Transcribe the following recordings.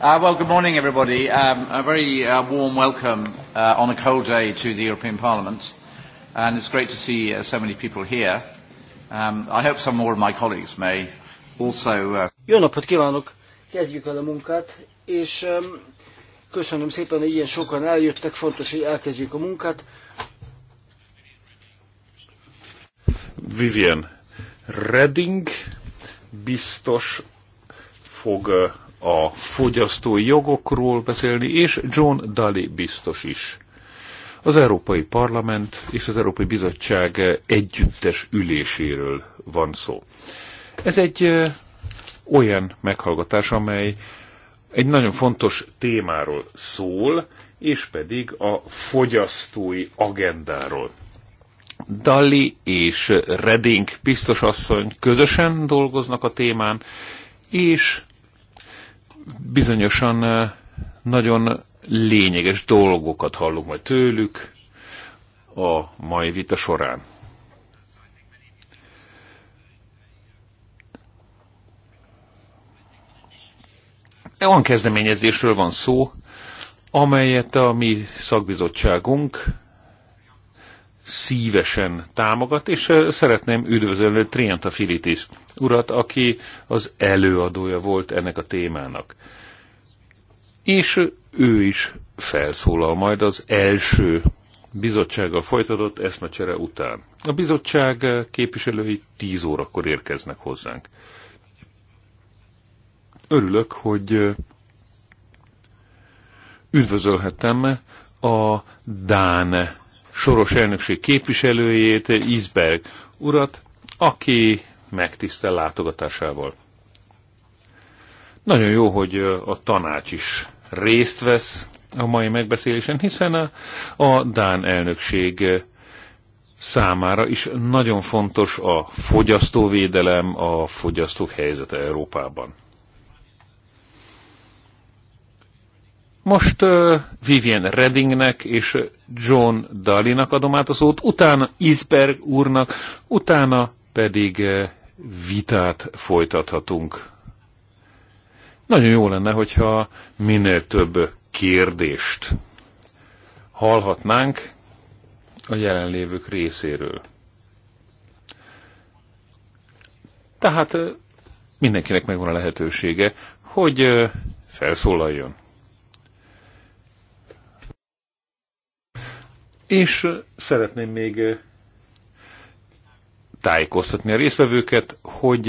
Uh, well, good morning, everybody. Um, a very uh, warm welcome uh, on a cold day to the European Parliament. And it's great to see uh, so many people here. Um, I hope some more of my colleagues may also... Uh... Jó napot kívánok! Kezdjük el a munkát, és um, köszönöm szépen, hogy ilyen sokan eljöttek. Fontos, hogy elkezdjük a munkát. Vivian Redding biztos fog uh, a fogyasztói jogokról beszélni, és John Daly biztos is. Az Európai Parlament és az Európai Bizottság együttes üléséről van szó. Ez egy olyan meghallgatás, amely egy nagyon fontos témáról szól, és pedig a fogyasztói agendáról. Dali és Reding asszony közösen dolgoznak a témán, és bizonyosan eh, nagyon lényeges dolgokat hallunk majd tőlük a mai vita során. Olyan kezdeményezésről van szó, amelyet a mi szakbizottságunk szívesen támogat, és eh, szeretném üdvözölni Trienta Filitis urat, aki az előadója volt ennek a témának. És ő is felszólal majd az első bizottsággal folytatott eszmecsere után. A bizottság képviselői 10 órakor érkeznek hozzánk. Örülök, hogy eh, üdvözölhettem a Dán soros elnökség képviselőjét, Izberg urat, aki megtisztel látogatásával. Nagyon jó, hogy a tanács is részt vesz a mai megbeszélésen, hiszen a, a Dán elnökség számára is nagyon fontos a fogyasztóvédelem, a fogyasztók helyzete Európában. Most uh, Vivian Reddingnek és John Dalinak adom át a szót, utána Isberg úrnak, utána pedig uh, vitát folytathatunk. Nagyon jó lenne, hogyha minél több kérdést hallhatnánk a jelenlévők részéről. Tehát mindenkinek megvan a lehetősége, hogy felszólaljon. És szeretném még tájékoztatni a résztvevőket, hogy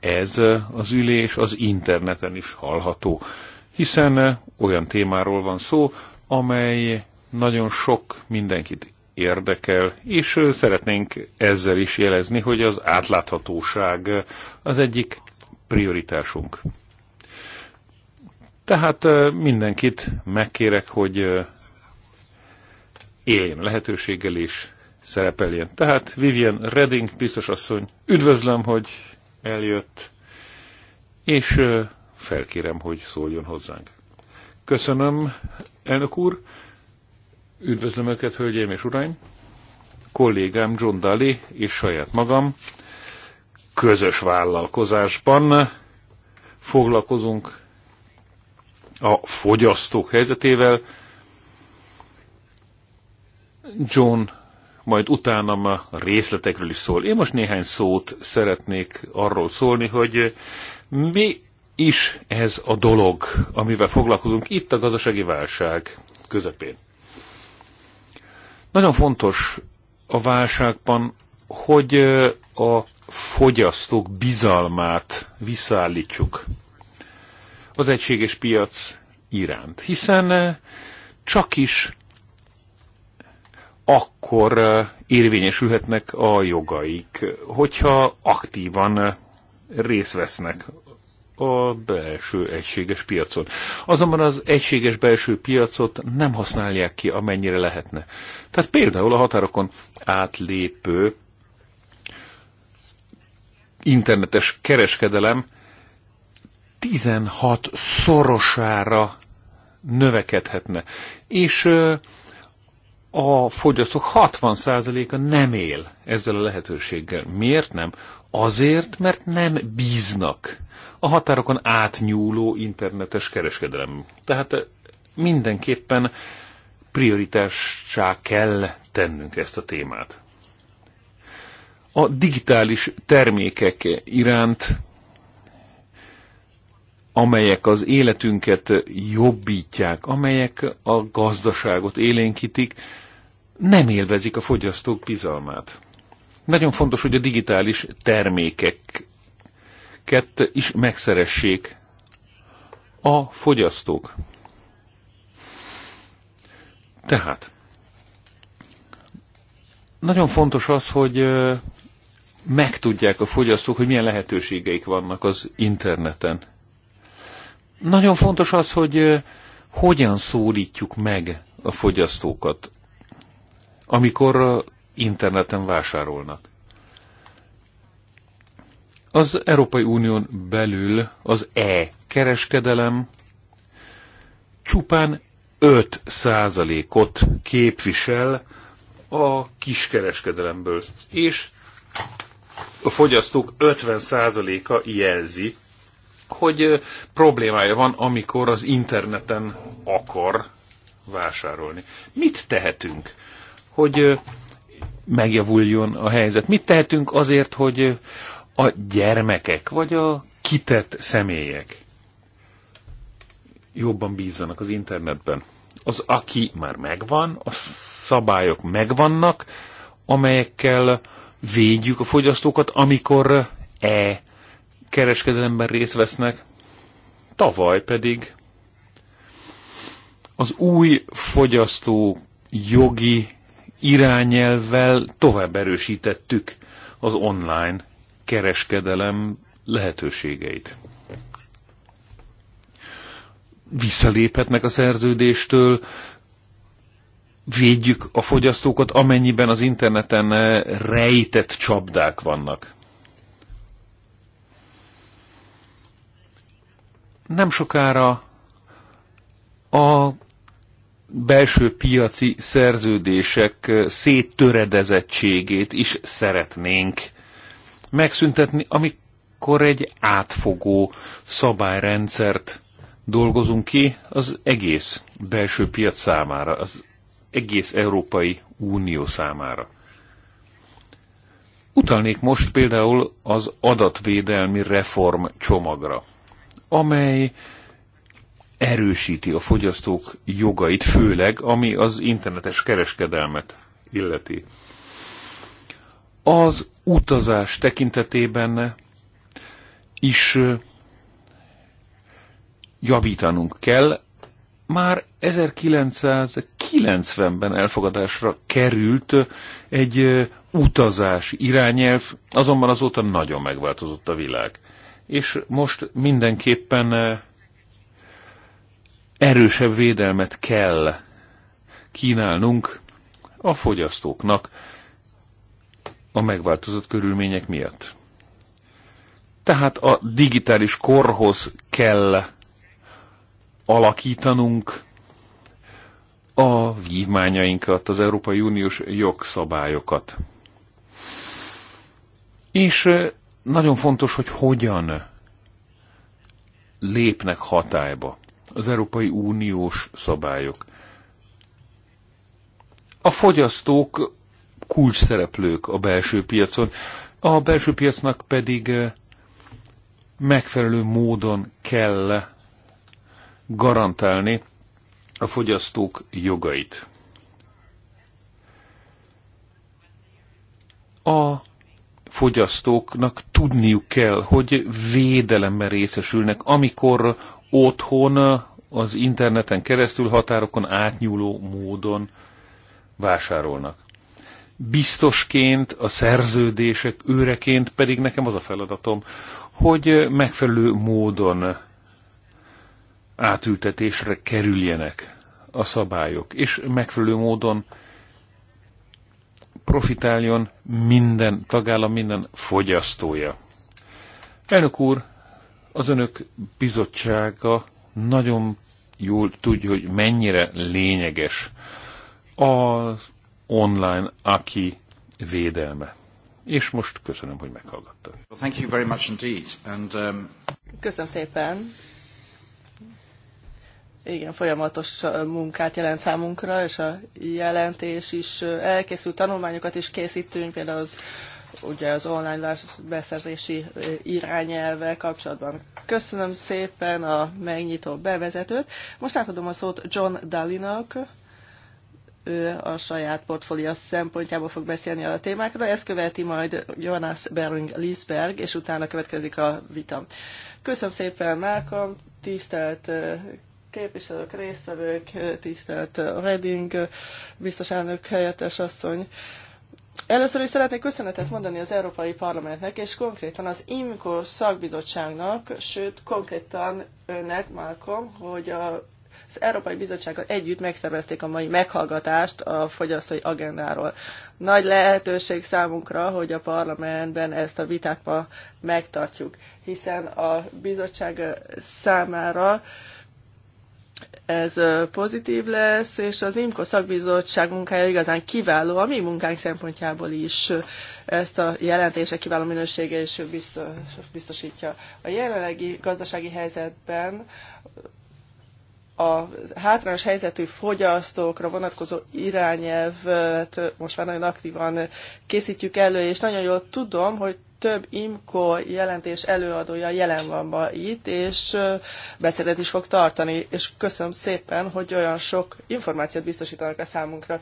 ez az ülés az interneten is hallható, hiszen olyan témáról van szó, amely nagyon sok mindenkit érdekel, és szeretnénk ezzel is jelezni, hogy az átláthatóság az egyik prioritásunk. Tehát mindenkit megkérek, hogy éljen lehetőséggel is szerepeljen. Tehát Vivian Redding, biztos asszony, üdvözlöm, hogy eljött, és felkérem, hogy szóljon hozzánk. Köszönöm, elnök úr, üdvözlöm Önöket, hölgyeim és uraim, kollégám John Daly és saját magam közös vállalkozásban foglalkozunk a fogyasztók helyzetével, John majd utána a részletekről is szól. Én most néhány szót szeretnék arról szólni, hogy mi is ez a dolog, amivel foglalkozunk itt a gazdasági válság közepén. Nagyon fontos a válságban, hogy a fogyasztók bizalmát visszaállítsuk az egységes piac iránt, hiszen csak is akkor érvényesülhetnek a jogaik, hogyha aktívan részt vesznek a belső egységes piacon. Azonban az egységes belső piacot nem használják ki, amennyire lehetne. Tehát például a határokon átlépő internetes kereskedelem 16 szorosára növekedhetne. És a fogyasztók 60%-a nem él ezzel a lehetőséggel. Miért nem? Azért, mert nem bíznak a határokon átnyúló internetes kereskedelem. Tehát eh, mindenképpen prioritássá kell tennünk ezt a témát. A digitális termékek iránt amelyek az életünket jobbítják, amelyek a gazdaságot élénkítik, nem élvezik a fogyasztók bizalmát. Nagyon fontos, hogy a digitális termékeket is megszeressék a fogyasztók. Tehát, nagyon fontos az, hogy megtudják a fogyasztók, hogy milyen lehetőségeik vannak az interneten nagyon fontos az, hogy hogyan szólítjuk meg a fogyasztókat, amikor interneten vásárolnak. Az Európai Unión belül az e-kereskedelem csupán 5%-ot képvisel a kiskereskedelemből, és a fogyasztók 50%-a jelzi, hogy problémája van, amikor az interneten akar vásárolni. Mit tehetünk, hogy megjavuljon a helyzet? Mit tehetünk azért, hogy a gyermekek vagy a kitett személyek jobban bízzanak az internetben? Az, aki már megvan, a szabályok megvannak, amelyekkel védjük a fogyasztókat, amikor e kereskedelemben részt vesznek, tavaly pedig az új fogyasztó jogi irányelvvel tovább erősítettük az online kereskedelem lehetőségeit. Visszaléphetnek a szerződéstől, védjük a fogyasztókat, amennyiben az interneten rejtett csapdák vannak. nem sokára a belső piaci szerződések széttöredezettségét is szeretnénk megszüntetni, amikor egy átfogó szabályrendszert dolgozunk ki az egész belső piac számára, az egész Európai Unió számára. Utalnék most például az adatvédelmi reform csomagra amely erősíti a fogyasztók jogait, főleg ami az internetes kereskedelmet illeti. Az utazás tekintetében is javítanunk kell. Már 1990-ben elfogadásra került egy utazás irányelv, azonban azóta nagyon megváltozott a világ és most mindenképpen eh, erősebb védelmet kell kínálnunk a fogyasztóknak a megváltozott körülmények miatt. Tehát a digitális korhoz kell alakítanunk a vívmányainkat, az Európai Uniós jogszabályokat. És eh, nagyon fontos, hogy hogyan lépnek hatályba az Európai Uniós szabályok. A fogyasztók kulcs szereplők a belső piacon, a belső piacnak pedig eh, megfelelő módon kell garantálni a fogyasztók jogait. A fogyasztóknak tudniuk kell, hogy védelemben részesülnek, amikor otthon, az interneten keresztül, határokon átnyúló módon vásárolnak. Biztosként, a szerződések őreként pedig nekem az a feladatom, hogy megfelelő módon átültetésre kerüljenek a szabályok, és megfelelő módon profitáljon minden tagállam, minden fogyasztója. Elnök úr, az önök bizottsága nagyon jól tudja, hogy mennyire lényeges az online aki védelme. És most köszönöm, hogy meghallgattak. Um, köszönöm szépen igen, folyamatos munkát jelent számunkra, és a jelentés is elkészült, tanulmányokat is készítünk, például az, ugye az online beszerzési irányelvvel kapcsolatban. Köszönöm szépen a megnyitó bevezetőt. Most átadom a szót John Dalinak, ő a saját portfólia szempontjából fog beszélni a témákról, ezt követi majd Jonas Bering Lisberg, és utána következik a vita. Köszönöm szépen, Malcolm, tisztelt képviselők, résztvevők, tisztelt Reding, biztos elnök helyettes asszony. Először is szeretnék köszönetet mondani az Európai Parlamentnek, és konkrétan az IMCO szakbizottságnak, sőt konkrétan önnek, Malcolm, hogy a az Európai Bizottsággal együtt megszervezték a mai meghallgatást a fogyasztói agendáról. Nagy lehetőség számunkra, hogy a parlamentben ezt a vitát ma megtartjuk, hiszen a bizottság számára ez pozitív lesz, és az IMKO szakbizottság munkája igazán kiváló a mi munkánk szempontjából is ezt a jelentése kiváló minősége is biztos, biztosítja. A jelenlegi gazdasági helyzetben a hátrányos helyzetű fogyasztókra vonatkozó irányelvet most már nagyon aktívan készítjük elő, és nagyon jól tudom, hogy több IMCO jelentés előadója jelen van ma itt, és beszédet is fog tartani, és köszönöm szépen, hogy olyan sok információt biztosítanak a számunkra.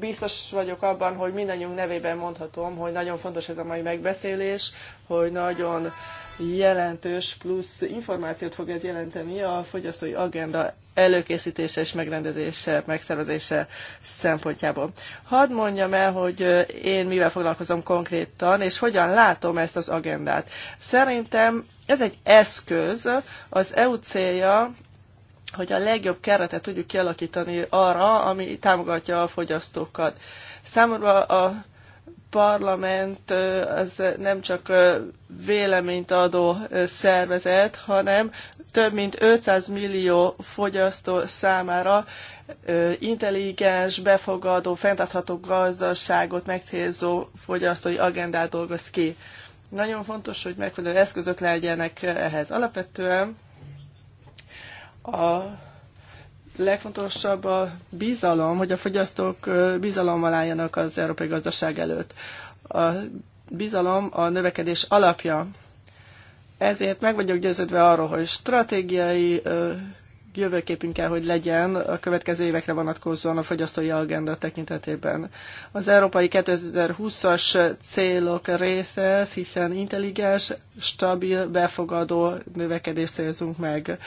Biztos vagyok abban, hogy mindannyiunk nevében mondhatom, hogy nagyon fontos ez a mai megbeszélés, hogy nagyon jelentős plusz információt fog ez jelenteni a fogyasztói agenda előkészítése és megrendezése, megszervezése szempontjából. Hadd mondjam el, hogy én mivel foglalkozom konkrétan, és hogyan látom ezt az agendát. Szerintem ez egy eszköz, az EU célja hogy a legjobb keretet tudjuk kialakítani arra, ami támogatja a fogyasztókat. Számomra a parlament az nem csak véleményt adó szervezet, hanem több mint 500 millió fogyasztó számára intelligens, befogadó, fenntartható gazdaságot megtérző fogyasztói agendát dolgoz ki. Nagyon fontos, hogy megfelelő eszközök legyenek ehhez. Alapvetően a legfontosabb a bizalom, hogy a fogyasztók bizalommal álljanak az európai gazdaság előtt. A bizalom a növekedés alapja. Ezért meg vagyok győződve arról, hogy stratégiai jövőképünk kell, hogy legyen a következő évekre vonatkozóan a fogyasztói agenda tekintetében. Az európai 2020-as célok része hiszen intelligens, stabil, befogadó növekedést célzunk meg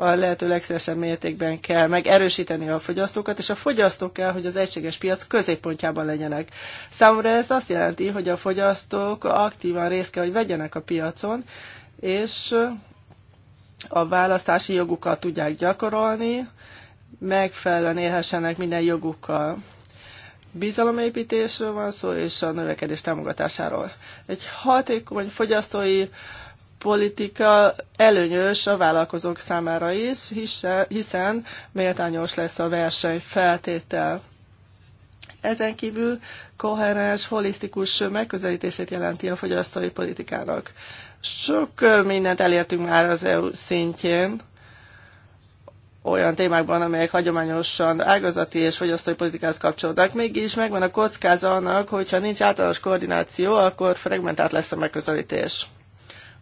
a lehető legszélesebb mértékben kell megerősíteni a fogyasztókat, és a fogyasztók kell, hogy az egységes piac középpontjában legyenek. Számomra ez azt jelenti, hogy a fogyasztók aktívan részt kell, hogy vegyenek a piacon, és a választási jogukat tudják gyakorolni, megfelelően élhessenek minden jogukkal. Bizalomépítésről van szó, és a növekedés támogatásáról. Egy hatékony fogyasztói politika előnyös a vállalkozók számára is, hiszen méltányos lesz a verseny feltétel. Ezen kívül koherens, holisztikus megközelítését jelenti a fogyasztói politikának. Sok mindent elértünk már az EU szintjén, olyan témákban, amelyek hagyományosan ágazati és fogyasztói politikához kapcsolódnak. Mégis megvan a kockáza annak, hogyha nincs általános koordináció, akkor fragmentált lesz a megközelítés.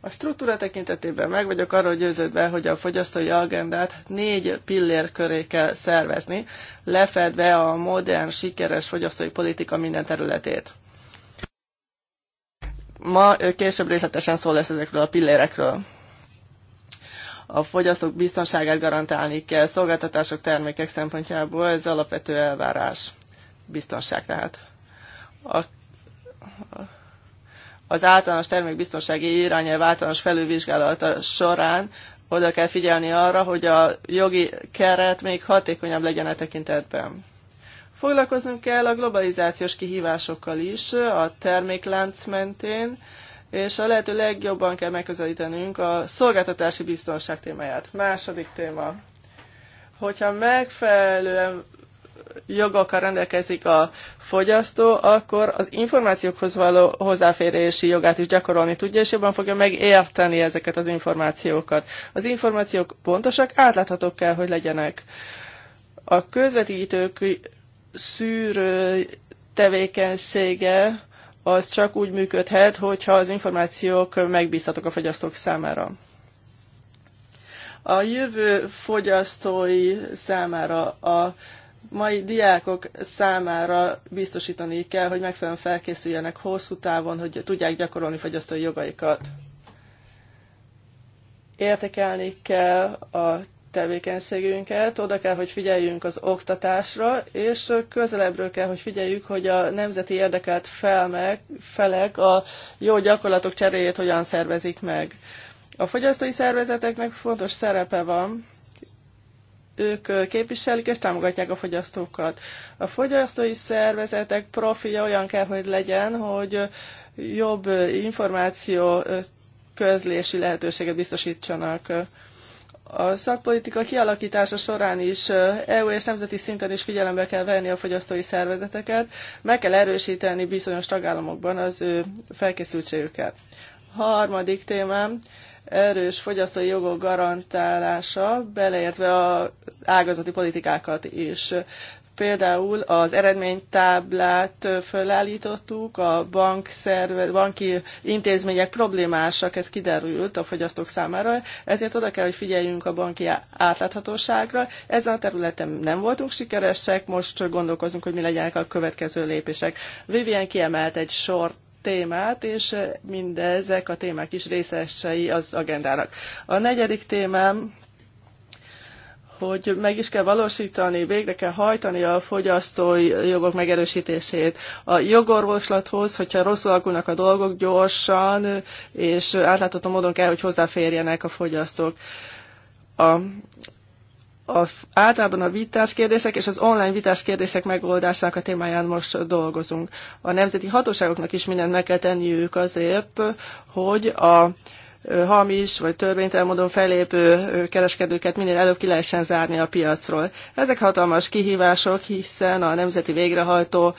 A struktúra tekintetében meg vagyok arról győződve, hogy a fogyasztói agendát négy pillér köré kell szervezni, lefedve a modern, sikeres fogyasztói politika minden területét. Ma később részletesen szó lesz ezekről a pillérekről a fogyasztók biztonságát garantálni kell, szolgáltatások, termékek szempontjából ez alapvető elvárás. Biztonság tehát. A, a az általános termékbiztonsági irányelv általános felülvizsgálata során oda kell figyelni arra, hogy a jogi keret még hatékonyabb legyen a e tekintetben. Foglalkoznunk kell a globalizációs kihívásokkal is a terméklánc mentén, és a lehető legjobban kell megközelítenünk a szolgáltatási biztonság témáját. Második téma. Hogyha megfelelően jogokkal rendelkezik a fogyasztó, akkor az információkhoz való hozzáférési jogát is gyakorolni tudja, és jobban fogja megérteni ezeket az információkat. Az információk pontosak, átláthatók kell, hogy legyenek. A közvetítők szűrő tevékenysége az csak úgy működhet, hogyha az információk megbízhatók a fogyasztók számára. A jövő fogyasztói számára a mai diákok számára biztosítani kell, hogy megfelelően felkészüljenek hosszú távon, hogy tudják gyakorolni fogyasztói jogaikat. Értekelni kell a tevékenységünket, oda kell, hogy figyeljünk az oktatásra, és közelebbről kell, hogy figyeljük, hogy a nemzeti érdekelt felmek, felek a jó gyakorlatok cseréjét hogyan szervezik meg. A fogyasztói szervezeteknek fontos szerepe van, ők képviselik és támogatják a fogyasztókat. A fogyasztói szervezetek profilja olyan kell, hogy legyen, hogy jobb információ közlési lehetőséget biztosítsanak. A szakpolitika kialakítása során is EU és nemzeti szinten is figyelembe kell venni a fogyasztói szervezeteket, meg kell erősíteni bizonyos tagállamokban az ő felkészültségüket. Harmadik témám, erős fogyasztói jogok garantálása, beleértve az ágazati politikákat is. Például az eredménytáblát fölállítottuk, a bank szerve banki intézmények problémásak, ez kiderült a fogyasztók számára, ezért oda kell, hogy figyeljünk a banki átláthatóságra. Ezen a területen nem voltunk sikeresek, most gondolkozunk, hogy mi legyenek a következő lépések. Vivian kiemelt egy sort témát, és mindezek a témák is részesei az agendának. A negyedik témám, hogy meg is kell valósítani, végre kell hajtani a fogyasztói jogok megerősítését. A jogorvoslathoz, hogyha rosszul alakulnak a dolgok, gyorsan és átlátható módon kell, hogy hozzáférjenek a fogyasztók. A a, általában a vitás kérdések és az online vitás kérdések megoldásának a témáján most dolgozunk. A nemzeti hatóságoknak is mindent meg kell tenniük azért, hogy a hamis vagy törvénytelen módon felépő kereskedőket minél előbb ki lehessen zárni a piacról. Ezek hatalmas kihívások, hiszen a nemzeti végrehajtó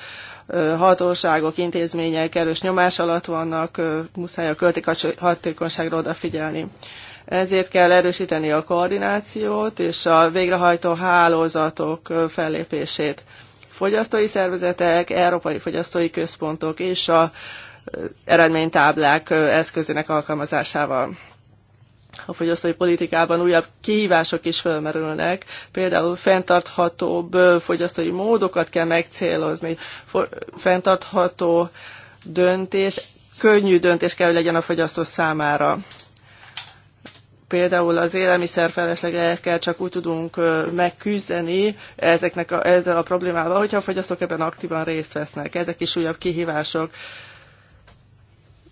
hatóságok, intézmények erős nyomás alatt vannak, muszáj a költékhatékonyságra odafigyelni. Ezért kell erősíteni a koordinációt és a végrehajtó hálózatok fellépését. Fogyasztói szervezetek, európai fogyasztói központok és a eredménytáblák eszközének alkalmazásával a fogyasztói politikában újabb kihívások is felmerülnek. Például fenntarthatóbb fogyasztói módokat kell megcélozni, fenntartható döntés, könnyű döntés kell, hogy legyen a fogyasztó számára. Például az feleslegekkel csak úgy tudunk megküzdeni ezeknek a, ezzel a problémával, hogyha a fogyasztók ebben aktívan részt vesznek. Ezek is újabb kihívások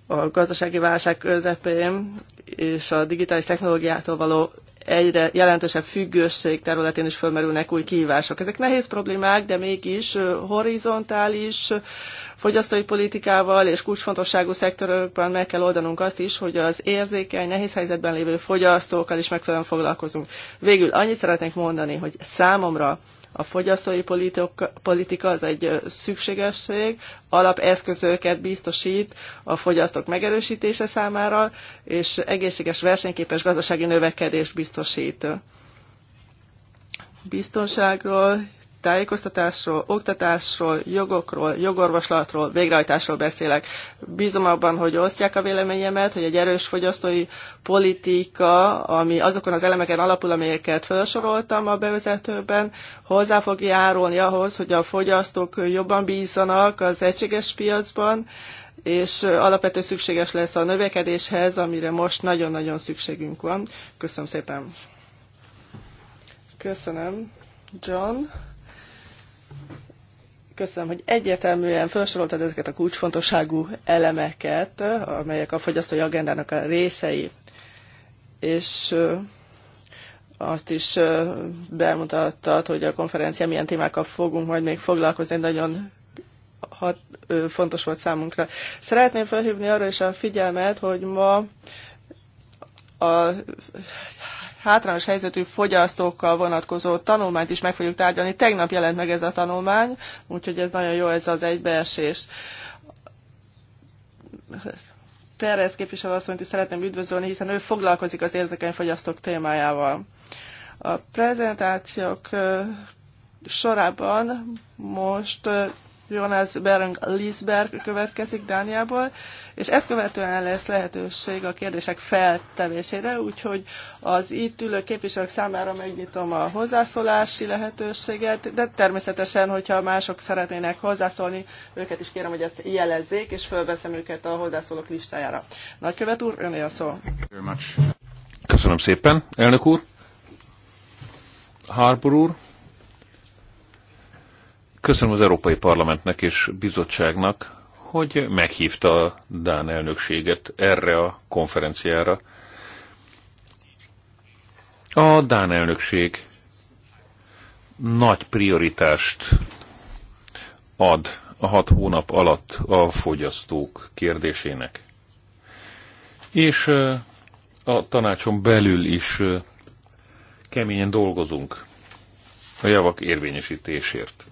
a gazdasági válság közepén és a digitális technológiától való egyre jelentősebb függőség területén is fölmerülnek új kihívások. Ezek nehéz problémák, de mégis horizontális fogyasztói politikával és kulcsfontosságú szektorokban meg kell oldanunk azt is, hogy az érzékeny, nehéz helyzetben lévő fogyasztókkal is megfelelően foglalkozunk. Végül annyit szeretnék mondani, hogy számomra a fogyasztói politika az egy szükségesség, alapeszközöket biztosít a fogyasztók megerősítése számára, és egészséges versenyképes gazdasági növekedést biztosít. Biztonságról tájékoztatásról, oktatásról, jogokról, jogorvoslatról, végrehajtásról beszélek. Bízom abban, hogy osztják a véleményemet, hogy egy erős fogyasztói politika, ami azokon az elemeken alapul, amelyeket felsoroltam a bevezetőben, hozzá fog járulni ahhoz, hogy a fogyasztók jobban bízzanak az egységes piacban, és alapvető szükséges lesz a növekedéshez, amire most nagyon-nagyon szükségünk van. Köszönöm szépen. Köszönöm, John. Köszönöm, hogy egyértelműen felsoroltad ezeket a kulcsfontosságú elemeket, amelyek a fogyasztói agendának a részei. És azt is bemutattad, hogy a konferencián milyen témákkal fogunk majd még foglalkozni, nagyon hat, fontos volt számunkra. Szeretném felhívni arra is a figyelmet, hogy ma a hátrányos helyzetű fogyasztókkal vonatkozó tanulmányt is meg fogjuk tárgyalni. Tegnap jelent meg ez a tanulmány, úgyhogy ez nagyon jó, ez az egybeesés. Perez képviselő asszonyt is szeretném üdvözölni, hiszen ő foglalkozik az érzékeny fogyasztók témájával. A prezentációk sorában most Jonas Bereng Lisberg következik Dániából, és ezt követően lesz lehetőség a kérdések feltevésére, úgyhogy az itt ülő képviselők számára megnyitom a hozzászólási lehetőséget, de természetesen, hogyha mások szeretnének hozzászólni, őket is kérem, hogy ezt jelezzék, és fölveszem őket a hozzászólók listájára. Nagykövet úr, öné a szó. Köszönöm szépen, elnök úr. Harbour úr. Köszönöm az Európai Parlamentnek és bizottságnak, hogy meghívta a Dán elnökséget erre a konferenciára. A Dán elnökség nagy prioritást ad a hat hónap alatt a fogyasztók kérdésének. És a tanácson belül is keményen dolgozunk a javak érvényesítésért.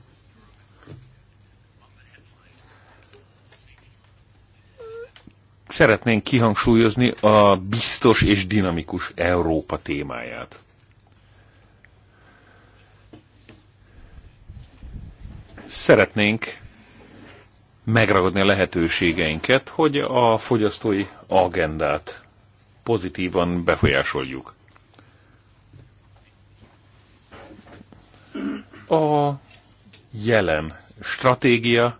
szeretnénk kihangsúlyozni a biztos és dinamikus Európa témáját. Szeretnénk megragadni a lehetőségeinket, hogy a fogyasztói agendát pozitívan befolyásoljuk. A jelen stratégia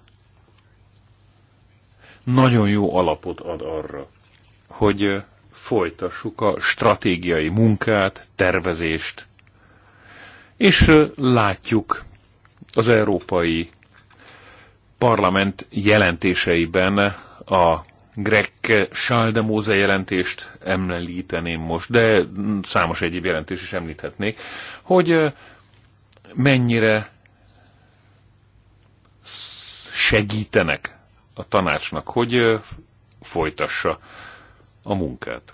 nagyon jó alapot ad arra, hogy folytassuk a stratégiai munkát, tervezést, és látjuk az Európai Parlament jelentéseiben a Greg Schaldemose jelentést említeném most, de számos egyéb jelentés is említhetnék, hogy mennyire segítenek a tanácsnak, hogy folytassa a munkát.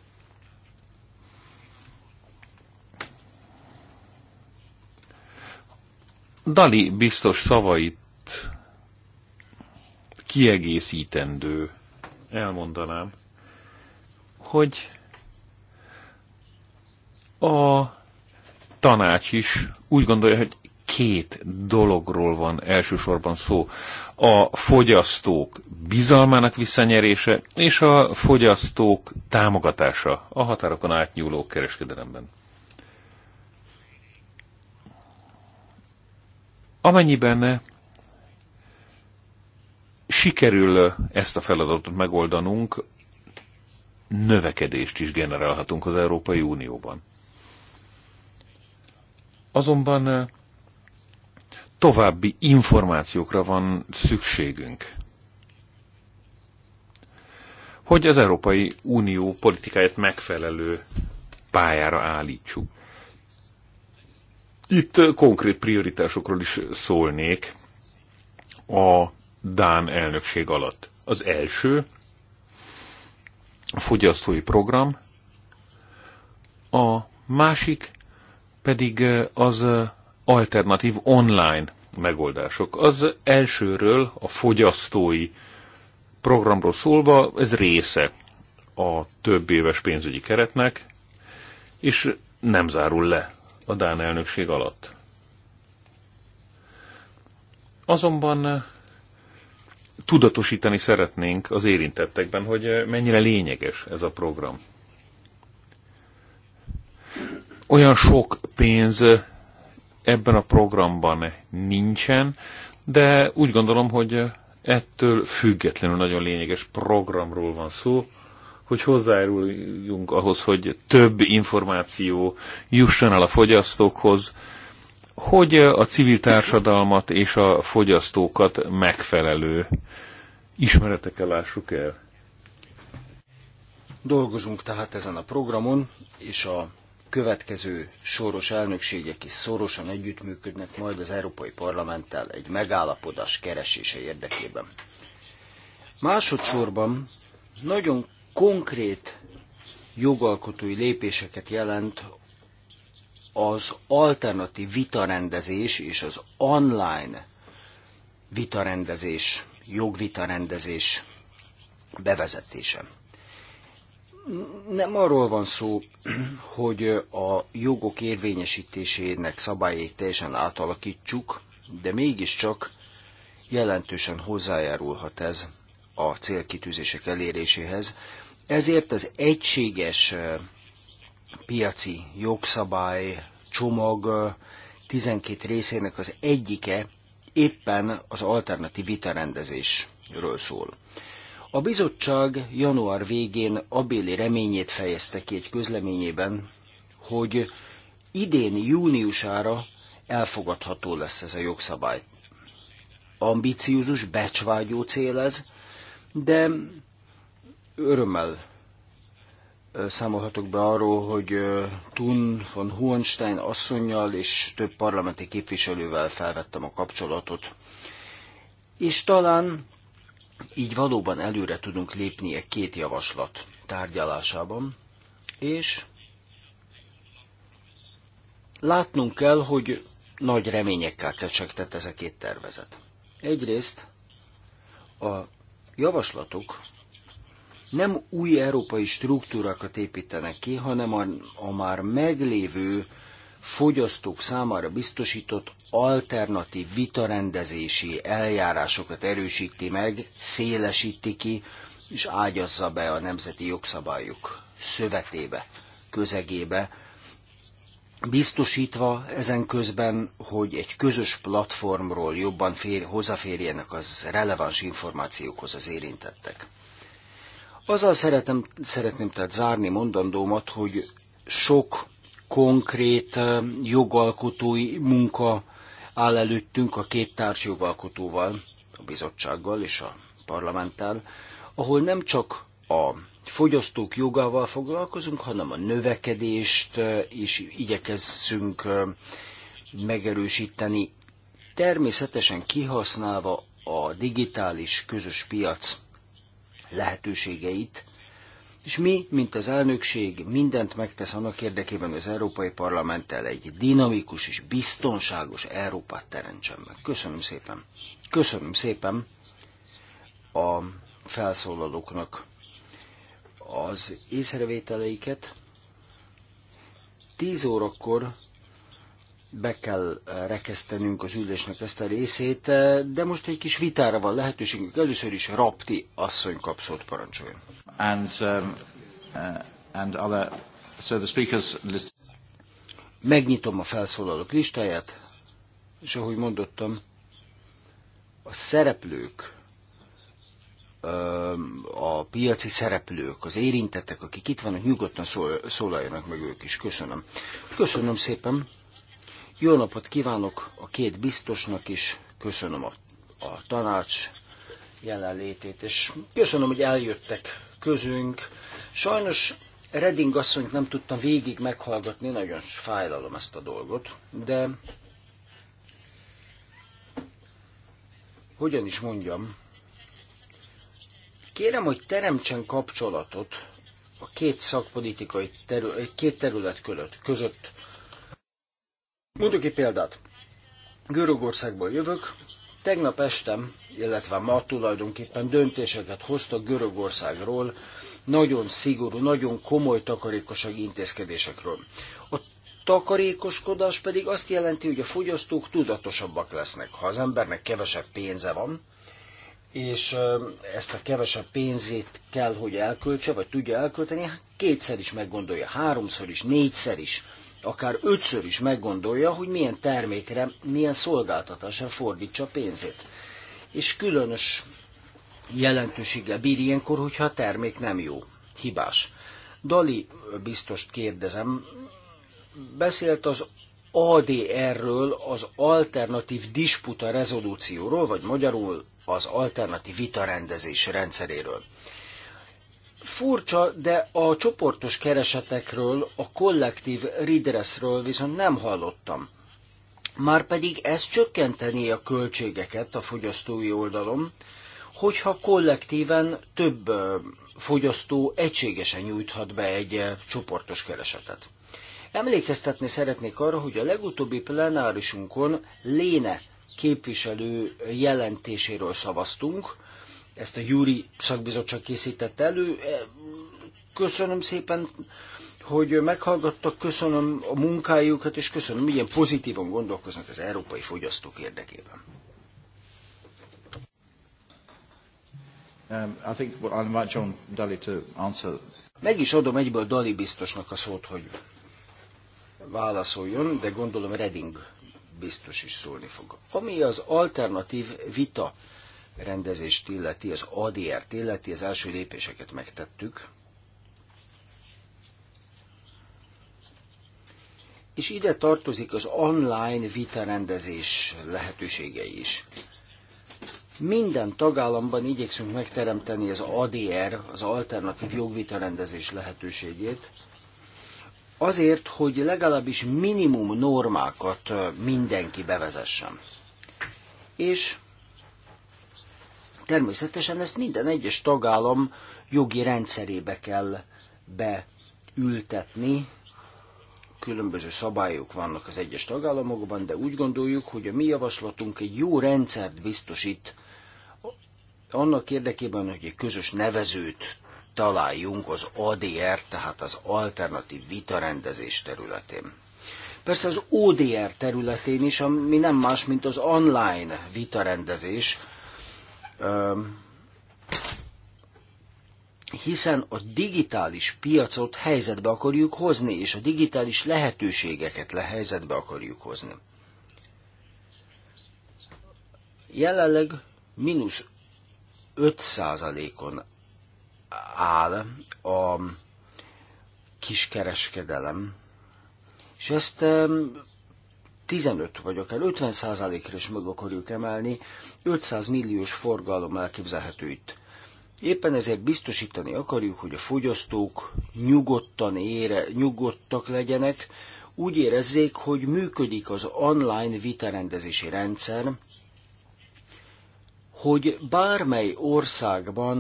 Dali biztos szavait kiegészítendő elmondanám, hogy a tanács is úgy gondolja, hogy két dologról van elsősorban szó. A fogyasztók bizalmának visszanyerése és a fogyasztók támogatása a határokon átnyúló kereskedelemben. Amennyiben sikerül ezt a feladatot megoldanunk, növekedést is generálhatunk az Európai Unióban. Azonban további információkra van szükségünk. Hogy az Európai Unió politikáját megfelelő pályára állítsuk. Itt konkrét prioritásokról is szólnék a Dán elnökség alatt. Az első a fogyasztói program, a másik pedig az alternatív online megoldások. Az elsőről, a fogyasztói programról szólva, ez része a több éves pénzügyi keretnek, és nem zárul le a Dán elnökség alatt. Azonban eh, tudatosítani szeretnénk az érintettekben, hogy eh, mennyire lényeges ez a program. Olyan sok pénz eh, ebben a programban nincsen, de úgy gondolom, hogy ettől függetlenül nagyon lényeges programról van szó, hogy hozzájáruljunk ahhoz, hogy több információ jusson el a fogyasztókhoz, hogy a civil társadalmat és a fogyasztókat megfelelő ismeretekkel lássuk el. Dolgozunk tehát ezen a programon, és a következő soros elnökségek is szorosan együttműködnek majd az Európai Parlamenttel egy megállapodás keresése érdekében. Másodszorban nagyon konkrét jogalkotói lépéseket jelent az alternatív vitarendezés és az online vitarendezés, jogvitarendezés bevezetése nem arról van szó, hogy a jogok érvényesítésének szabályait teljesen átalakítsuk, de mégiscsak jelentősen hozzájárulhat ez a célkitűzések eléréséhez. Ezért az egységes piaci jogszabály csomag 12 részének az egyike éppen az alternatív vitarendezésről szól. A bizottság január végén abéli reményét fejezte ki egy közleményében, hogy idén júniusára elfogadható lesz ez a jogszabály. Ambiciózus, becsvágyó cél ez, de örömmel számolhatok be arról, hogy Thun von Hohenstein asszonynal és több parlamenti képviselővel felvettem a kapcsolatot. És talán így valóban előre tudunk lépni egy két javaslat tárgyalásában, és látnunk kell, hogy nagy reményekkel kecsegtett ez a két tervezet. Egyrészt a javaslatok nem új európai struktúrákat építenek ki, hanem a, a már meglévő fogyasztók számára biztosított alternatív vitarendezési eljárásokat erősíti meg, szélesíti ki, és ágyazza be a nemzeti jogszabályok szövetébe, közegébe, biztosítva ezen közben, hogy egy közös platformról jobban fér, hozzáférjenek az releváns információkhoz az érintettek. Azzal szeretem, szeretném tehát zárni mondandómat, hogy sok konkrét jogalkotói munka áll előttünk a két társ jogalkotóval, a bizottsággal és a parlamenttel, ahol nem csak a fogyasztók jogával foglalkozunk, hanem a növekedést is igyekezzünk megerősíteni, természetesen kihasználva a digitális közös piac lehetőségeit, és mi, mint az elnökség, mindent megtesz annak érdekében, hogy az Európai Parlamenttel egy dinamikus és biztonságos Európát teremtsen meg. Köszönöm szépen. Köszönöm szépen a felszólalóknak az észrevételeiket. Tíz órakor be kell rekesztenünk az ülésnek ezt a részét, de most egy kis vitára van lehetőségünk. Először is Rapti asszony kapszót parancsoljon and, um, uh, and other... So the speakers list... Megnyitom a felszólalók listáját, és ahogy mondottam, a szereplők, um, a piaci szereplők, az érintettek, akik itt vannak, nyugodtan szólaljanak meg ők is. Köszönöm. Köszönöm szépen. Jó napot kívánok a két biztosnak is. Köszönöm a, a tanács jelenlétét, és köszönöm, hogy eljöttek közünk. Sajnos Redding asszonyt nem tudtam végig meghallgatni, nagyon fájlalom ezt a dolgot, de hogyan is mondjam, kérem, hogy teremtsen kapcsolatot a két szakpolitikai terület, két terület között, között. Mondok egy példát. Görögországból jövök, Tegnap estem, illetve ma tulajdonképpen döntéseket hoztak Görögországról, nagyon szigorú, nagyon komoly takarékossági intézkedésekről. A takarékoskodás pedig azt jelenti, hogy a fogyasztók tudatosabbak lesznek. Ha az embernek kevesebb pénze van, és ezt a kevesebb pénzét kell, hogy elköltse, vagy tudja elkölteni, hát kétszer is meggondolja, háromszor is, négyszer is akár ötször is meggondolja, hogy milyen termékre, milyen szolgáltatásra fordítsa pénzét. És különös jelentősége bír ilyenkor, hogyha a termék nem jó, hibás. Dali biztost kérdezem, beszélt az ADR-ről, az alternatív disputa rezolúcióról, vagy magyarul az alternatív vitarendezés rendszeréről. Furcsa, de a csoportos keresetekről, a kollektív redressről viszont nem hallottam. Márpedig ez csökkenteni a költségeket a fogyasztói oldalon, hogyha kollektíven több fogyasztó egységesen nyújthat be egy csoportos keresetet. Emlékeztetni szeretnék arra, hogy a legutóbbi plenárisunkon Léne képviselő jelentéséről szavaztunk, ezt a Júri szakbizottság készített elő. E, köszönöm szépen, hogy meghallgattak, köszönöm a munkájukat, és köszönöm, milyen pozitívan gondolkoznak az európai fogyasztók érdekében. Um, I think I'll invite John Daly to answer. Meg is adom egyből Dali biztosnak a szót, hogy válaszoljon, de gondolom Reding biztos is szólni fog. Ami az alternatív vita rendezést illeti, az ADR-t illeti, az első lépéseket megtettük. És ide tartozik az online vitarendezés lehetősége is. Minden tagállamban igyekszünk megteremteni az ADR, az alternatív jogvitarendezés lehetőségét, azért, hogy legalábbis minimum normákat mindenki bevezessen. És Természetesen ezt minden egyes tagállam jogi rendszerébe kell beültetni, különböző szabályok vannak az egyes tagállamokban, de úgy gondoljuk, hogy a mi javaslatunk egy jó rendszert biztosít annak érdekében, hogy egy közös nevezőt találjunk az ADR, tehát az alternatív vitarendezés területén. Persze az ODR területén is, ami nem más, mint az online vitarendezés, hiszen a digitális piacot helyzetbe akarjuk hozni, és a digitális lehetőségeket le helyzetbe akarjuk hozni. Jelenleg mínusz 5%-on áll a kiskereskedelem, és ezt 15 vagy akár 50 százalékra is meg akarjuk emelni, 500 milliós forgalom elképzelhető itt. Éppen ezért biztosítani akarjuk, hogy a fogyasztók nyugodtan ére, nyugodtak legyenek, úgy érezzék, hogy működik az online vitarendezési rendszer, hogy bármely országban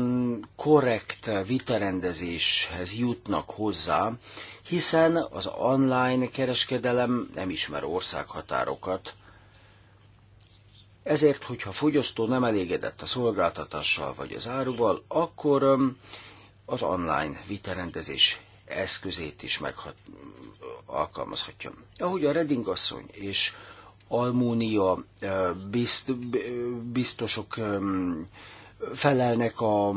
korrekt vitarendezéshez jutnak hozzá, hiszen az online kereskedelem nem ismer országhatárokat. Ezért, hogyha a fogyasztó nem elégedett a szolgáltatással vagy az áruval, akkor um, az online vitarendezés eszközét is meghat- alkalmazhatja. Ahogy a Redding asszony és Almúnia bizt, biztosok felelnek a,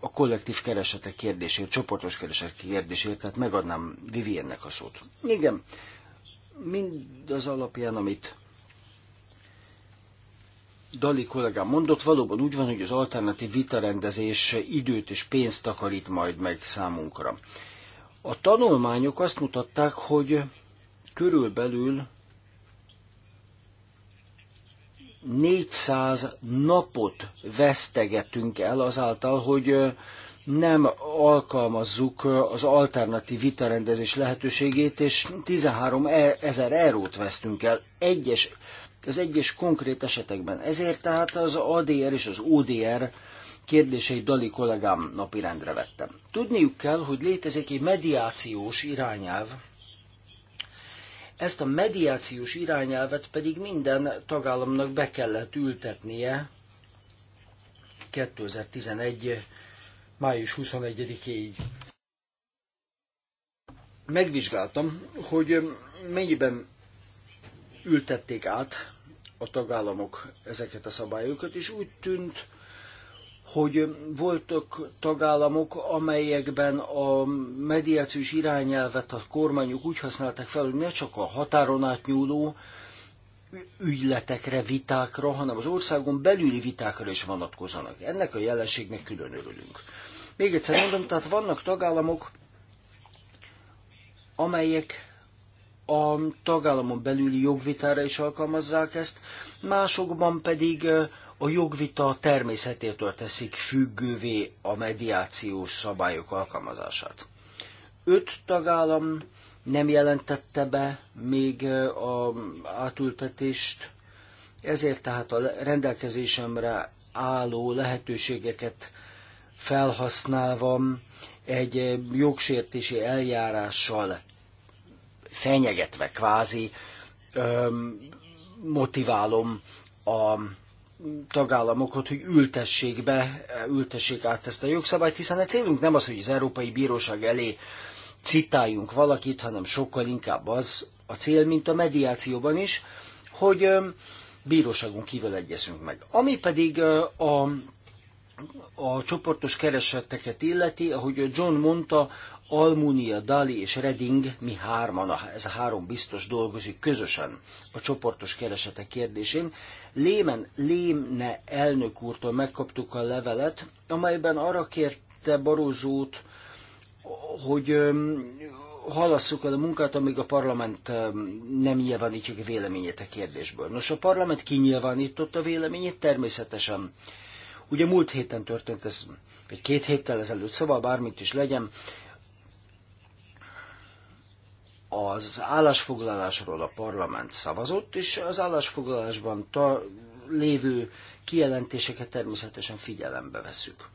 a kollektív keresetek kérdésért, csoportos keresetek kérdésért, tehát megadnám Viviennek a szót. Igen, mind az alapján, amit Dali kollégám mondott, valóban úgy van, hogy az alternatív vitarendezés időt és pénzt takarít majd meg számunkra. A tanulmányok azt mutatták, hogy körülbelül 400 napot vesztegetünk el azáltal, hogy nem alkalmazzuk az alternatív vitarendezés lehetőségét, és 13 e, ezer eurót vesztünk el egyes, az egyes konkrét esetekben. Ezért tehát az ADR és az ODR kérdéseit Dali kollégám napirendre vettem. Tudniuk kell, hogy létezik egy mediációs irányelv, ezt a mediációs irányelvet pedig minden tagállamnak be kellett ültetnie 2011. május 21-ig. Megvizsgáltam, hogy mennyiben ültették át a tagállamok ezeket a szabályokat, és úgy tűnt, hogy voltak tagállamok, amelyekben a mediációs irányelvet a kormányok úgy használták fel, hogy ne csak a határon átnyúló ügyletekre, vitákra, hanem az országon belüli vitákra is vonatkozanak. Ennek a jelenségnek külön örülünk. Még egyszer mondom, tehát vannak tagállamok, amelyek a tagállamon belüli jogvitára is alkalmazzák ezt, másokban pedig a jogvita természetétől teszik függővé a mediációs szabályok alkalmazását. Öt tagállam nem jelentette be még a átültetést, ezért tehát a rendelkezésemre álló lehetőségeket felhasználva egy jogsértési eljárással fenyegetve kvázi motiválom a tagállamokat, hogy ültessék be, ültessék át ezt a jogszabályt, hiszen a célunk nem az, hogy az Európai Bíróság elé citáljunk valakit, hanem sokkal inkább az a cél, mint a mediációban is, hogy bíróságon kívül egyezünk meg. Ami pedig a, a csoportos kereseteket illeti, ahogy John mondta, Almunia, Dali és Redding, mi hárman, ez a három biztos dolgozik közösen a csoportos keresetek kérdésén, Lémen Lémne elnök úrtól megkaptuk a levelet, amelyben arra kérte Barózót, hogy halasszuk el a munkát, amíg a parlament nem nyilvánítja a véleményét a kérdésből. Nos, a parlament kinyilvánította a véleményét, természetesen. Ugye múlt héten történt ez, vagy két héttel ezelőtt, szóval bármit is legyen, az állásfoglalásról a parlament szavazott, és az állásfoglalásban ta, lévő kijelentéseket természetesen figyelembe veszük.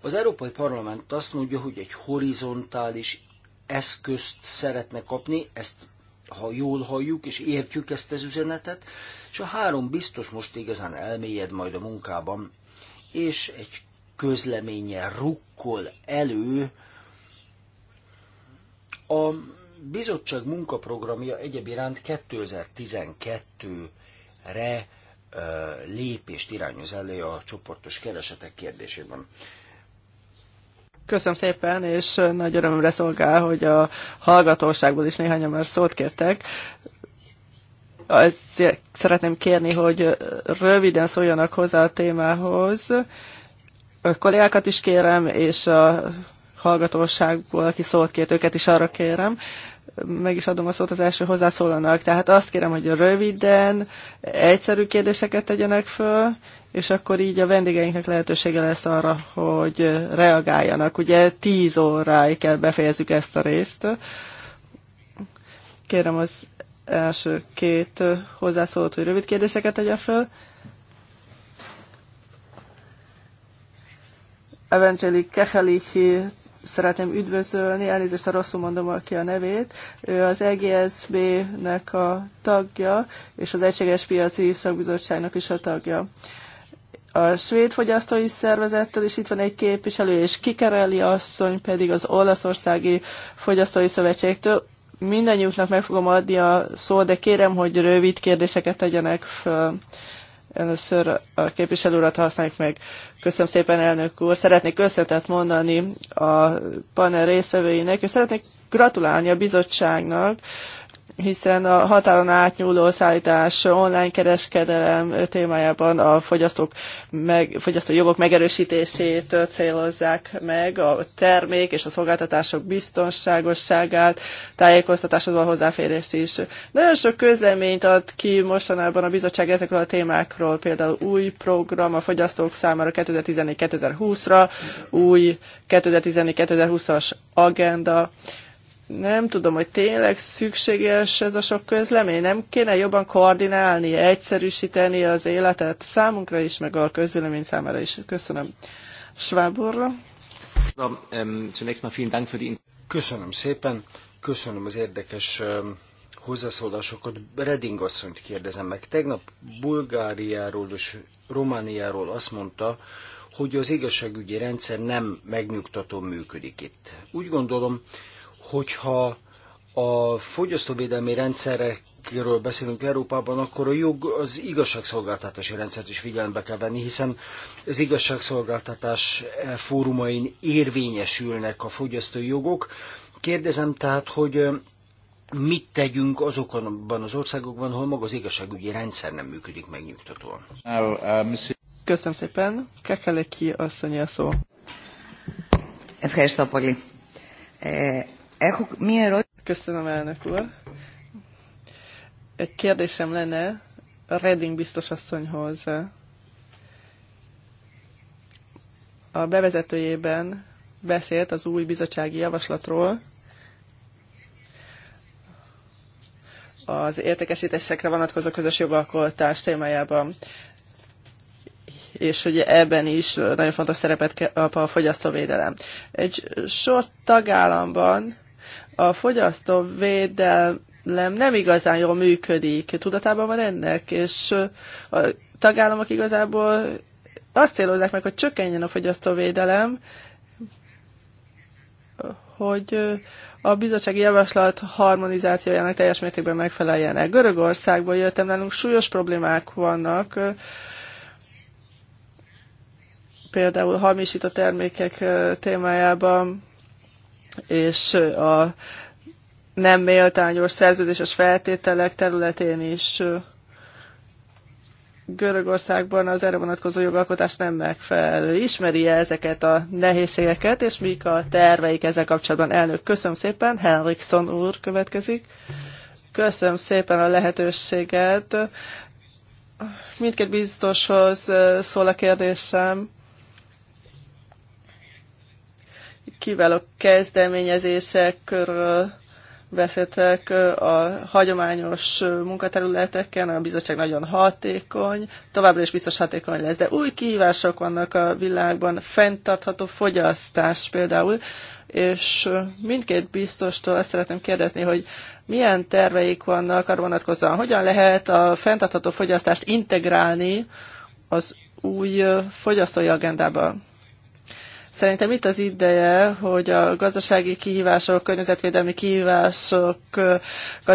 Az Európai Parlament azt mondja, hogy egy horizontális eszközt szeretne kapni, ezt ha jól halljuk és értjük ezt az üzenetet, és a három biztos most igazán elmélyed majd a munkában, és egy közleménye rukkol elő a bizottság munkaprogramja egyéb iránt 2012-re lépést irányoz elő a csoportos keresetek kérdésében. Köszönöm szépen, és nagy örömre szolgál, hogy a hallgatóságból is néhányan már szót kértek. Azt szeretném kérni, hogy röviden szóljanak hozzá a témához. A kollégákat is kérem, és a hallgatóságból, aki szót kért, őket is arra kérem, meg is adom a szót az első hozzászólónak. Tehát azt kérem, hogy röviden, egyszerű kérdéseket tegyenek föl, és akkor így a vendégeinknek lehetősége lesz arra, hogy reagáljanak. Ugye 10 óráig kell befejezzük ezt a részt. Kérem az első két hozzászólót, hogy rövid kérdéseket tegyen föl. Evangeli Kehelichi szeretném üdvözölni, elnézést, a rosszul mondom ki a nevét. Ő az EGSB-nek a tagja, és az Egységes Piaci Szakbizottságnak is a tagja. A svéd fogyasztói szervezettől is itt van egy képviselő, és Kikereli asszony pedig az Olaszországi Fogyasztói Szövetségtől. Mindennyiuknak meg fogom adni a szót, de kérem, hogy rövid kérdéseket tegyenek föl. Először a képviselő urat használjuk meg. Köszönöm szépen, elnök úr. Szeretnék köszönetet mondani a panel részvevőinek, és szeretnék gratulálni a bizottságnak hiszen a határon átnyúló szállítás, online kereskedelem témájában a fogyasztók meg, fogyasztói jogok megerősítését célozzák meg, a termék és a szolgáltatások biztonságosságát, tájékoztatáshoz való hozzáférést is. Nagyon sok közleményt ad ki mostanában a bizottság ezekről a témákról, például új program a fogyasztók számára 2014-2020-ra, új 2014-2020-as agenda, nem tudom, hogy tényleg szükséges ez a sok közlemény. Nem kéne jobban koordinálni, egyszerűsíteni az életet számunkra is, meg a közvélemény számára is. Köszönöm. Schwaborra. Köszönöm szépen, köszönöm az érdekes hozzászólásokat. Reding asszonyt kérdezem meg. Tegnap Bulgáriáról és Romániáról azt mondta, hogy az igazságügyi rendszer nem megnyugtató működik itt. Úgy gondolom, hogyha a fogyasztóvédelmi rendszerekről beszélünk Európában, akkor a jog az igazságszolgáltatási rendszert is figyelembe kell venni, hiszen az igazságszolgáltatás fórumain érvényesülnek a fogyasztói jogok. Kérdezem tehát, hogy mit tegyünk azokban az országokban, ahol maga az igazságügyi rendszer nem működik megnyugtatóan. Uh, Köszönöm szépen. Kekeleki asszony a szó. Köszönöm Köszönöm, elnök úr. Egy kérdésem lenne a Redding biztosasszonyhoz. A bevezetőjében beszélt az új bizottsági javaslatról, az értékesítésekre vonatkozó közös jogalkotás témájában és hogy ebben is nagyon fontos szerepet kap a fogyasztóvédelem. Egy sor tagállamban a fogyasztó védelem nem igazán jól működik. Tudatában van ennek, és a tagállamok igazából azt célozzák meg, hogy csökkenjen a fogyasztóvédelem, hogy a bizottsági javaslat harmonizációjának teljes mértékben megfeleljenek. Görögországból jöttem, nálunk súlyos problémák vannak, például hamisított termékek témájában és a nem méltányos szerződéses feltételek területén is Görögországban az erre vonatkozó jogalkotás nem megfelelő. Ismeri -e ezeket a nehézségeket, és mik a terveik ezzel kapcsolatban? Elnök, köszönöm szépen. Henrikson úr következik. Köszönöm szépen a lehetőséget. Mindkét biztoshoz szól a kérdésem. a kezdeményezésekről beszéltek a hagyományos munkaterületeken, a bizottság nagyon hatékony, továbbra is biztos hatékony lesz, de új kihívások vannak a világban, fenntartható fogyasztás például, és mindkét biztostól azt szeretném kérdezni, hogy milyen terveik vannak arra vonatkozóan, hogyan lehet a fenntartható fogyasztást integrálni az új fogyasztói agendába? Szerintem itt az ideje, hogy a gazdasági kihívások, környezetvédelmi kihívásokat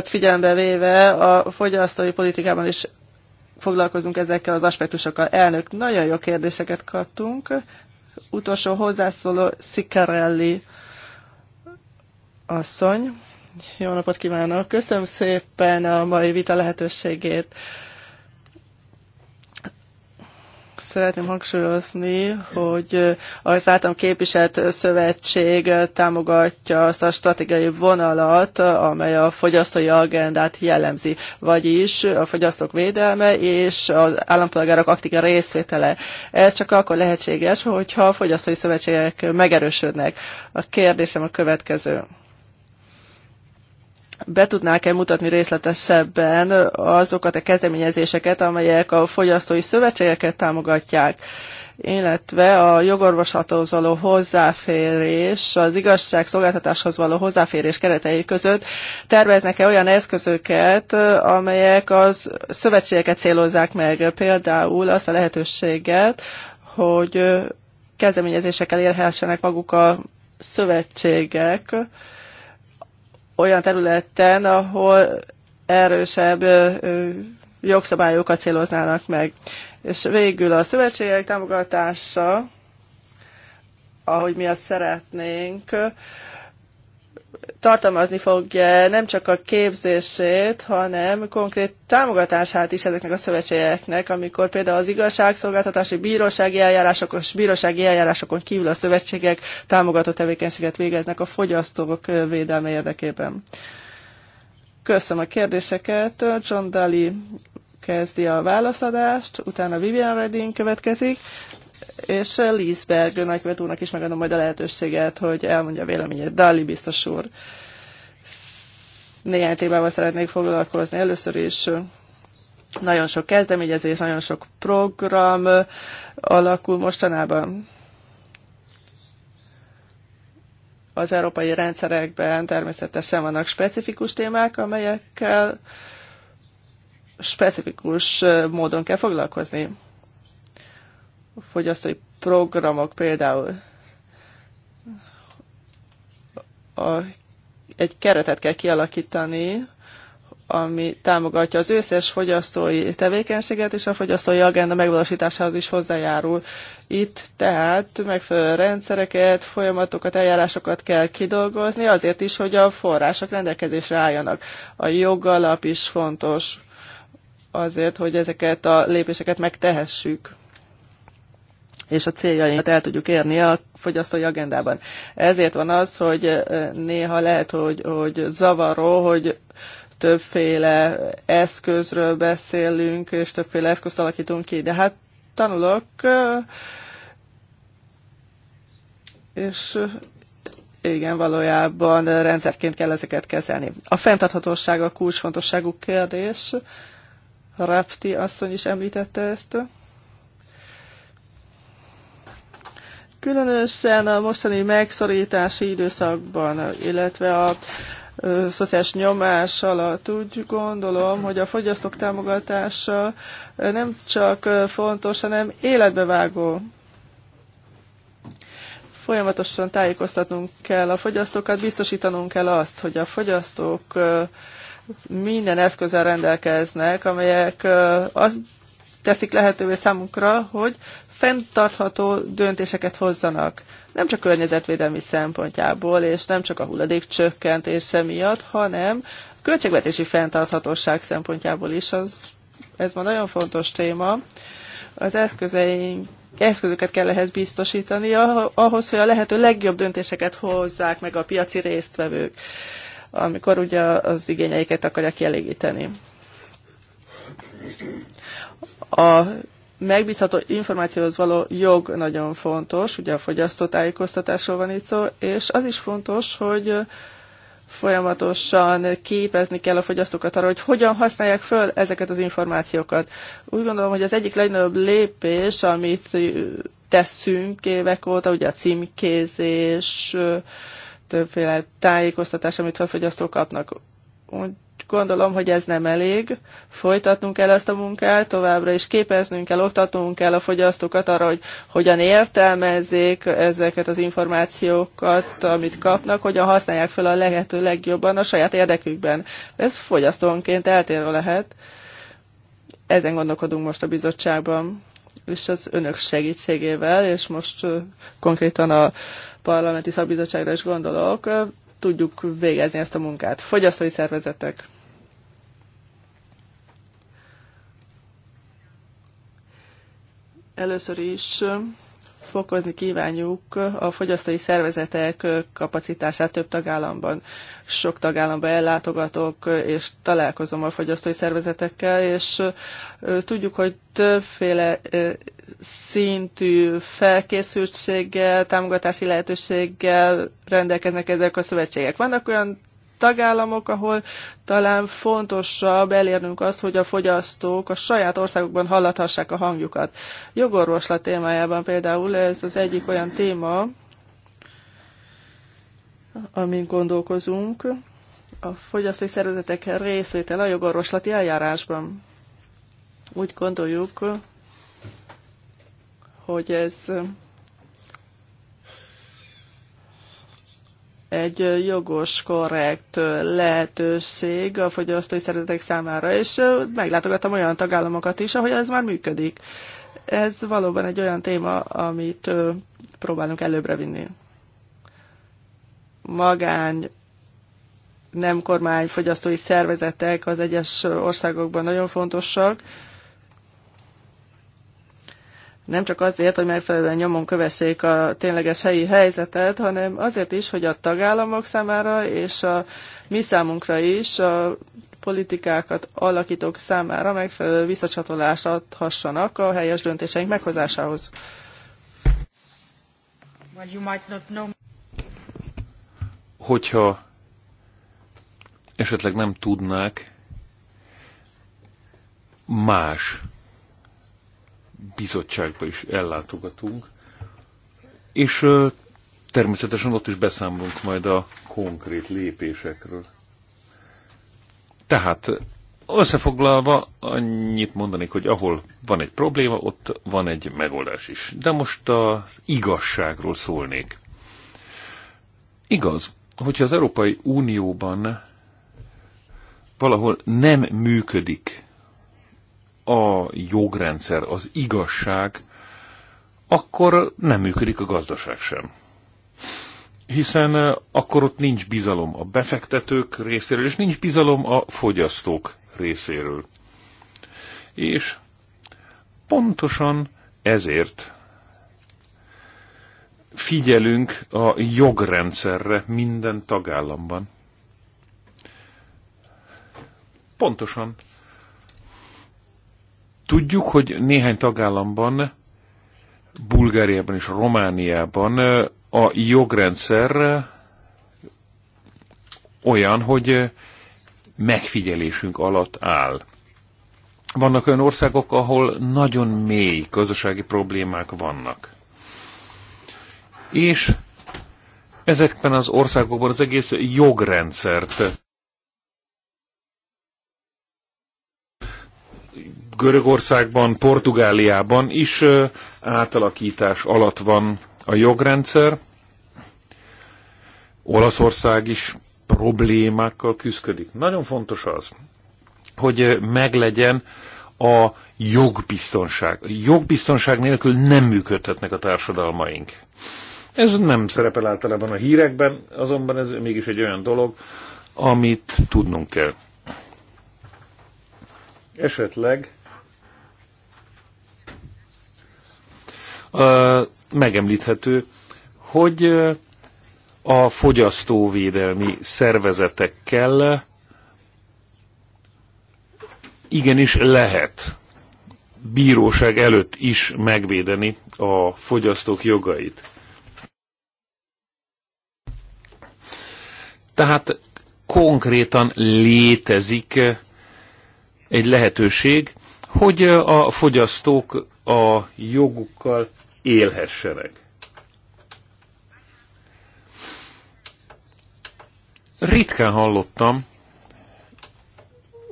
figyelembe véve a fogyasztói politikában is foglalkozunk ezekkel az aspektusokkal. Elnök, nagyon jó kérdéseket kaptunk. Utolsó hozzászóló Sicarelli asszony. Jó napot kívánok! Köszönöm szépen a mai vita lehetőségét szeretném hangsúlyozni, hogy eh, az általam képviselt szövetség eh, támogatja azt a stratégiai vonalat, eh, amely a fogyasztói agendát jellemzi, vagyis a fogyasztók védelme és az állampolgárok aktív részvétele. Ez csak akkor lehetséges, hogyha a fogyasztói szövetségek megerősödnek. A kérdésem a következő be tudnák-e mutatni részletesebben azokat a kezdeményezéseket, amelyek a fogyasztói szövetségeket támogatják, illetve a jogorvoshatóhoz való hozzáférés, az igazságszolgáltatáshoz való hozzáférés keretei között terveznek-e olyan eszközöket, amelyek az szövetségeket célozzák meg, például azt a lehetőséget, hogy kezdeményezésekkel érhessenek maguk a szövetségek, olyan területen, ahol erősebb jogszabályokat céloznának meg. És végül a szövetségek támogatása, ahogy mi azt szeretnénk, tartalmazni fogja nem csak a képzését, hanem konkrét támogatását is ezeknek a szövetségeknek, amikor például az igazságszolgáltatási bírósági eljárásokon és bírósági eljárásokon kívül a szövetségek támogató tevékenységet végeznek a fogyasztók védelme érdekében. Köszönöm a kérdéseket. John Daly kezdi a válaszadást, utána Vivian Redding következik, és Liesberg nagykövet is megadom majd a lehetőséget, hogy elmondja a véleményét. Dali biztos úr. Néhány témával szeretnék foglalkozni. Először is nagyon sok kezdeményezés, nagyon sok program alakul mostanában az európai rendszerekben természetesen vannak specifikus témák, amelyekkel specifikus módon kell foglalkozni fogyasztói programok például a, egy keretet kell kialakítani, ami támogatja az összes fogyasztói tevékenységet, és a fogyasztói agenda megvalósításához is hozzájárul. Itt tehát megfelelő rendszereket, folyamatokat, eljárásokat kell kidolgozni, azért is, hogy a források rendelkezésre álljanak. A jogalap is fontos azért, hogy ezeket a lépéseket megtehessük és a céljainkat el tudjuk érni a fogyasztói agendában. Ezért van az, hogy néha lehet, hogy, hogy zavaró, hogy többféle eszközről beszélünk, és többféle eszközt alakítunk ki, de hát tanulok, és igen, valójában rendszerként kell ezeket kezelni. A fenntarthatóság a kulcsfontosságú kérdés. Rapti asszony is említette ezt. Különösen a mostani megszorítási időszakban, illetve a szociális nyomás alatt úgy gondolom, hogy a fogyasztók támogatása nem csak fontos, hanem életbevágó folyamatosan tájékoztatnunk kell a fogyasztókat, biztosítanunk kell azt, hogy a fogyasztók minden eszközzel rendelkeznek, amelyek azt teszik lehetővé számunkra, hogy fenntartható döntéseket hozzanak. Nem csak környezetvédelmi szempontjából, és nem csak a hulladék csökkentése miatt, hanem költségvetési fenntarthatóság szempontjából is. Az, ez ma nagyon fontos téma. Az eszközeink eszközöket kell ehhez biztosítani, ahhoz, hogy a lehető legjobb döntéseket hozzák meg a piaci résztvevők, amikor ugye az igényeiket akarják kielégíteni. A megbízható információhoz való jog nagyon fontos, ugye a fogyasztótájékoztatásról van itt szó, és az is fontos, hogy folyamatosan képezni kell a fogyasztókat arra, hogy hogyan használják föl ezeket az információkat. Úgy gondolom, hogy az egyik legnagyobb lépés, amit teszünk évek óta, ugye a címkézés, többféle tájékoztatás, amit a fogyasztók kapnak úgy gondolom, hogy ez nem elég. Folytatnunk kell ezt a munkát, továbbra is képeznünk kell, oktatnunk kell a fogyasztókat arra, hogy hogyan értelmezzék ezeket az információkat, amit kapnak, hogyan használják fel a lehető legjobban a saját érdekükben. Ez fogyasztónként eltérő lehet. Ezen gondolkodunk most a bizottságban, és az önök segítségével, és most konkrétan a parlamenti szakbizottságra is gondolok, tudjuk végezni ezt a munkát. Fogyasztói szervezetek. Először is fokozni kívánjuk a fogyasztói szervezetek kapacitását több tagállamban. Sok tagállamban ellátogatok, és találkozom a fogyasztói szervezetekkel, és tudjuk, hogy többféle szintű felkészültséggel, támogatási lehetőséggel rendelkeznek ezek a szövetségek. Vannak olyan tagállamok, ahol talán fontosabb elérnünk azt, hogy a fogyasztók a saját országukban hallathassák a hangjukat. Jogorvoslat témájában például ez az egyik olyan téma, amin gondolkozunk, a fogyasztói szervezetek részvétel a jogorvoslati eljárásban. Úgy gondoljuk, hogy ez egy jogos, korrekt lehetőség a fogyasztói szeretetek számára, és meglátogattam olyan tagállamokat is, ahol ez már működik. Ez valóban egy olyan téma, amit próbálunk előbbre vinni. Magány, nem kormány, fogyasztói szervezetek az egyes országokban nagyon fontosak, nem csak azért, hogy megfelelően nyomon kövessék a tényleges helyi helyzetet, hanem azért is, hogy a tagállamok számára és a mi számunkra is a politikákat alakítók számára megfelelő visszacsatolást adhassanak a helyes döntéseink meghozásához. Hogyha esetleg nem tudnák, más bizottságba is ellátogatunk, és természetesen ott is beszámolunk majd a konkrét lépésekről. Tehát összefoglalva annyit mondanék, hogy ahol van egy probléma, ott van egy megoldás is. De most az igazságról szólnék. Igaz, hogyha az Európai Unióban valahol nem működik a jogrendszer, az igazság, akkor nem működik a gazdaság sem. Hiszen eh, akkor ott nincs bizalom a befektetők részéről, és nincs bizalom a fogyasztók részéről. És pontosan ezért figyelünk a jogrendszerre minden tagállamban. Pontosan Tudjuk, hogy néhány tagállamban, Bulgáriában és Romániában a jogrendszer olyan, hogy megfigyelésünk alatt áll. Vannak olyan országok, ahol nagyon mély gazdasági problémák vannak. És ezekben az országokban az egész jogrendszert Görögországban, Portugáliában is átalakítás alatt van a jogrendszer. Olaszország is problémákkal küzdik. Nagyon fontos az, hogy meglegyen a jogbiztonság. A jogbiztonság nélkül nem működhetnek a társadalmaink. Ez nem szerepel általában a hírekben, azonban ez mégis egy olyan dolog, amit tudnunk kell. Esetleg megemlíthető, hogy a fogyasztóvédelmi szervezetekkel igenis lehet bíróság előtt is megvédeni a fogyasztók jogait. Tehát konkrétan létezik egy lehetőség, hogy a fogyasztók a jogukkal élhessenek. Ritkán hallottam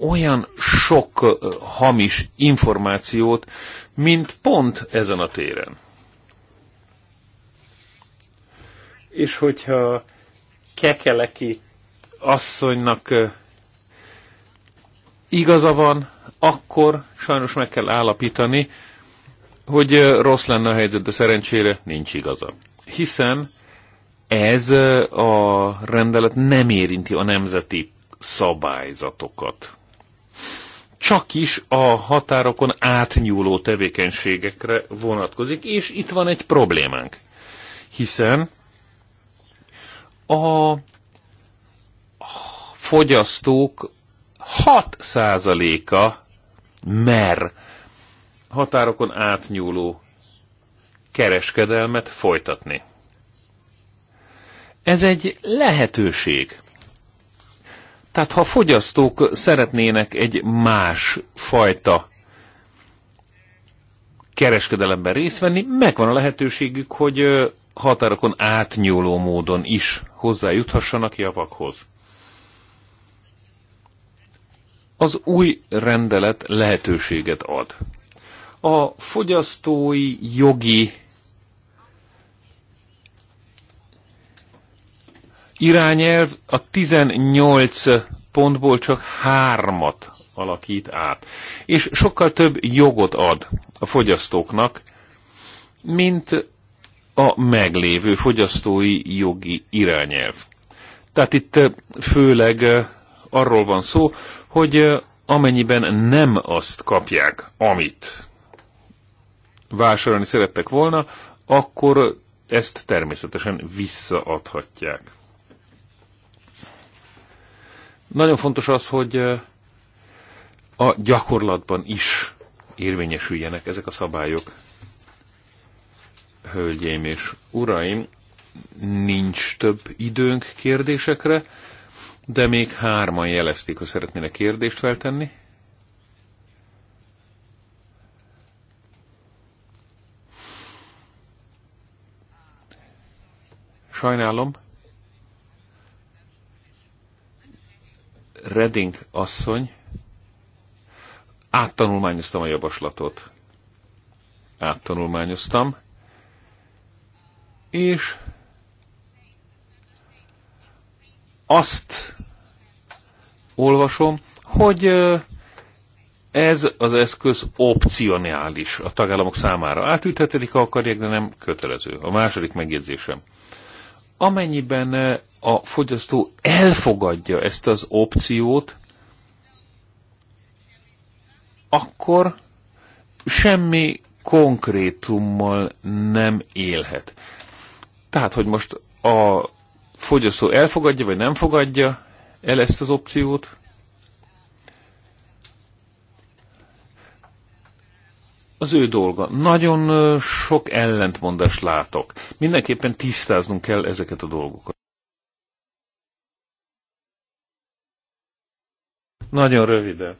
olyan sok hamis információt, mint pont ezen a téren. És hogyha kekeleki asszonynak igaza van, akkor sajnos meg kell állapítani, hogy rossz lenne a helyzet, de szerencsére nincs igaza. Hiszen ez a rendelet nem érinti a nemzeti szabályzatokat. Csak is a határokon átnyúló tevékenységekre vonatkozik, és itt van egy problémánk. Hiszen a fogyasztók 6%-a mer határokon átnyúló kereskedelmet folytatni. Ez egy lehetőség. Tehát ha fogyasztók szeretnének egy más fajta kereskedelemben részt venni, megvan a lehetőségük, hogy határokon átnyúló módon is hozzájuthassanak javakhoz. Az új rendelet lehetőséget ad a fogyasztói jogi irányelv a 18 pontból csak hármat alakít át, és sokkal több jogot ad a fogyasztóknak, mint a meglévő fogyasztói jogi irányelv. Tehát itt főleg arról van szó, hogy amennyiben nem azt kapják, amit vásárolni szerettek volna, akkor ezt természetesen visszaadhatják. Nagyon fontos az, hogy a gyakorlatban is érvényesüljenek ezek a szabályok. Hölgyeim és uraim, nincs több időnk kérdésekre, de még hárman jelezték, hogy szeretnének kérdést feltenni. Sajnálom. Reding asszony, áttanulmányoztam a javaslatot. Áttanulmányoztam, és azt olvasom, hogy ez az eszköz opcionális a tagállamok számára. Átültetik, ha akarják, de nem kötelező. A második megjegyzésem. Amennyiben eh, a fogyasztó elfogadja ezt az opciót, akkor semmi konkrétummal nem élhet. Tehát, hogy most a fogyasztó elfogadja vagy nem fogadja el ezt az opciót, az ő dolga. Nagyon sok ellentmondást látok. Mindenképpen tisztáznunk kell ezeket a dolgokat. Nagyon röviden.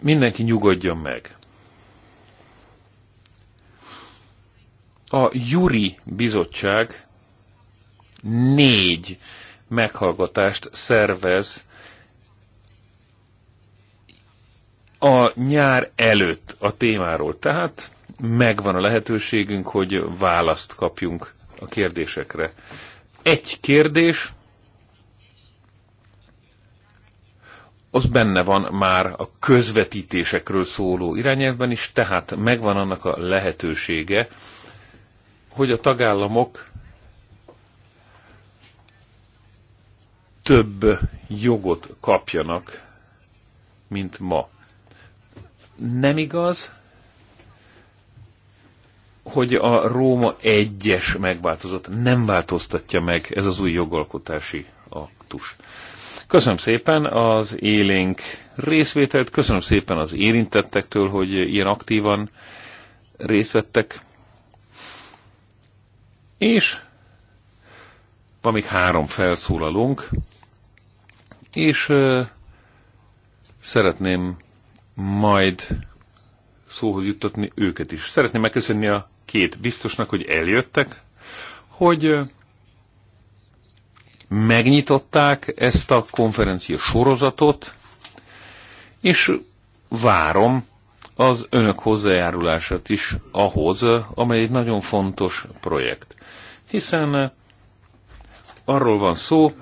Mindenki nyugodjon meg. A Juri Bizottság négy meghallgatást szervez a nyár előtt a témáról. Tehát megvan a lehetőségünk, hogy választ kapjunk a kérdésekre. Egy kérdés, az benne van már a közvetítésekről szóló irányelvben is, tehát megvan annak a lehetősége, hogy a tagállamok több jogot kapjanak, mint ma nem igaz, hogy a Róma egyes megváltozott, nem változtatja meg ez az új jogalkotási aktus. Köszönöm szépen az élénk részvételt, köszönöm szépen az érintettektől, hogy ilyen aktívan részt vettek. És van még három felszólalónk, és euh, szeretném majd szóhoz juttatni őket is. Szeretném megköszönni a két biztosnak, hogy eljöttek, hogy megnyitották ezt a konferencia sorozatot, és várom az önök hozzájárulását is ahhoz, amely egy nagyon fontos projekt. Hiszen arról van szó,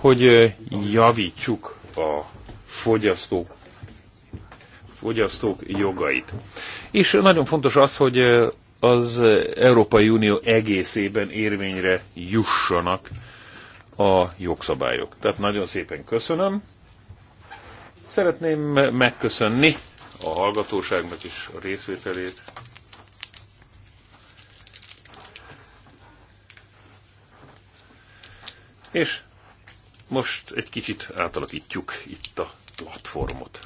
hogy javítsuk a fogyasztók fogyasztók jogait. És nagyon fontos az, hogy az Európai Unió egészében érvényre jussanak a jogszabályok. Tehát nagyon szépen köszönöm. Szeretném megköszönni a hallgatóságnak is a részvételét. És most egy kicsit átalakítjuk itt a platformot.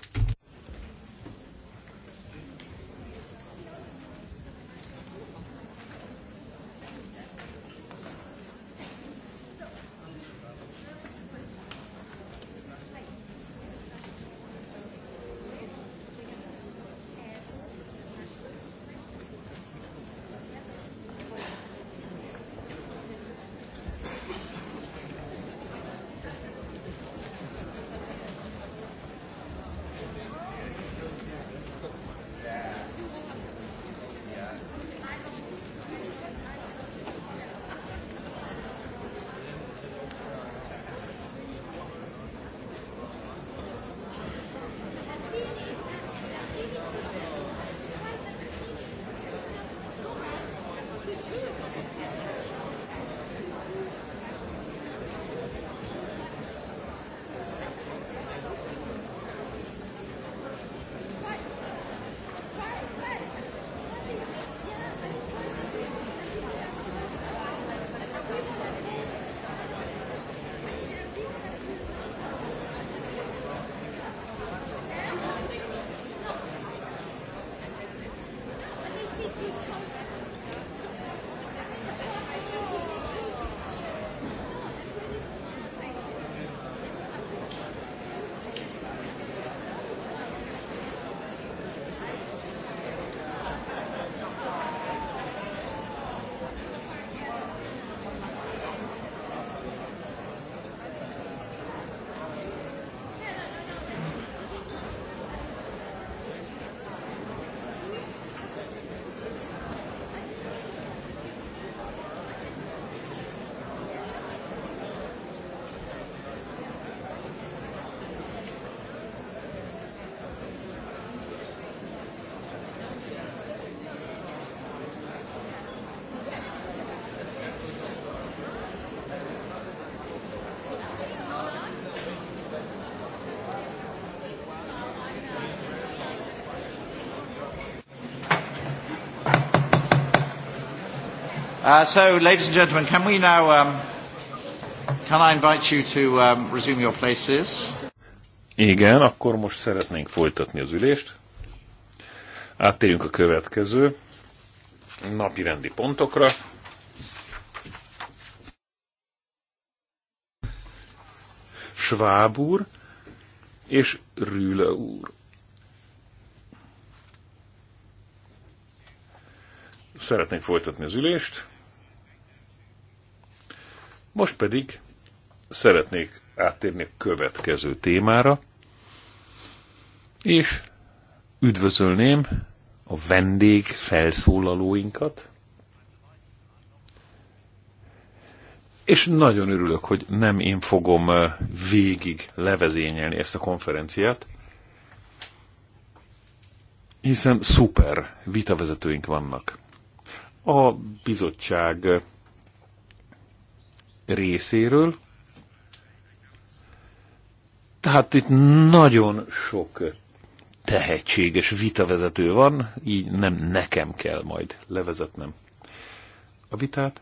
Uh, so, ladies and gentlemen, can we now, um, can I invite you to um, resume your places? Igen, akkor most szeretnénk folytatni az ülést. Áttérjünk a következő napi rendi pontokra. Schwab úr és Rüle úr. Szeretnénk folytatni az ülést. Most pedig szeretnék áttérni a következő témára, és üdvözölném a vendég felszólalóinkat, és nagyon örülök, hogy nem én fogom végig levezényelni ezt a konferenciát, hiszen szuper vitavezetőink vannak. A bizottság részéről. Tehát itt nagyon sok tehetséges vitavezető van, így nem nekem kell majd levezetnem a vitát.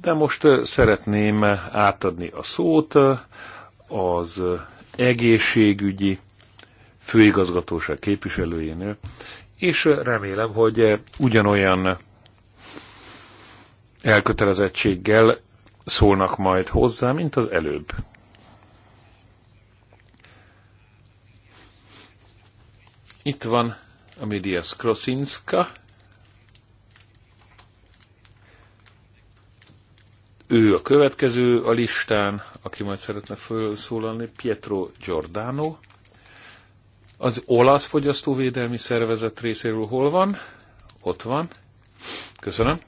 De most szeretném átadni a szót az egészségügyi főigazgatóság képviselőjénél, és remélem, hogy ugyanolyan elkötelezettséggel szólnak majd hozzá, mint az előbb. Itt van a medias Krosinska. Ő a következő a listán, aki majd szeretne felszólalni, Pietro Giordano. Az olasz fogyasztóvédelmi szervezet részéről hol van? Ott van. Köszönöm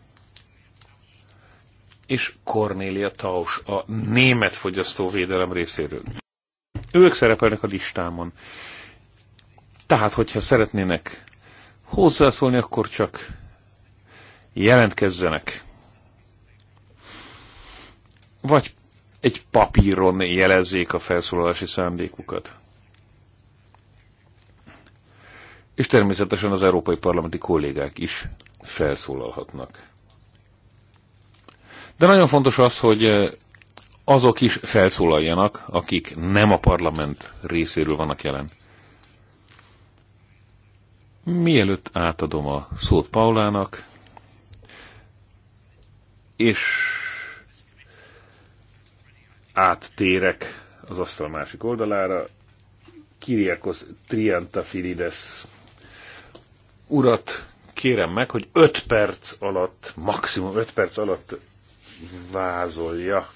és Cornélia Taus a német fogyasztóvédelem részéről. Ők szerepelnek a listámon. Tehát, hogyha szeretnének hozzászólni, akkor csak jelentkezzenek. Vagy egy papíron jelezzék a felszólalási szándékukat. És természetesen az európai parlamenti kollégák is felszólalhatnak. De nagyon fontos az, hogy azok is felszólaljanak, akik nem a parlament részéről vannak jelen. Mielőtt átadom a szót Paulának, és áttérek az asztal másik oldalára, Kiriakos Triantafilides urat kérem meg, hogy 5 perc alatt, maximum 5 perc alatt vázolja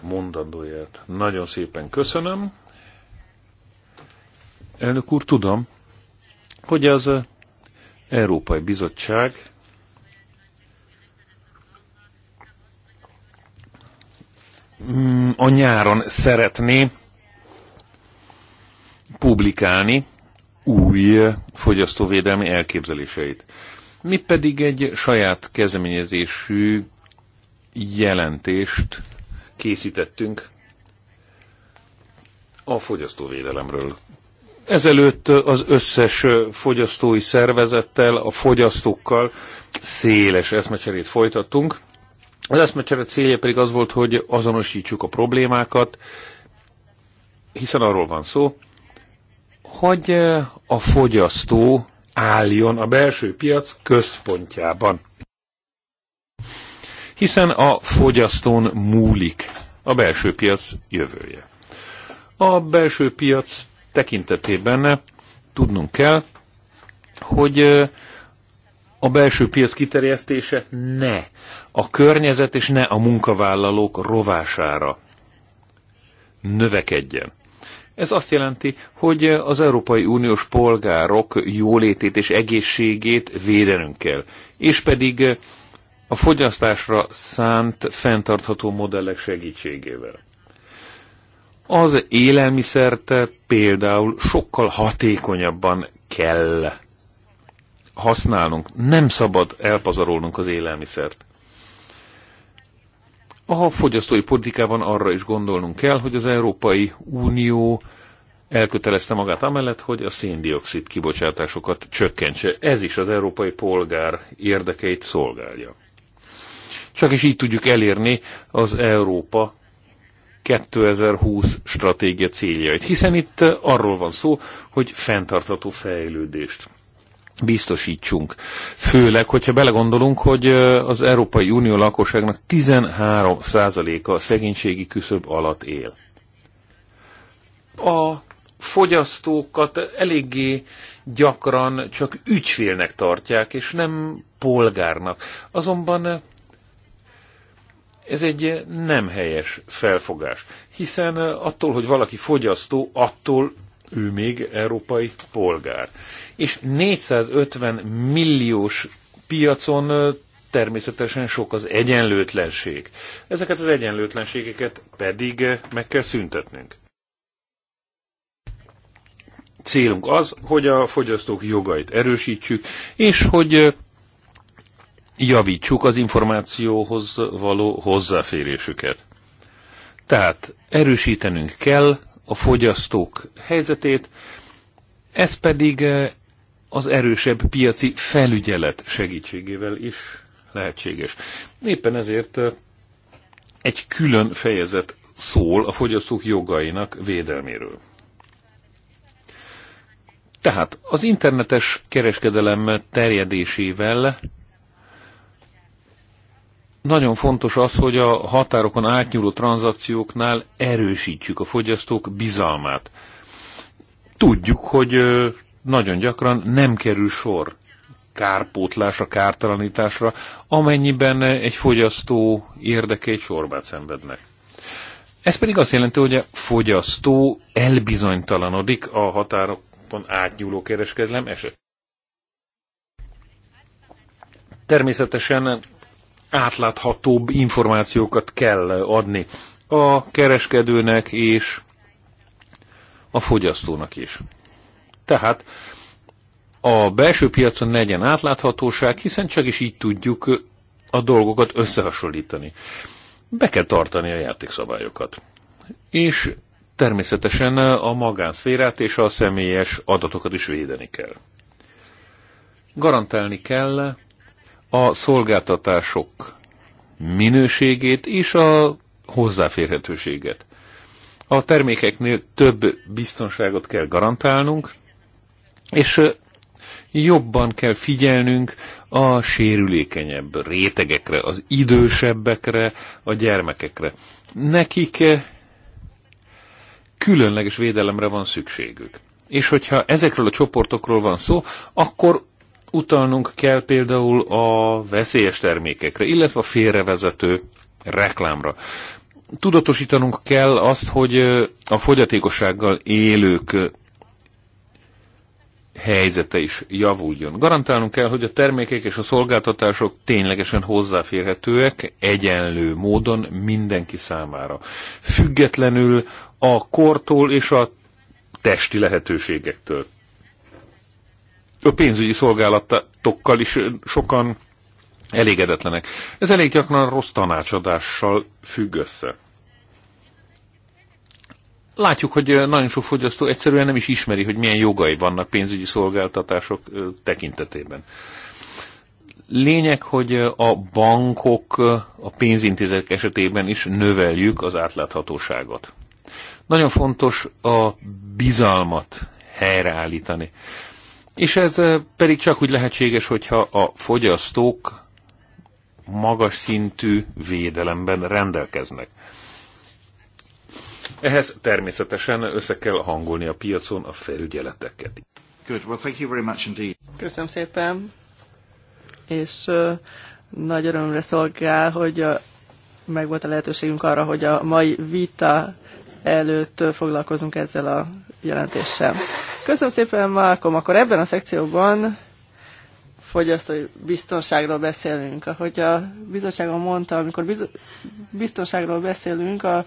mondandóját. Nagyon szépen köszönöm. Elnök úr, tudom, hogy az Európai Bizottság a nyáron szeretné publikálni új fogyasztóvédelmi elképzeléseit. Mi pedig egy saját kezdeményezésű jelentést készítettünk a fogyasztóvédelemről. Ezelőtt az összes fogyasztói szervezettel, a fogyasztókkal széles eszmecserét folytattunk. Az eszmecsere célja pedig az volt, hogy azonosítsuk a problémákat, hiszen arról van szó, hogy a fogyasztó álljon a belső piac központjában hiszen a fogyasztón múlik a belső piac jövője. A belső piac tekintetében tudnunk kell, hogy a belső piac kiterjesztése ne a környezet és ne a munkavállalók rovására növekedjen. Ez azt jelenti, hogy az Európai Uniós polgárok jólétét és egészségét védenünk kell, és pedig a fogyasztásra szánt fenntartható modellek segítségével. Az élelmiszerte például sokkal hatékonyabban kell használnunk. Nem szabad elpazarolnunk az élelmiszert. A fogyasztói politikában arra is gondolnunk kell, hogy az Európai Unió elkötelezte magát amellett, hogy a széndiokszid kibocsátásokat csökkentse. Ez is az európai polgár érdekeit szolgálja. Csak is így tudjuk elérni az Európa 2020 stratégia céljait, hiszen itt arról van szó, hogy fenntartható fejlődést biztosítsunk. Főleg, hogyha belegondolunk, hogy az Európai Unió lakosságnak 13%-a szegénységi küszöb alatt él. A fogyasztókat eléggé gyakran csak ügyfélnek tartják, és nem polgárnak. Azonban ez egy nem helyes felfogás, hiszen attól, hogy valaki fogyasztó, attól ő még európai polgár. És 450 milliós piacon természetesen sok az egyenlőtlenség. Ezeket az egyenlőtlenségeket pedig meg kell szüntetnünk. Célunk az, hogy a fogyasztók jogait erősítsük, és hogy javítsuk az információhoz való hozzáférésüket. Tehát erősítenünk kell a fogyasztók helyzetét, ez pedig eh, az erősebb piaci felügyelet segítségével is lehetséges. Éppen ezért eh, egy külön fejezet szól a fogyasztók jogainak védelméről. Tehát az internetes kereskedelem terjedésével nagyon fontos az, hogy a határokon átnyúló tranzakcióknál erősítsük a fogyasztók bizalmát. Tudjuk, hogy nagyon gyakran nem kerül sor kárpótlásra, kártalanításra, amennyiben egy fogyasztó érdekei sorbát szenvednek. Ez pedig azt jelenti, hogy a fogyasztó elbizonytalanodik a határokon átnyúló kereskedelem esetében. Természetesen átláthatóbb információkat kell adni a kereskedőnek és a fogyasztónak is. Tehát a belső piacon legyen átláthatóság, hiszen csak is így tudjuk a dolgokat összehasonlítani. Be kell tartani a játékszabályokat. És természetesen a magánszférát és a személyes adatokat is védeni kell. Garantálni kell a szolgáltatások minőségét és a hozzáférhetőséget. A termékeknél több biztonságot kell garantálnunk, és jobban kell figyelnünk a sérülékenyebb rétegekre, az idősebbekre, a gyermekekre. Nekik különleges védelemre van szükségük. És hogyha ezekről a csoportokról van szó, akkor Utalnunk kell például a veszélyes termékekre, illetve a félrevezető reklámra. Tudatosítanunk kell azt, hogy a fogyatékossággal élők helyzete is javuljon. Garantálnunk kell, hogy a termékek és a szolgáltatások ténylegesen hozzáférhetőek egyenlő módon mindenki számára. Függetlenül a kortól és a testi lehetőségektől a pénzügyi szolgálatokkal is sokan elégedetlenek. Ez elég gyakran rossz tanácsadással függ össze. Látjuk, hogy nagyon sok fogyasztó egyszerűen nem is ismeri, hogy milyen jogai vannak pénzügyi szolgáltatások tekintetében. Lényeg, hogy a bankok, a pénzintézetek esetében is növeljük az átláthatóságot. Nagyon fontos a bizalmat helyreállítani. És ez eh, pedig csak úgy lehetséges, hogyha a fogyasztók magas szintű védelemben rendelkeznek. Ehhez természetesen össze kell hangolni a piacon a felügyeleteket. Good. Well, thank you very much indeed. Köszönöm szépen, és uh, nagy örömre szolgál, hogy uh, eh, meg volt a lehetőségünk arra, hogy a mai vita előtt foglalkozunk ezzel a jelentéssel. Köszönöm szépen, Malcolm. Akkor ebben a szekcióban fogyasztói biztonságról beszélünk. Ahogy a bizottságon mondta, amikor biztonságról beszélünk, a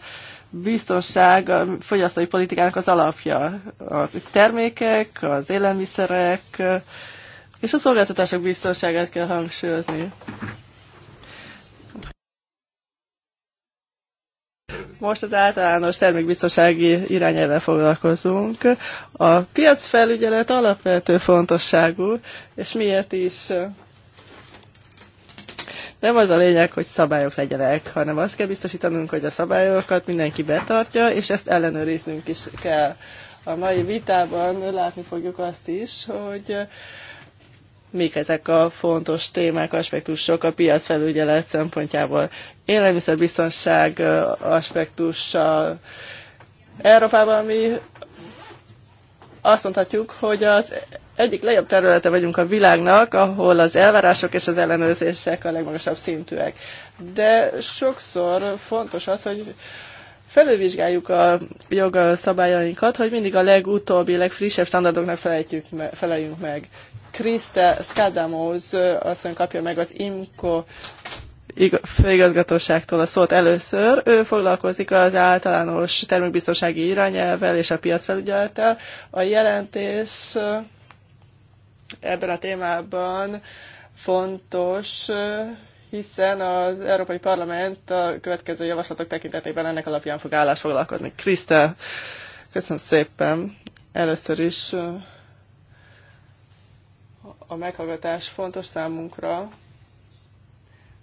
biztonság a fogyasztói politikának az alapja. A termékek, az élelmiszerek és a szolgáltatások biztonságát kell hangsúlyozni. Most az általános termékbiztonsági irányelvel foglalkozunk. A piacfelügyelet alapvető fontosságú, és miért is nem az a lényeg, hogy szabályok legyenek, hanem azt kell biztosítanunk, hogy a szabályokat mindenki betartja, és ezt ellenőriznünk is kell. A mai vitában látni fogjuk azt is, hogy mik ezek a fontos témák, aspektusok a piacfelügyelet szempontjából. Élelmiszerbiztonság aspektussal Európában mi azt mondhatjuk, hogy az egyik legjobb területe vagyunk a világnak, ahol az elvárások és az ellenőrzések a legmagasabb szintűek. De sokszor fontos az, hogy felülvizsgáljuk a jogszabályainkat, hogy mindig a legutóbbi, legfrissebb standardoknak feleljünk meg. Krista Skadamos asszony kapja meg az IMCO főigazgatóságtól a szót először. Ő foglalkozik az általános termékbiztonsági irányelvvel és a piacfelügyelettel. A jelentés ebben a témában fontos, hiszen az Európai Parlament a következő javaslatok tekintetében ennek alapján fog állásfoglalkozni. Krista, köszönöm szépen. Először is a meghallgatás fontos számunkra,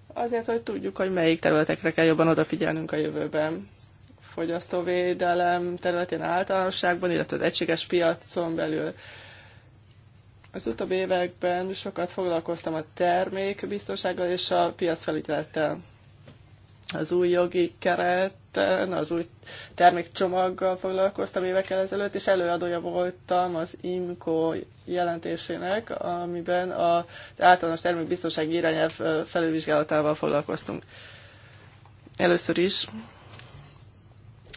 azért, hogy tudjuk, hogy melyik területekre kell jobban odafigyelnünk a jövőben. Fogyasztóvédelem területén általánosságban, illetve az egységes piacon belül. Az utóbbi években sokat foglalkoztam a termék és a piacfelügyelettel az új jogi kereten, az új termékcsomaggal foglalkoztam évekkel ezelőtt, és előadója voltam az IMCO jelentésének, amiben az általános termékbiztonsági irányelv felülvizsgálatával foglalkoztunk. Először is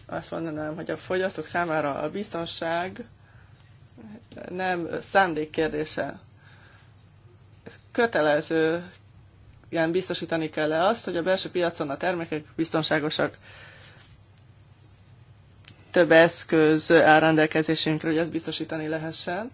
azt mondanám, hogy a fogyasztók számára a biztonság nem szándék kérdése. Kötelező igen, biztosítani kell -e azt, hogy a belső piacon a termékek biztonságosak. Több eszköz áll rendelkezésünkre, hogy ezt biztosítani lehessen.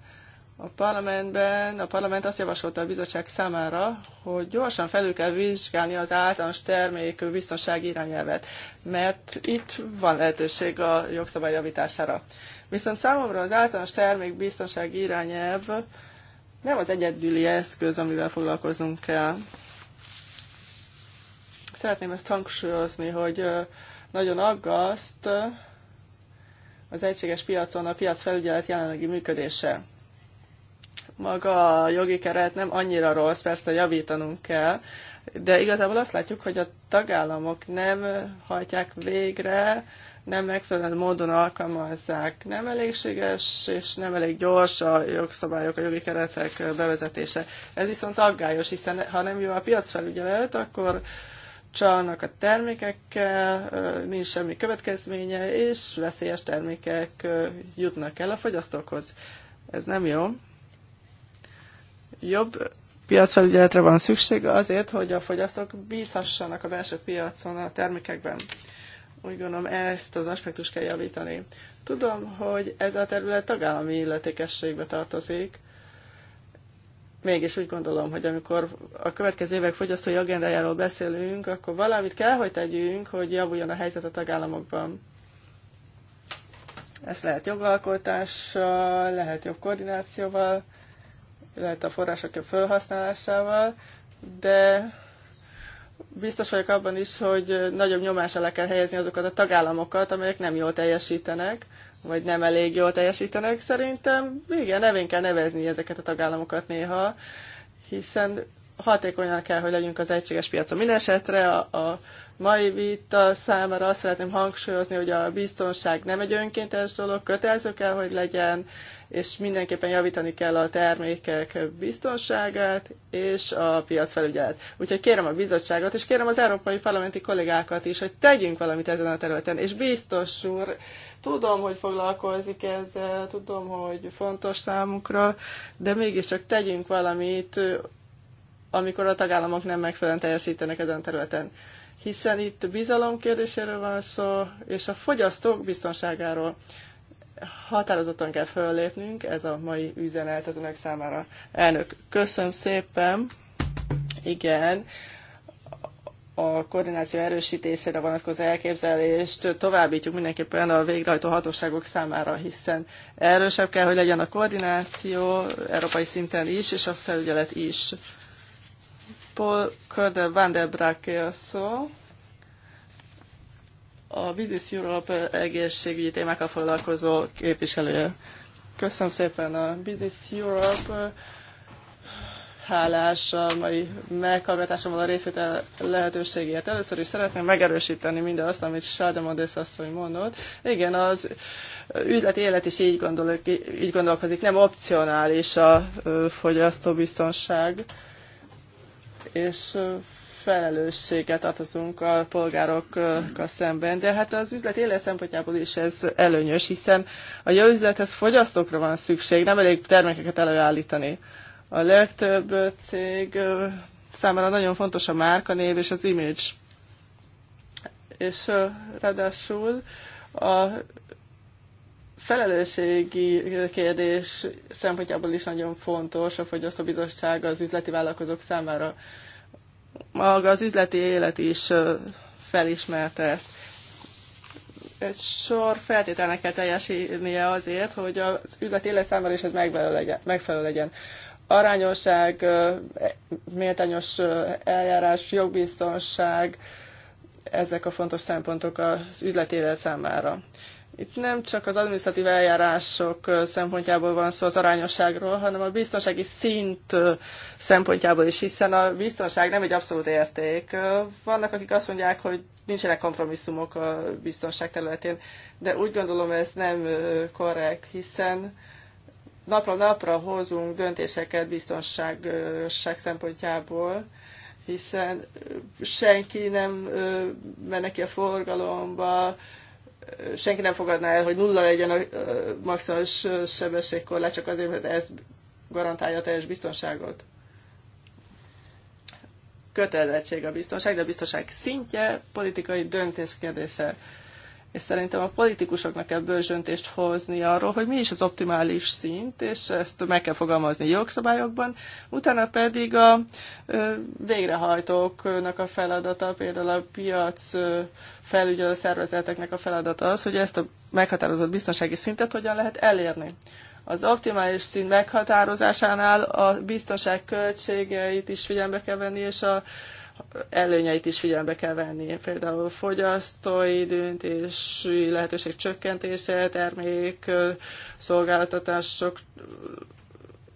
A parlamentben, a parlament azt javasolta a bizottság számára, hogy gyorsan felül kell vizsgálni az általános termék biztonsági irányelvet, mert itt van lehetőség a jogszabály javítására. Viszont számomra az általános termék biztonsági irányelv nem az egyedüli eszköz, amivel foglalkoznunk kell. Szeretném ezt hangsúlyozni, hogy nagyon aggaszt az egységes piacon a piacfelügyelet jelenlegi működése. Maga a jogi keret nem annyira rossz, persze javítanunk kell, de igazából azt látjuk, hogy a tagállamok nem hajtják végre, nem megfelelő módon alkalmazzák. Nem elégséges és nem elég gyors a jogszabályok, a jogi keretek bevezetése. Ez viszont aggályos, hiszen ha nem jó a piacfelügyelet, akkor csalnak a termékekkel, nincs semmi következménye, és veszélyes termékek jutnak el a fogyasztókhoz. Ez nem jó. Jobb piacfelügyeletre van szükség azért, hogy a fogyasztók bízhassanak a belső piacon a termékekben. Úgy gondolom, ezt az aspektust kell javítani. Tudom, hogy ez a terület tagállami illetékességbe tartozik, mégis úgy gondolom, hogy amikor a következő évek fogyasztói agendájáról beszélünk, akkor valamit kell, hogy tegyünk, hogy javuljon a helyzet a tagállamokban. Ez lehet jogalkotással, lehet jobb koordinációval, lehet a források jobb felhasználásával, de biztos vagyok abban is, hogy nagyobb nyomás alá kell helyezni azokat a tagállamokat, amelyek nem jól teljesítenek, vagy nem elég jól teljesítenek. Szerintem igen, nevén kell nevezni ezeket a tagállamokat néha, hiszen hatékonyan kell, hogy legyünk az egységes piacon. Mindenesetre a, a mai vita számára azt szeretném hangsúlyozni, hogy a biztonság nem egy önkéntes dolog, kötelező kell, hogy legyen, és mindenképpen javítani kell a termékek biztonságát és a piacfelügyelet. Úgyhogy kérem a bizottságot, és kérem az európai parlamenti kollégákat is, hogy tegyünk valamit ezen a területen. És biztos úr, tudom, hogy foglalkozik ezzel, tudom, hogy fontos számukra, de mégiscsak tegyünk valamit, amikor a tagállamok nem megfelelően teljesítenek ezen a területen hiszen itt bizalom kérdéséről van szó, és a fogyasztók biztonságáról határozottan kell föllépnünk, ez a mai üzenet az önök számára. Elnök, köszönöm szépen. Igen, a koordináció erősítésére vonatkozó elképzelést továbbítjuk mindenképpen a végrehajtó hatóságok számára, hiszen erősebb kell, hogy legyen a koordináció európai szinten is, és a felügyelet is. Paul Körde van der Brake szó a Business Europe egészségügyi témákkal foglalkozó képviselője. Köszönöm szépen a Business Europe hálás a mai meghallgatásommal a részvétel lehetőségért. Először is szeretném megerősíteni mindazt, amit Sádemondész asszony mondott. Igen, az üzleti élet is így, gondol, így gondolkozik, nem opcionális a fogyasztóbiztonság, és felelősséget adhatunk a polgárokkal szemben, de hát az üzlet élet szempontjából is ez előnyös, hiszen a jó üzlethez fogyasztókra van szükség, nem elég termékeket előállítani. A legtöbb cég számára nagyon fontos a márkanév és az image. És ráadásul a felelősségi kérdés szempontjából is nagyon fontos a fogyasztóbizottság az üzleti vállalkozók számára maga az üzleti élet is felismerte ezt. Egy sor feltételnek kell teljesítenie azért, hogy az üzleti élet számára is ez megfelelő legyen. Megfelelő legyen. Arányosság, méltányos eljárás, jogbiztonság, ezek a fontos szempontok az üzleti élet számára. Itt nem csak az adminisztratív eljárások szempontjából van szó az arányosságról, hanem a biztonsági szint szempontjából is, hiszen a biztonság nem egy abszolút érték. Vannak, akik azt mondják, hogy nincsenek kompromisszumok a biztonság területén, de úgy gondolom ez nem korrekt, hiszen napra napra hozunk döntéseket biztonságosság szempontjából, hiszen senki nem menne ki a forgalomba, senki nem fogadná el, hogy nulla legyen a maximális sebességkorlát, csak azért, mert ez garantálja a teljes biztonságot. Kötelezettség a biztonság, de a biztonság szintje politikai döntés kérdése és szerintem a politikusoknak kell bőzsöntést hozni arról, hogy mi is az optimális szint, és ezt meg kell fogalmazni jogszabályokban, utána pedig a végrehajtóknak a feladata, például a piac felügyelő szervezeteknek a feladata az, hogy ezt a meghatározott biztonsági szintet hogyan lehet elérni. Az optimális szint meghatározásánál a biztonság költségeit is figyelembe kell venni, és a előnyeit is figyelembe kell venni. Például fogyasztói döntési lehetőség csökkentése, termék szolgáltatások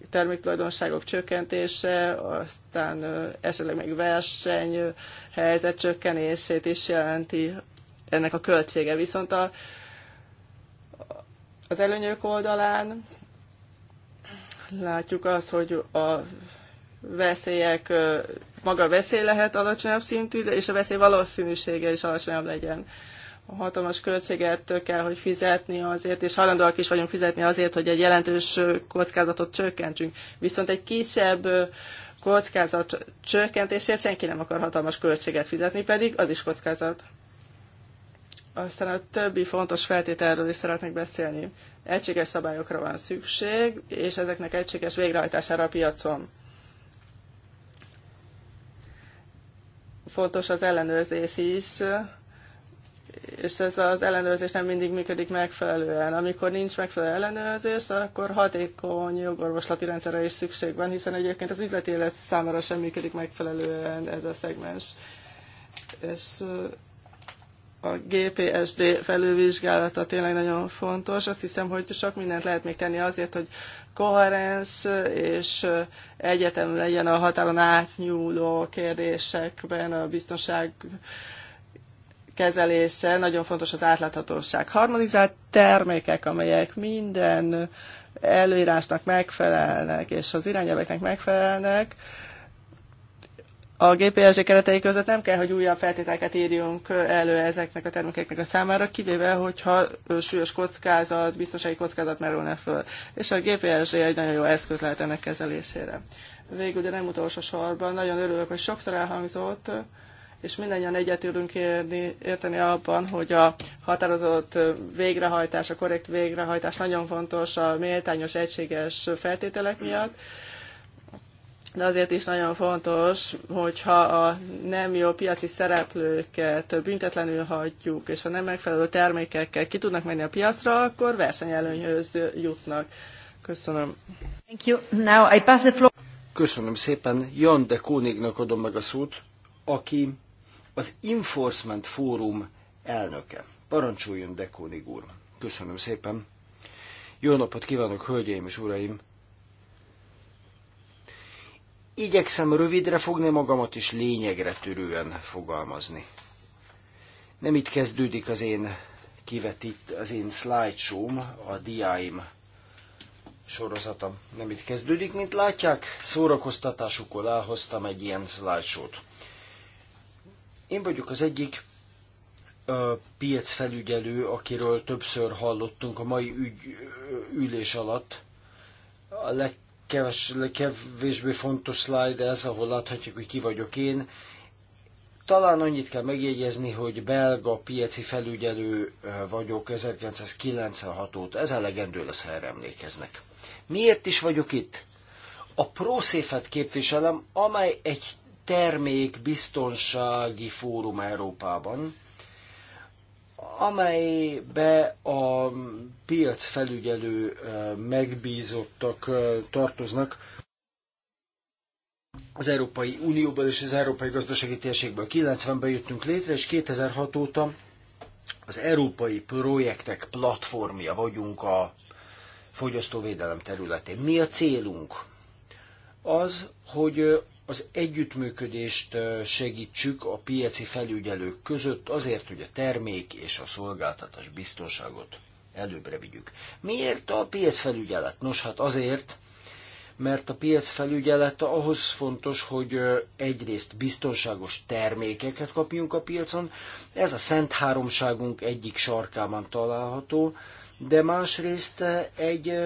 terméktulajdonságok csökkentése, aztán esetleg még verseny helyzet csökkenését is jelenti ennek a költsége. Viszont a, az előnyök oldalán látjuk azt, hogy a veszélyek maga a veszély lehet alacsonyabb szintű, de és a veszély valószínűsége is alacsonyabb legyen. A hatalmas költséget kell, hogy fizetni azért, és hajlandóak is vagyunk fizetni azért, hogy egy jelentős kockázatot csökkentsünk. Viszont egy kisebb kockázat csökkentésért senki nem akar hatalmas költséget fizetni, pedig az is kockázat. Aztán a többi fontos feltételről is szeretnék beszélni. Egységes szabályokra van szükség, és ezeknek egységes végrehajtására a piacon. fontos az ellenőrzés is, és ez az ellenőrzés nem mindig működik megfelelően. Amikor nincs megfelelő ellenőrzés, akkor hatékony jogorvoslati rendszerre is szükség van, hiszen egyébként az üzleti élet számára sem működik megfelelően ez a szegmens. És a GPSD felülvizsgálata tényleg nagyon fontos. Azt hiszem, hogy sok mindent lehet még tenni azért, hogy koherens és egyetem legyen a határon átnyúló kérdésekben a biztonság kezelése. Nagyon fontos az átláthatóság. Harmonizált termékek, amelyek minden előírásnak megfelelnek és az irányelveknek megfelelnek, a GPSG keretei között nem kell, hogy újabb feltételeket írjunk elő ezeknek a termékeknek a számára, kivéve, hogyha súlyos kockázat, biztonsági kockázat merülne föl. És a GPSG egy nagyon jó eszköz lehet ennek kezelésére. Végül, de nem utolsó sorban, nagyon örülök, hogy sokszor elhangzott, és mindannyian egyetülünk érni, érteni abban, hogy a határozott végrehajtás, a korrekt végrehajtás nagyon fontos a méltányos, egységes feltételek miatt, de azért is nagyon fontos, hogyha a nem jó piaci szereplőket büntetlenül hagyjuk, és a nem megfelelő termékekkel ki tudnak menni a piacra, akkor versenyelőnyhöz jutnak. Köszönöm. Thank you. Now I pass the floor. Köszönöm szépen. Jan de Kónignak adom meg a szót, aki az Enforcement Fórum elnöke. Parancsoljon de Kónig úr. Köszönöm szépen. Jó napot kívánok, hölgyeim és uraim! Igyekszem rövidre fogni magamat és lényegre törően fogalmazni. Nem itt kezdődik az én kivetít, az én slideshow a diáim sorozatom. Nem itt kezdődik, mint látják, szórakoztatásukkal elhoztam egy ilyen slideshow Én vagyok az egyik piac felügyelő, akiről többször hallottunk a mai ügy, ülés alatt. A leg, keves, kevésbé fontos slide ez, ahol láthatjuk, hogy ki vagyok én. Talán annyit kell megjegyezni, hogy belga piaci felügyelő vagyok 1996 óta. Ez elegendő lesz, ha erre emlékeznek. Miért is vagyok itt? A ProSafe-et képviselem, amely egy termékbiztonsági fórum Európában, amelybe a piacfelügyelő megbízottak tartoznak az Európai Unióból és az Európai Gazdasági Térségből. 90-ben jöttünk létre, és 2006 óta az Európai Projektek platformja vagyunk a fogyasztóvédelem területén. Mi a célunk? Az, hogy az együttműködést segítsük a piaci felügyelők között azért, hogy a termék és a szolgáltatás biztonságot előbbre vigyük. Miért a felügyelet? Nos, hát azért, mert a felügyelete ahhoz fontos, hogy egyrészt biztonságos termékeket kapjunk a piacon, ez a szent háromságunk egyik sarkában található, de másrészt eh, egy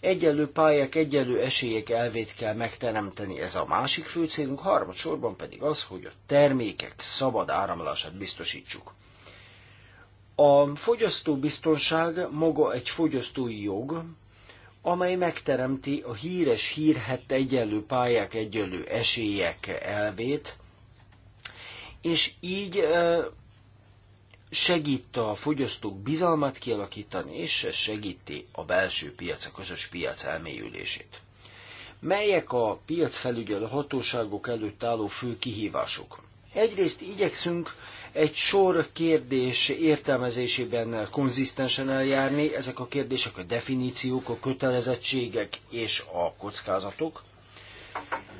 egyenlő pályák, egyenlő esélyek elvét kell megteremteni. Ez a másik fő célunk, harmadsorban pedig az, hogy a termékek szabad áramlását biztosítsuk. A fogyasztóbiztonság maga egy fogyasztói jog, amely megteremti a híres hírhett egyenlő pályák, egyenlő esélyek elvét, és így eh, segít a fogyasztók bizalmat kialakítani, és segíti a belső piac, a közös piac elmélyülését. Melyek a piacfelügyelő hatóságok előtt álló fő kihívások? Egyrészt igyekszünk egy sor kérdés értelmezésében konzisztensen eljárni. Ezek a kérdések a definíciók, a kötelezettségek és a kockázatok.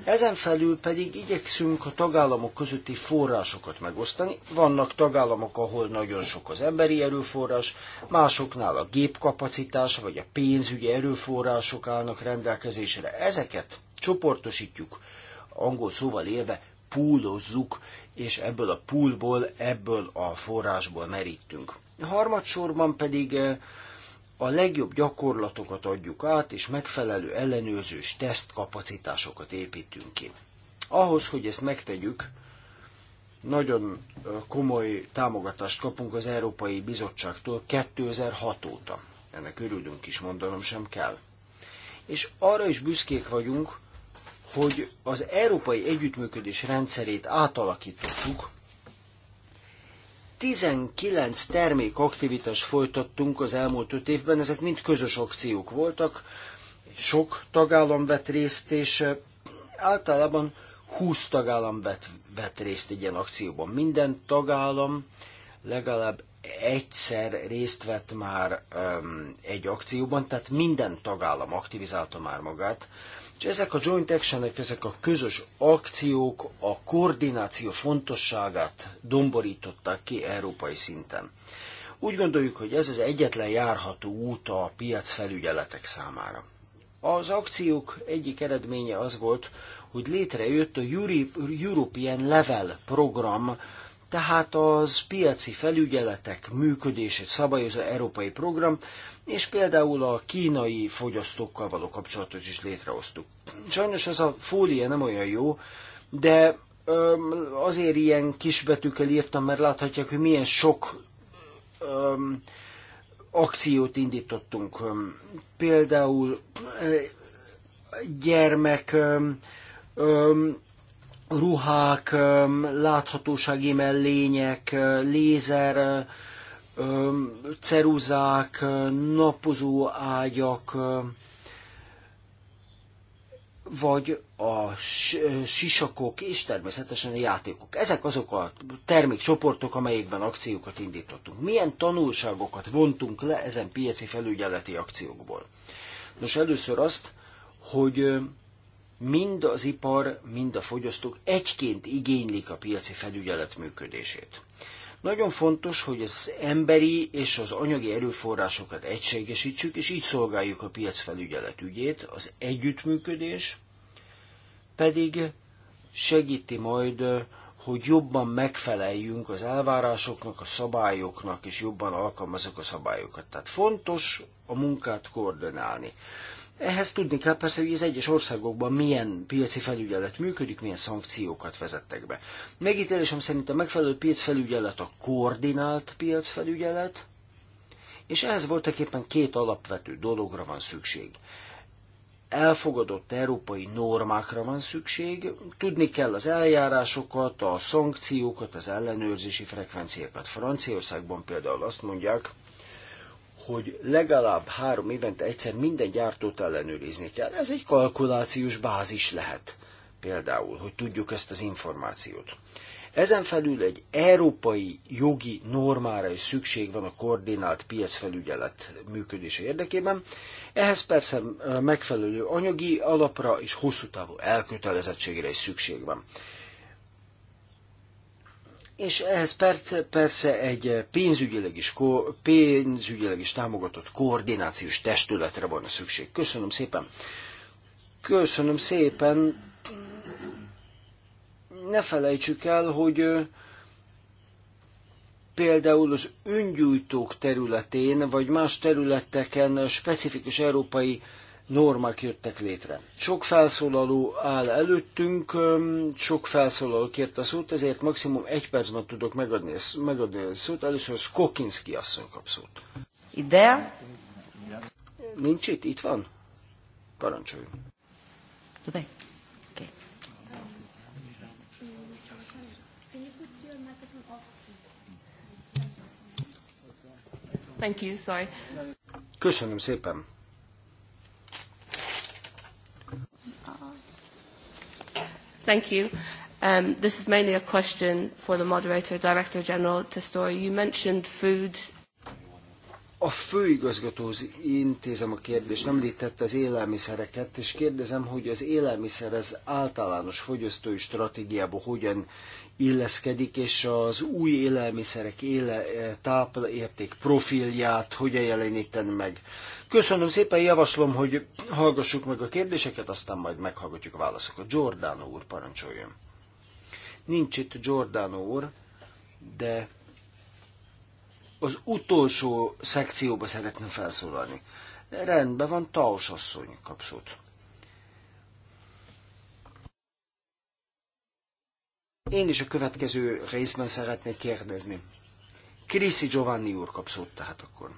Ezen felül pedig igyekszünk a tagállamok közötti forrásokat megosztani. Vannak tagállamok, ahol nagyon sok az emberi erőforrás, másoknál a gépkapacitás vagy a pénzügyi erőforrások állnak rendelkezésre. Ezeket csoportosítjuk, angol szóval élve púlozzuk, és ebből a poolból, ebből a forrásból merítünk. Harmadsorban pedig eh, a legjobb gyakorlatokat adjuk át, és megfelelő ellenőrzős tesztkapacitásokat építünk ki. Ahhoz, hogy ezt megtegyük, nagyon komoly támogatást kapunk az Európai Bizottságtól 2006 óta. Ennek örülünk is, mondanom sem kell. És arra is büszkék vagyunk, hogy az európai együttműködés rendszerét átalakítottuk, 19 termékaktivitást folytattunk az elmúlt 5 évben, ezek mind közös akciók voltak, sok tagállam vett részt, és általában 20 tagállam vett, vett részt egy ilyen akcióban. Minden tagállam legalább egyszer részt vett már um, egy akcióban, tehát minden tagállam aktivizálta már magát. És ezek a joint actionek, ezek a közös akciók a koordináció fontosságát domborították ki európai szinten. Úgy gondoljuk, hogy ez az egyetlen járható út a felügyeletek számára. Az akciók egyik eredménye az volt, hogy létrejött a European Level program, tehát az piaci felügyeletek működését szabályozó európai program, és például a kínai fogyasztókkal való kapcsolatot is létrehoztuk. Sajnos ez a fólia nem olyan jó, de azért ilyen kisbetűkkel írtam, mert láthatják, hogy milyen sok akciót indítottunk. Például gyermek ruhák, láthatósági mellények, lézer, ceruzák, napozó ágyak, vagy a sisakok és természetesen a játékok. Ezek azok a termékcsoportok, amelyekben akciókat indítottunk. Milyen tanulságokat vontunk le ezen piaci felügyeleti akciókból? Nos, először azt, hogy mind az ipar, mind a fogyasztók egyként igénylik a piaci felügyelet működését. Nagyon fontos, hogy az emberi és az anyagi erőforrásokat egységesítsük, és így szolgáljuk a felügyelet ügyét. Az együttműködés pedig segíti majd, hogy jobban megfeleljünk az elvárásoknak, a szabályoknak, és jobban alkalmazok a szabályokat. Tehát fontos a munkát koordinálni. Ehhez tudni kell persze, hogy az egyes országokban milyen piaci felügyelet működik, milyen szankciókat vezettek be. Megítélésem szerint a megfelelő piacfelügyelet a koordinált piacfelügyelet, és ehhez voltak éppen két alapvető dologra van szükség. Elfogadott európai normákra van szükség, tudni kell az eljárásokat, a szankciókat, az ellenőrzési frekvenciákat. Franciaországban például azt mondják, hogy legalább három évente egyszer minden gyártót ellenőrizni kell. Ez egy kalkulációs bázis lehet például, hogy tudjuk ezt az információt. Ezen felül egy európai jogi normára is szükség van a koordinált felügyelet működése érdekében. Ehhez persze eh, megfelelő anyagi alapra és hosszú távú elkötelezettségre is szükség van és ehhez persze egy pénzügyileg is, pénzügyileg is támogatott koordinációs testületre van a szükség. Köszönöm szépen! Köszönöm szépen! Ne felejtsük el, hogy például az öngyújtók területén, vagy más területeken specifikus európai normák jöttek létre. Sok felszólaló áll előttünk, sok felszólaló kért a szót, ezért maximum egy percben tudok megadni, megadni a szót. Először Skokinski asszony kap szót. Ide? Nincs itt, itt van? Parancsoljon. Thank you, sorry. Köszönöm szépen. Thank you. Um, this is mainly a question for the moderator, Director General Testori. You mentioned food. A főigazgatóhoz intézem a kérdést, nem említett az élelmiszereket, és kérdezem, hogy az élelmiszer az általános fogyasztói stratégiába hogyan illeszkedik, és az új élelmiszerek éle, eh, táplérték profilját hogyan jeleníteni meg. Köszönöm szépen, javaslom, hogy hallgassuk meg a kérdéseket, aztán majd meghallgatjuk a válaszokat. Giordano úr, parancsoljon. Nincs itt Giordano úr, de az utolsó szekcióba szeretném felszólalni. Rendben van, Taos asszony kapszót. Én is a következő részben szeretnék kérdezni. Kriszi Giovanni úr kap szót tehát akkor.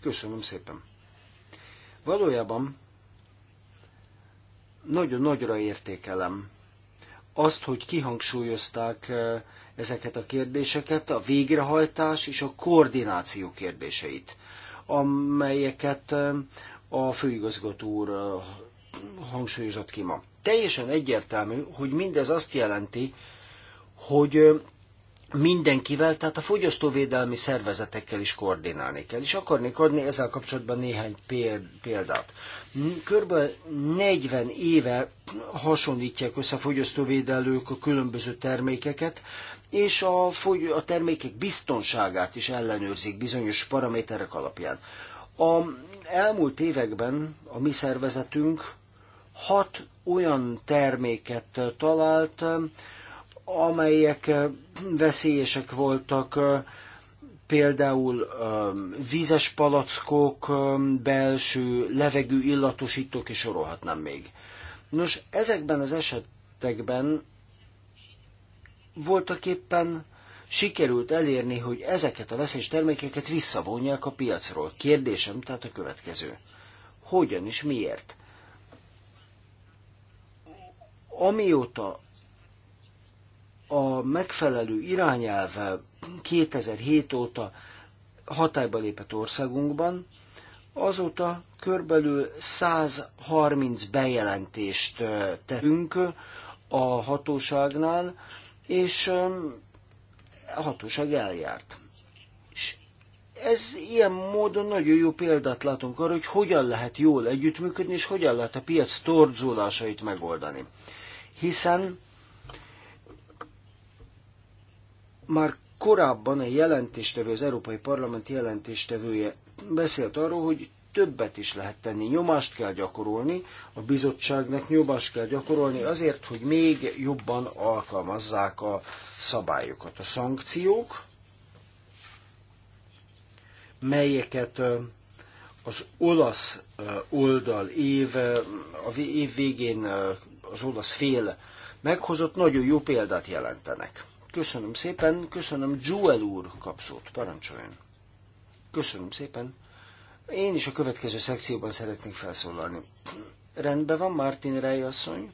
Köszönöm szépen. Valójában nagyon nagyra értékelem azt, hogy kihangsúlyozták eh, ezeket a kérdéseket, a végrehajtás és a koordináció kérdéseit, amelyeket eh, a főigazgató úr eh, hangsúlyozott ki ma teljesen egyértelmű, hogy mindez azt jelenti, hogy mindenkivel, tehát a fogyasztóvédelmi szervezetekkel is koordinálni kell. És akarnék adni ezzel kapcsolatban néhány példát. Körülbelül 40 éve hasonlítják össze a fogyasztóvédelők a különböző termékeket, és a, fogy- a termékek biztonságát is ellenőrzik bizonyos paraméterek alapján. A elmúlt években a mi szervezetünk hat olyan terméket talált, amelyek veszélyesek voltak, például um, vízes palackok, um, belső levegő illatosítók, és sorolhatnám még. Nos, ezekben az esetekben voltak éppen sikerült elérni, hogy ezeket a veszélyes termékeket visszavonják a piacról. Kérdésem tehát a következő. Hogyan és miért? Amióta a megfelelő irányelve 2007 óta hatályba lépett országunkban, azóta körbelül 130 bejelentést tettünk a hatóságnál, és a hatóság eljárt. És ez ilyen módon nagyon jó példát látunk arra, hogy hogyan lehet jól együttműködni, és hogyan lehet a piac torzulásait megoldani hiszen már korábban a jelentéstevő, az Európai Parlament jelentéstevője beszélt arról, hogy többet is lehet tenni, nyomást kell gyakorolni, a bizottságnak nyomást kell gyakorolni azért, hogy még jobban alkalmazzák a szabályokat. A szankciók, melyeket az olasz oldal év, a év végén az olasz fél meghozott, nagyon jó példát jelentenek. Köszönöm szépen, köszönöm Joel úr kapszót, parancsoljon. Köszönöm szépen. Én is a következő szekcióban szeretnék felszólalni. Rendben van, Martin Rey asszony.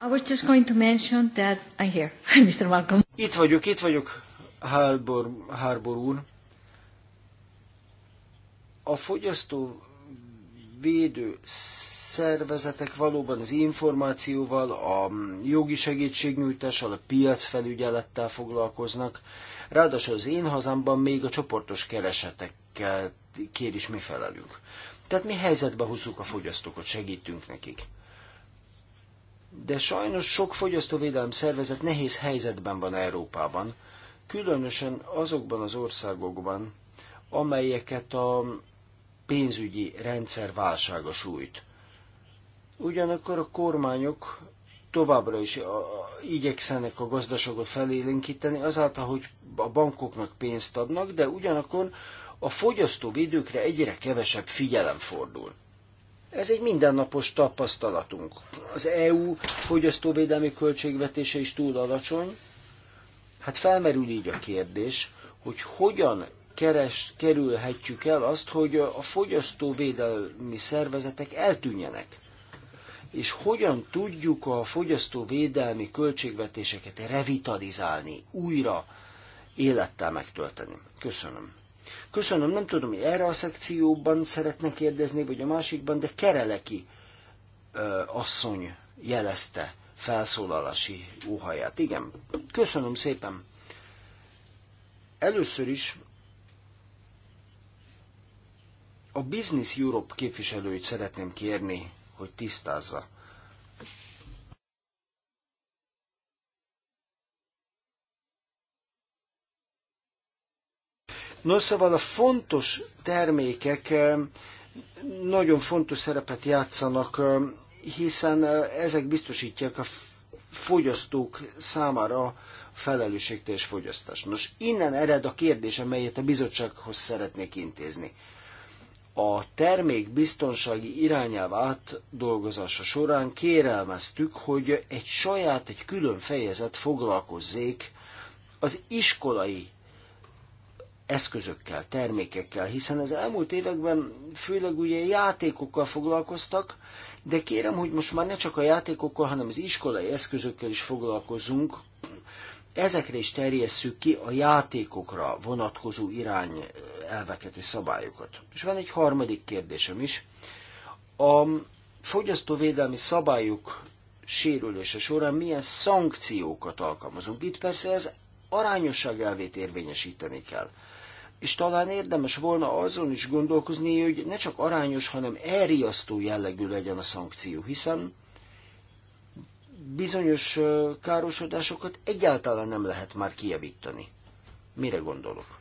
I was just going to mention that I'm here. Mr. Malcolm. Itt vagyok, itt vagyok, Harbor, Harbor úr a fogyasztó védő szervezetek valóban az információval, a jogi segítségnyújtással, a piacfelügyelettel foglalkoznak. Ráadásul az én hazámban még a csoportos keresetekkel kér is mi felelünk. Tehát mi helyzetbe hozzuk a fogyasztókat, segítünk nekik. De sajnos sok fogyasztóvédelmi szervezet nehéz helyzetben van Európában, különösen azokban az országokban, amelyeket a pénzügyi rendszer válsága sújt. Ugyanakkor a kormányok továbbra is igyekszenek a gazdaságot felélénkíteni azáltal, hogy a bankoknak pénzt adnak, de ugyanakkor a fogyasztóvédőkre egyre kevesebb figyelem fordul. Ez egy mindennapos tapasztalatunk. Az EU fogyasztóvédelmi költségvetése is túl alacsony. Hát felmerül így a kérdés, hogy hogyan keres, kerülhetjük el azt, hogy a fogyasztóvédelmi szervezetek eltűnjenek. És hogyan tudjuk a fogyasztóvédelmi költségvetéseket revitalizálni, újra élettel megtölteni. Köszönöm. Köszönöm, nem tudom, hogy erre a szekcióban szeretne kérdezni, vagy a másikban, de Kereleki ö, asszony jelezte felszólalási óhaját. Igen, köszönöm szépen. Először is A Business Europe képviselőit szeretném kérni, hogy tisztázza. Nos, szóval a fontos termékek eh, nagyon fontos szerepet játszanak, eh, hiszen eh, ezek biztosítják a fogyasztók számára a fogyasztás. Nos, innen ered a kérdés, amelyet a bizottsághoz szeretnék intézni a termék biztonsági irányelv átdolgozása során kérelmeztük, hogy egy saját, egy külön fejezet foglalkozzék az iskolai eszközökkel, termékekkel, hiszen az elmúlt években főleg ugye játékokkal foglalkoztak, de kérem, hogy most már ne csak a játékokkal, hanem az iskolai eszközökkel is foglalkozzunk ezekre is terjesszük ki a játékokra vonatkozó irány eh, elveket és szabályokat. És van egy harmadik kérdésem is. A fogyasztóvédelmi szabályok sérülése során milyen szankciókat alkalmazunk? Itt persze ez arányosság elvét érvényesíteni kell. És talán érdemes volna azon is gondolkozni, hogy ne csak arányos, hanem elriasztó jellegű legyen a szankció, hiszen bizonyos károsodásokat egyáltalán nem lehet már kijavítani. Mire gondolok?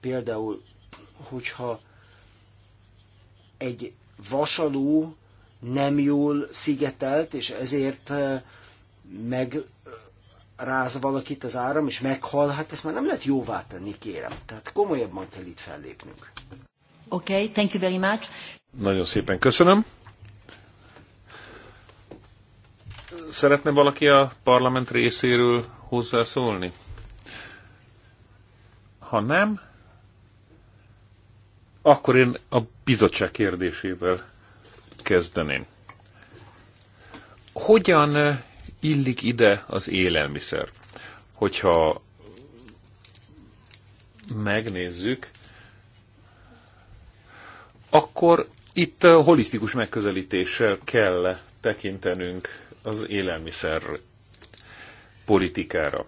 Például, hogyha egy vasaló nem jól szigetelt, és ezért megráz valakit az áram, és meghal, hát ezt már nem lehet jóvá tenni, kérem. Tehát komolyabban kell itt fellépnünk. Oké, okay, thank you very much. Nagyon szépen köszönöm. Szeretne valaki a parlament részéről hozzászólni? Ha nem, akkor én a bizottság kérdésével kezdeném. Hogyan eh, illik ide az élelmiszer? Hogyha megnézzük, akkor itt eh, holisztikus megközelítéssel kell tekintenünk az élelmiszer politikára.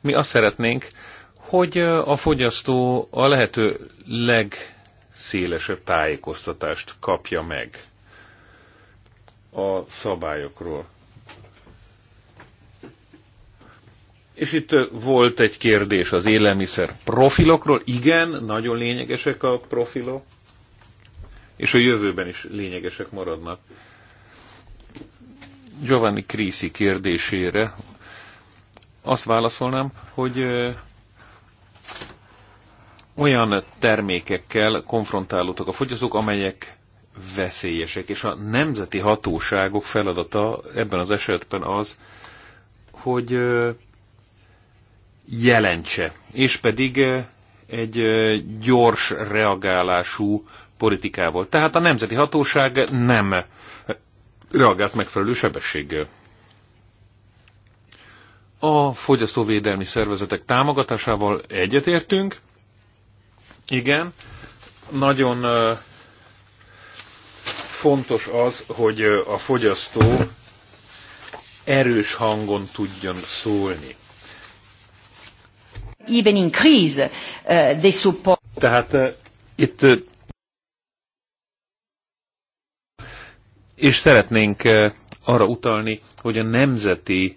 Mi azt szeretnénk, hogy a fogyasztó a lehető legszélesebb tájékoztatást kapja meg a szabályokról. És itt volt egy kérdés az élelmiszer profilokról. Igen, nagyon lényegesek a profilok, és a jövőben is lényegesek maradnak. Giovanni Krisi kérdésére azt válaszolnám, hogy olyan termékekkel konfrontálódtak a fogyasztók, amelyek veszélyesek, és a nemzeti hatóságok feladata ebben az esetben az, hogy jelentse, és pedig egy gyors reagálású politikával. Tehát a nemzeti hatóság nem reagált megfelelő sebességgel. A fogyasztóvédelmi szervezetek támogatásával egyetértünk. Igen, nagyon fontos az, hogy a fogyasztó erős hangon tudjon szólni. Even increase uh, they support. Tehát uh, itt és szeretnénk eh, arra utalni, hogy a nemzeti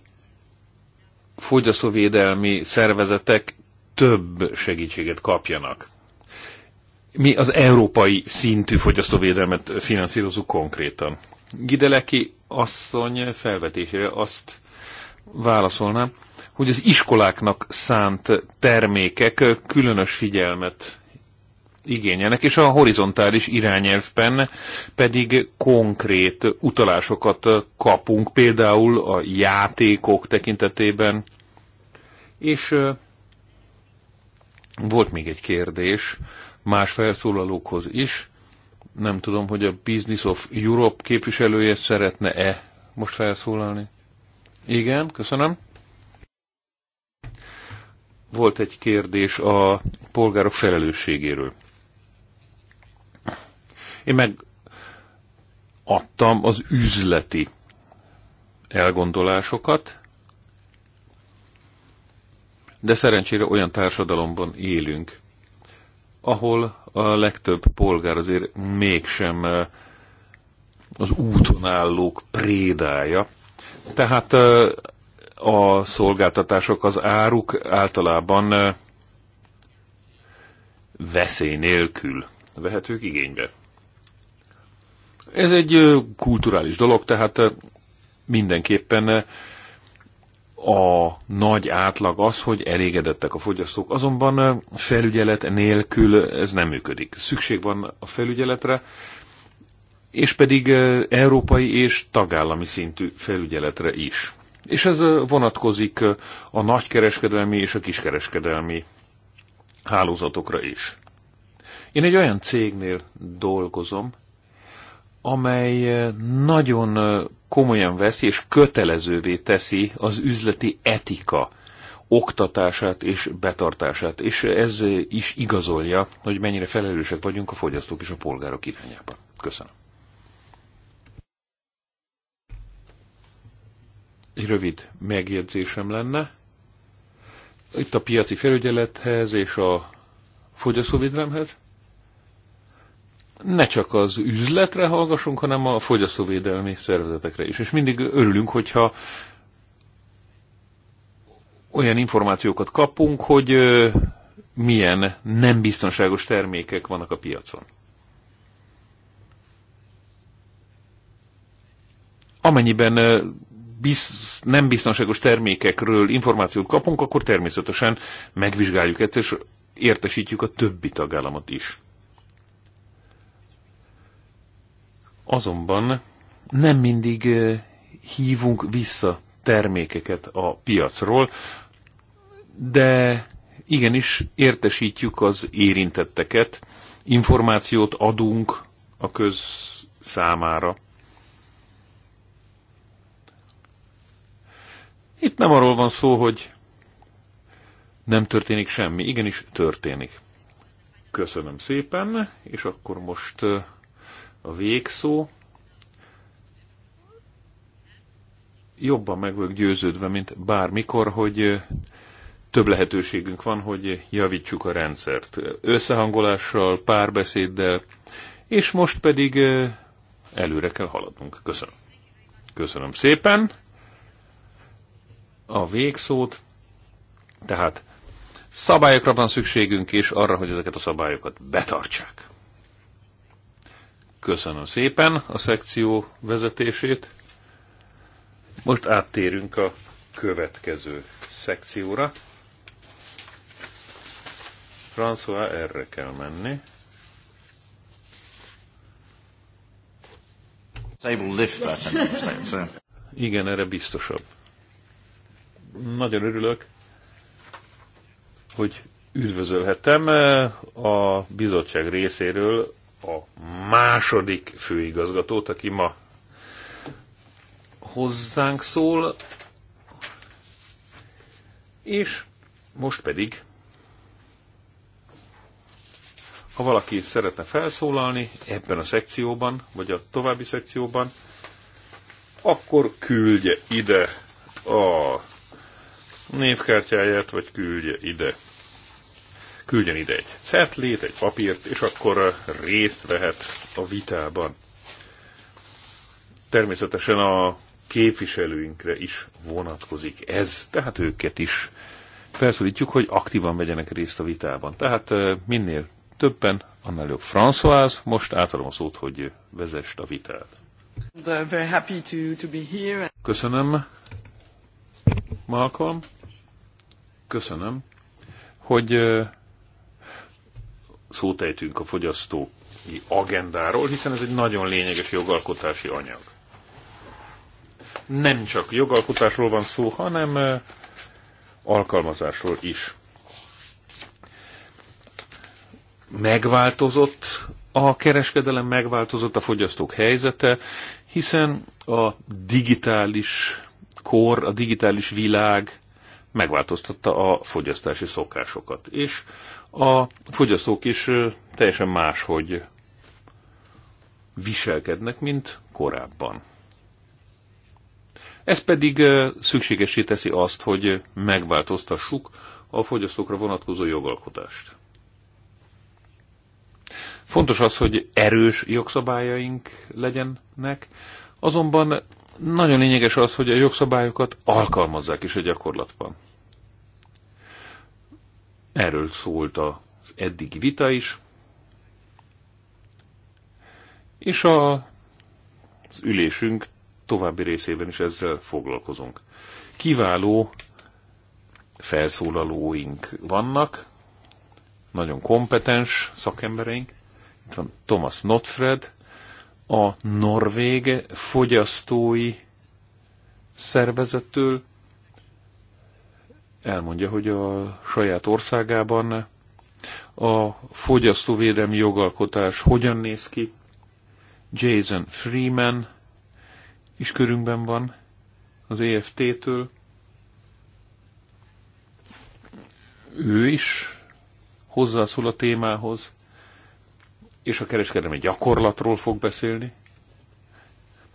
fogyasztóvédelmi szervezetek több segítséget kapjanak. Mi az európai szintű fogyasztóvédelmet finanszírozunk konkrétan. Gideleki asszony felvetésére azt válaszolnám, hogy az iskoláknak szánt termékek különös figyelmet igényelnek, és a horizontális irányelvben pedig konkrét utalásokat kapunk, például a játékok tekintetében. És volt még egy kérdés más felszólalókhoz is. Nem tudom, hogy a Business of Europe képviselője szeretne-e most felszólalni. Igen, köszönöm. Volt egy kérdés a polgárok felelősségéről. Én meg adtam az üzleti elgondolásokat, de szerencsére olyan társadalomban élünk, ahol a legtöbb polgár azért mégsem eh, az úton állók prédája. Tehát eh, a szolgáltatások, az áruk általában eh, veszély nélkül vehetők igénybe. Ez egy kulturális dolog, tehát mindenképpen a nagy átlag az, hogy elégedettek a fogyasztók. Azonban felügyelet nélkül ez nem működik. Szükség van a felügyeletre, és pedig európai és tagállami szintű felügyeletre is. És ez vonatkozik a nagykereskedelmi és a kiskereskedelmi hálózatokra is. Én egy olyan cégnél dolgozom, amely eh, nagyon eh, komolyan veszi és kötelezővé teszi az üzleti etika oktatását és betartását, és ez eh, is igazolja, hogy mennyire felelősek vagyunk a fogyasztók és a polgárok irányában. Köszönöm. Egy rövid megjegyzésem lenne. Itt a piaci felügyelethez és a fogyasztóvédelemhez ne csak az üzletre hallgassunk, hanem a fogyasztóvédelmi szervezetekre is. És mindig örülünk, hogyha olyan információkat kapunk, hogy milyen nem biztonságos termékek vannak a piacon. Amennyiben biz, nem biztonságos termékekről információt kapunk, akkor természetesen megvizsgáljuk ezt, és értesítjük a többi tagállamot is. Azonban nem mindig hívunk vissza termékeket a piacról, de igenis értesítjük az érintetteket, információt adunk a köz számára. Itt nem arról van szó, hogy nem történik semmi. Igenis történik. Köszönöm szépen, és akkor most a végszó. Jobban meg vagyok győződve, mint bármikor, hogy több lehetőségünk van, hogy javítsuk a rendszert. Összehangolással, párbeszéddel, és most pedig előre kell haladnunk. Köszönöm. Köszönöm szépen. A végszót. Tehát szabályokra van szükségünk, és arra, hogy ezeket a szabályokat betartsák. Köszönöm szépen a szekció vezetését. Most áttérünk a következő szekcióra. François erre kell menni. Igen, erre biztosabb. Nagyon örülök, hogy üdvözölhetem eh, a bizottság részéről a második főigazgatót, aki ma hozzánk szól, és most pedig, ha valaki szeretne felszólalni ebben a szekcióban, vagy a további szekcióban, akkor küldje ide a névkártyáját, vagy küldje ide Küldjen ide egy cetlét, egy papírt, és akkor eh, részt vehet a vitában. Természetesen a képviselőinkre is vonatkozik ez, tehát őket is felszólítjuk, hogy aktívan vegyenek részt a vitában. Tehát eh, minél többen, annál jobb. François, most átadom a szót, hogy vezest a vitát. Köszönöm, Malcolm. Köszönöm, hogy eh, ejtünk a fogyasztói agendáról, hiszen ez egy nagyon lényeges jogalkotási anyag. Nem csak jogalkotásról van szó, hanem alkalmazásról is. Megváltozott a kereskedelem, megváltozott a fogyasztók helyzete, hiszen a digitális kor, a digitális világ megváltoztatta a fogyasztási szokásokat. És a fogyasztók is teljesen máshogy viselkednek, mint korábban. Ez pedig szükségesé teszi azt, hogy megváltoztassuk a fogyasztókra vonatkozó jogalkotást. Fontos az, hogy erős jogszabályaink legyenek, azonban nagyon lényeges az, hogy a jogszabályokat alkalmazzák is a gyakorlatban. Erről szólt az eddigi vita is, és a, az ülésünk további részében is ezzel foglalkozunk. Kiváló felszólalóink vannak, nagyon kompetens szakembereink. Itt van Thomas Notfred, a Norvég fogyasztói szervezettől, elmondja, hogy a saját országában a fogyasztóvédelmi jogalkotás hogyan néz ki. Jason Freeman is körünkben van az EFT-től. Ő is hozzászól a témához, és a kereskedelmi gyakorlatról fog beszélni.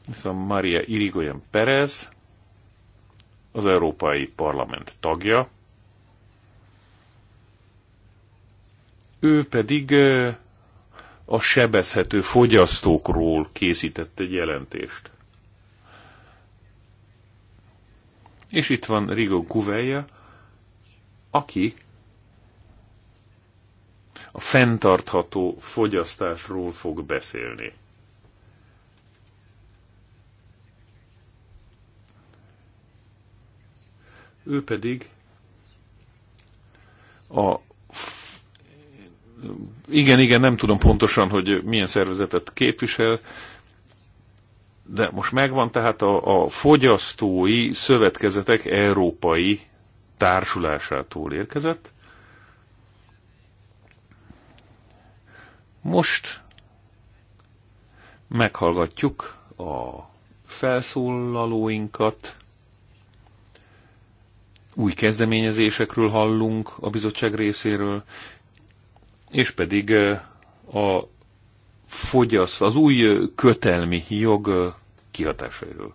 Viszont Maria Irigoyen Perez, az Európai Parlament tagja, ő pedig a sebezhető fogyasztókról készített egy jelentést. És itt van Rigo Guvelja, aki a fenntartható fogyasztásról fog beszélni. Ő pedig a igen, igen, nem tudom pontosan, hogy milyen szervezetet képvisel, de most megvan tehát a, a Fogyasztói Szövetkezetek Európai Társulásától érkezett. Most meghallgatjuk a felszólalóinkat, új kezdeményezésekről hallunk a bizottság részéről, és pedig a fogyaszt, az új kötelmi jog kihatásairól.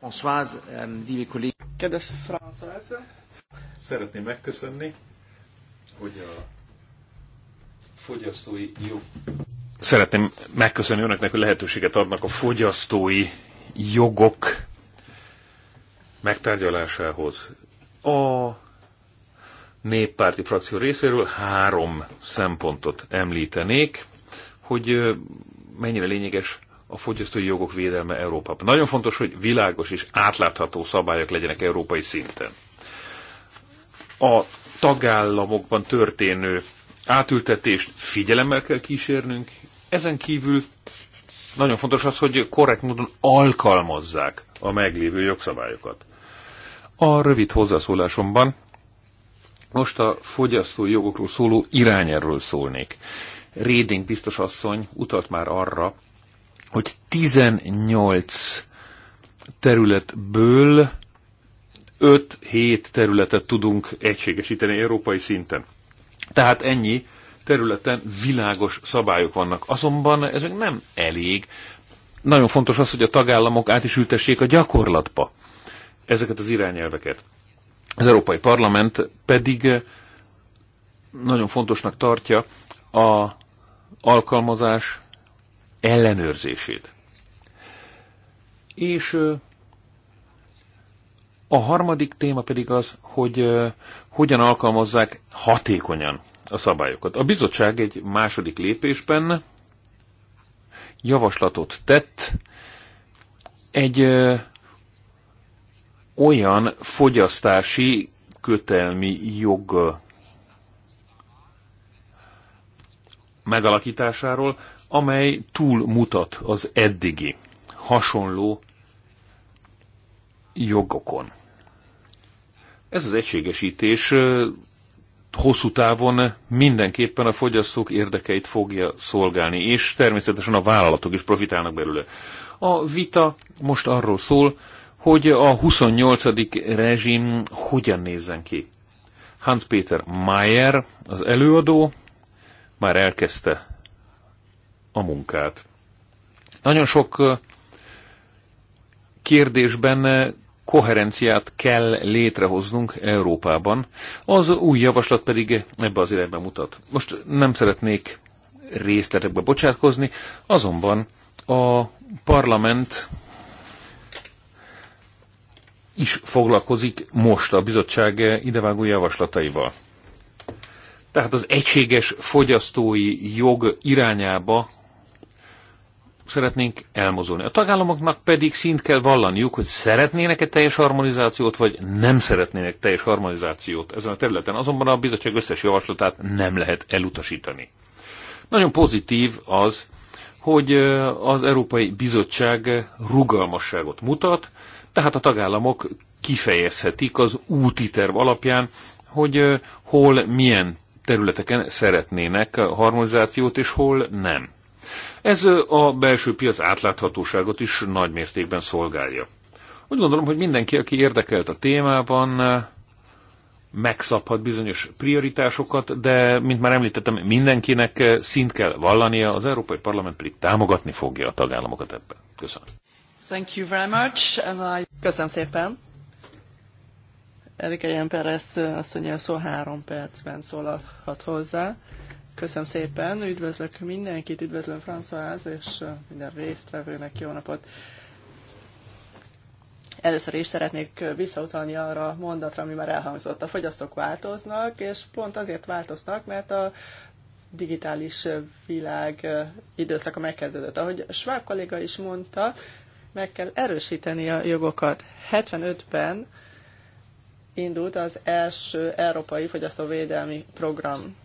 Euh, Kedves François, szeretném megköszönni, hogy a fogyasztói jog... Szeretném megköszönni önöknek, hogy lehetőséget adnak a fogyasztói jogok megtárgyalásához. A néppárti frakció részéről három szempontot említenék, hogy mennyire lényeges a fogyasztói jogok védelme Európában. Nagyon fontos, hogy világos és átlátható szabályok legyenek európai szinten. A tagállamokban történő átültetést figyelemmel kell kísérnünk, ezen kívül nagyon fontos az, hogy korrekt módon alkalmazzák a meglévő jogszabályokat. A rövid hozzászólásomban most a fogyasztói jogokról szóló irányerről szólnék. Réding biztos asszony utalt már arra, hogy 18 területből 5-7 területet tudunk egységesíteni európai szinten. Tehát ennyi területen világos szabályok vannak. Azonban ez még nem elég. Nagyon fontos az, hogy a tagállamok át is ültessék a gyakorlatba ezeket az irányelveket. Az Európai Parlament pedig nagyon fontosnak tartja a alkalmazás ellenőrzését. És a harmadik téma pedig az, hogy hogyan alkalmazzák hatékonyan a szabályokat. A bizottság egy második lépésben javaslatot tett egy olyan fogyasztási kötelmi jog megalakításáról, amely túlmutat az eddigi hasonló jogokon. Ez az egységesítés hosszú távon mindenképpen a fogyasztók érdekeit fogja szolgálni, és természetesen a vállalatok is profitálnak belőle. A vita most arról szól, hogy a 28. rezsim hogyan nézzen ki. Hans Peter Mayer, az előadó, már elkezdte a munkát. Nagyon sok kérdésben koherenciát kell létrehoznunk Európában, az új javaslat pedig ebbe az irányba mutat. Most nem szeretnék részletekbe bocsátkozni, azonban a parlament is foglalkozik most a bizottság idevágó javaslataival. Tehát az egységes fogyasztói jog irányába szeretnénk elmozolni. A tagállamoknak pedig szint kell vallaniuk, hogy szeretnének egy teljes harmonizációt, vagy nem szeretnének teljes harmonizációt ezen a területen. Azonban a bizottság összes javaslatát nem lehet elutasítani. Nagyon pozitív az, hogy az Európai Bizottság rugalmasságot mutat, tehát a tagállamok kifejezhetik az úti terv alapján, hogy hol milyen területeken szeretnének harmonizációt, és hol nem. Ez a belső piac átláthatóságot is nagy mértékben szolgálja. Úgy gondolom, hogy mindenki, aki érdekelt a témában, megszabhat bizonyos prioritásokat, de, mint már említettem, mindenkinek szint kell vallania, az Európai Parlament pedig támogatni fogja a tagállamokat ebben. Köszönöm. Thank you very much, and I... Köszönöm szépen. Erika Ilyen Perez asszonyja szó három percben szólalhat hozzá. Köszönöm szépen, üdvözlök mindenkit, üdvözlöm François és minden résztvevőnek jó napot. Először is szeretnék visszautalni arra a mondatra, ami már elhangzott. A fogyasztók változnak, és pont azért változnak, mert a digitális világ időszaka megkezdődött. Ahogy Schwab kolléga is mondta, meg kell erősíteni a jogokat. 75-ben indult az első európai fogyasztóvédelmi program.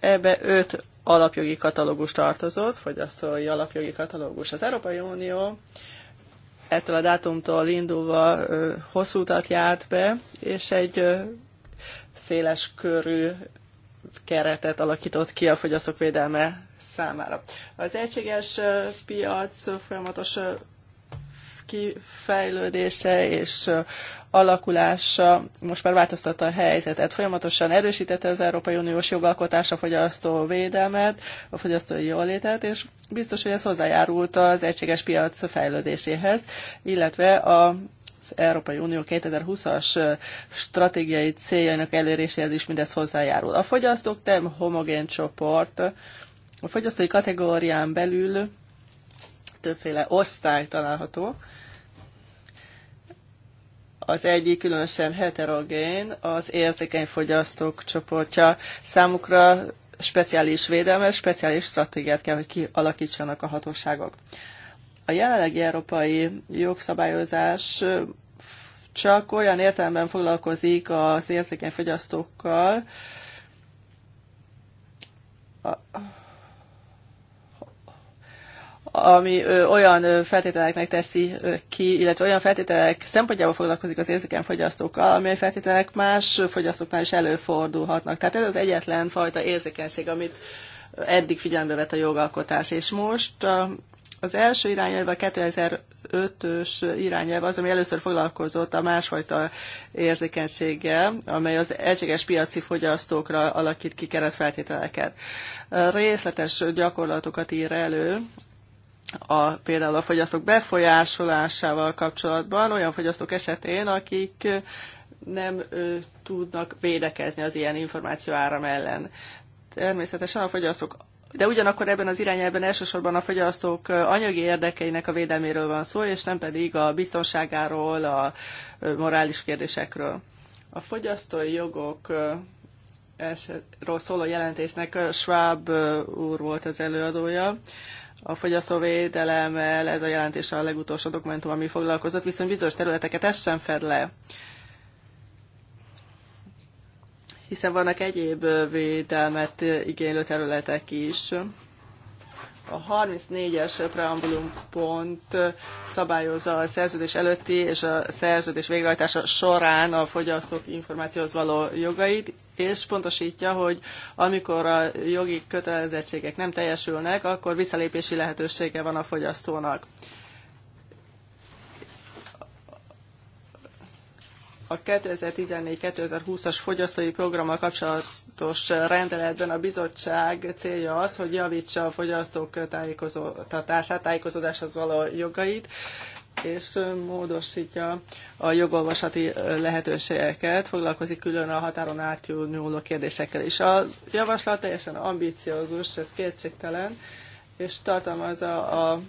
Ebbe öt alapjogi katalógus tartozott, fogyasztói alapjogi katalógus. Az Európai Unió ettől a dátumtól indulva hosszú utat járt be, és egy széles körű keretet alakított ki a fogyasztók védelme számára. Az egységes piac folyamatos kifejlődése és alakulása most már változtatta a helyzetet. Folyamatosan erősítette az Európai Uniós jogalkotás a fogyasztó védelmet, a fogyasztói jólétet, és biztos, hogy ez hozzájárult az egységes piac fejlődéséhez, illetve a az Európai Unió 2020-as stratégiai céljainak eléréséhez is mindez hozzájárul. A fogyasztók nem homogén csoport. A fogyasztói kategórián belül többféle osztály található. Az egyik különösen heterogén, az értékeny fogyasztók csoportja. Számukra speciális védelmet, speciális stratégiát kell, hogy kialakítsanak a hatóságok. A jelenlegi európai jogszabályozás csak olyan értelemben foglalkozik az érzékeny fogyasztókkal, ami olyan feltételeknek teszi ki, illetve olyan feltételek szempontjából foglalkozik az érzékeny fogyasztókkal, amely feltételek más fogyasztóknál is előfordulhatnak. Tehát ez az egyetlen fajta érzékenység, amit eddig figyelembe vett a jogalkotás. És most az első irányelv, a 2005-ös irányelv az, ami először foglalkozott a másfajta érzékenységgel, amely az egységes piaci fogyasztókra alakít ki keretfeltételeket. Részletes gyakorlatokat ír elő a, például a fogyasztók befolyásolásával kapcsolatban olyan fogyasztók esetén, akik nem ö, tudnak védekezni az ilyen információ áram ellen. Természetesen a fogyasztók de ugyanakkor ebben az irányelben elsősorban a fogyasztók anyagi érdekeinek a védelméről van szó, és nem pedig a biztonságáról, a morális kérdésekről. A fogyasztói jogok jogokról szóló jelentésnek Schwab úr volt az előadója a fogyasztóvédelemmel, ez a jelentés a legutolsó dokumentum, ami foglalkozott, viszont bizonyos területeket ez sem fed le. Hiszen vannak egyéb védelmet igénylő területek is. A 34-es preambulum pont szabályozza a szerződés előtti és a szerződés végrehajtása során a fogyasztók információhoz való jogait, és pontosítja, hogy amikor a jogi kötelezettségek nem teljesülnek, akkor visszalépési lehetősége van a fogyasztónak. a 2014-2020-as fogyasztói programmal kapcsolatos rendeletben a bizottság célja az, hogy javítsa a fogyasztók tájékozódását, tájékozódáshoz való jogait, és módosítja a jogolvasati lehetőségeket, foglalkozik külön a határon átnyúló kérdésekkel is. A javaslat teljesen ambiciózus, ez kétségtelen, és tartalmazza a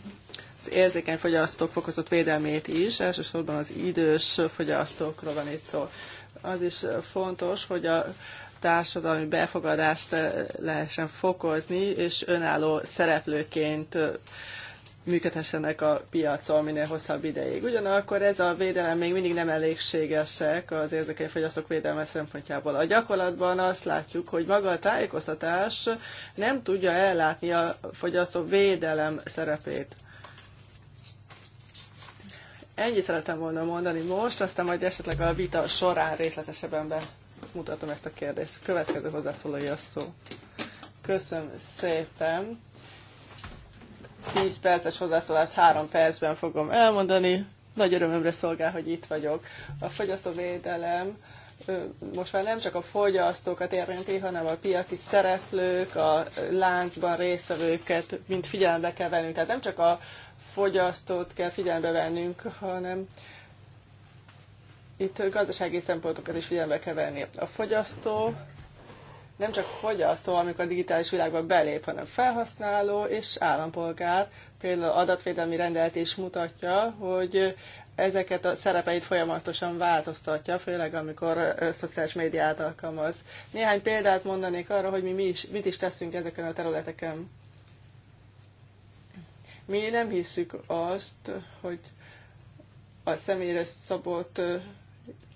érzékeny fogyasztók fokozott védelmét is, elsősorban az idős fogyasztókról van itt szó. Az is fontos, hogy a társadalmi befogadást eh, lehessen fokozni, és önálló szereplőként eh, működhessenek a piacon minél hosszabb ideig. Ugyanakkor ez a védelem még mindig nem elégségesek az érzékeny fogyasztók védelme szempontjából. A gyakorlatban azt látjuk, hogy maga a tájékoztatás nem tudja ellátni a fogyasztó védelem szerepét. Ennyit szeretem volna mondani most, aztán majd esetleg a vita során részletesebben bemutatom ezt a kérdést. Következő hozzászólói a szó. Köszönöm szépen. 10 perces hozzászólást 3 percben fogom elmondani. Nagy örömömre szolgál, hogy itt vagyok. A fogyasztóvédelem most már nem csak a fogyasztókat érinti, hanem a piaci szereplők, a láncban résztvevőket mint figyelembe kell vennünk. Tehát nem csak a fogyasztót kell figyelembe vennünk, hanem itt gazdasági szempontokat is figyelembe kell venni. A fogyasztó nem csak fogyasztó, amikor a digitális világba belép, hanem felhasználó és állampolgár. Például adatvédelmi rendelet is mutatja, hogy ezeket a szerepeit folyamatosan változtatja, főleg amikor szociális médiát alkalmaz. Néhány példát mondanék arra, hogy mi, mi is, mit is teszünk ezeken a területeken. Mi nem hiszük azt, hogy a személyre szabott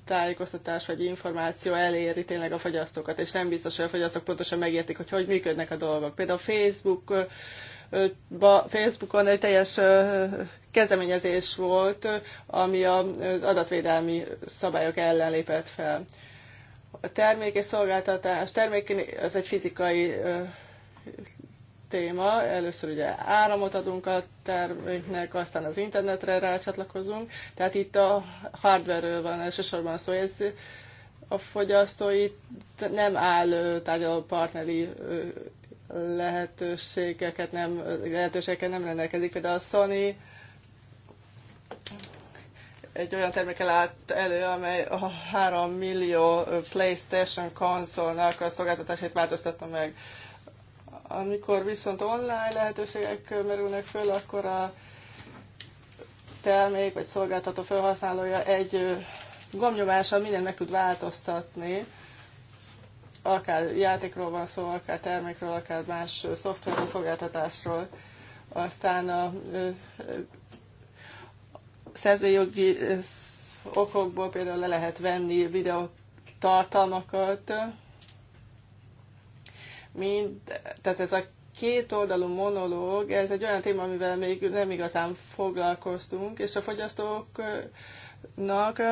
tájékoztatás vagy információ eléri tényleg a fogyasztókat, és nem biztos, hogy a fogyasztók pontosan megértik, hogy hogy működnek a dolgok. Például Facebook, Facebookon egy teljes kezdeményezés volt, ami az adatvédelmi szabályok ellen lépett fel. A termék és szolgáltatás, termék az egy fizikai téma. Először ugye áramot adunk a terméknek, aztán az internetre rácsatlakozunk. Tehát itt a hardware-ről van elsősorban szó. Ez a fogyasztói nem áll tárgyaló partneri lehetőségeket nem, lehetőségeket nem rendelkezik. Például a Sony egy olyan termékkel állt elő, amely a 3 millió PlayStation konzolnak a szolgáltatását változtatta meg. Amikor viszont online lehetőségek merülnek föl, akkor a termék vagy szolgáltató felhasználója egy gomnyomással mindent meg tud változtatni, akár játékról van szó, akár termékről, akár más szoftverről, szolgáltatásról. Aztán a szerzőjogi okokból például le lehet venni videó tartalmakat, Mind, tehát ez a két oldalú monológ, ez egy olyan téma, amivel még nem igazán foglalkoztunk, és a fogyasztóknak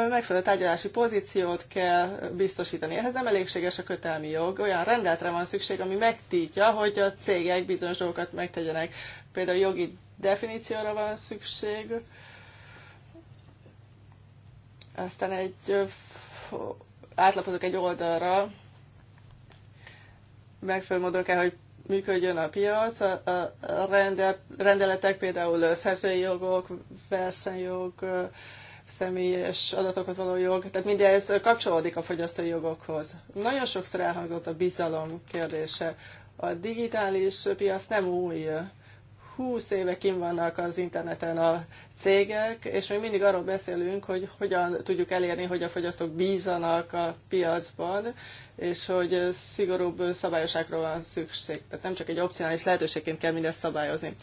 megfelelő tárgyalási pozíciót kell biztosítani. Ehhez nem elégséges a kötelmi jog, olyan rendeltre van szükség, ami megtítja, hogy a cégek bizonyos dolgokat megtegyenek. Például jogi definícióra van szükség, aztán egy átlapozok egy oldalra, megfelelő módon kell, hogy működjön a piac. A rendeletek például szerzői jogok, versenyjog, személyes adatokhoz való jog, tehát mindez kapcsolódik a fogyasztói jogokhoz. Nagyon sokszor elhangzott a bizalom kérdése. A digitális piac nem új 20 éve kim vannak az interneten a cégek, és még mindig arról beszélünk, hogy hogyan tudjuk elérni, hogy a fogyasztók bízanak a piacban, és hogy szigorúbb szabályosságra van szükség. Tehát nem csak egy opcionális lehetőségként kell mindezt szabályozni.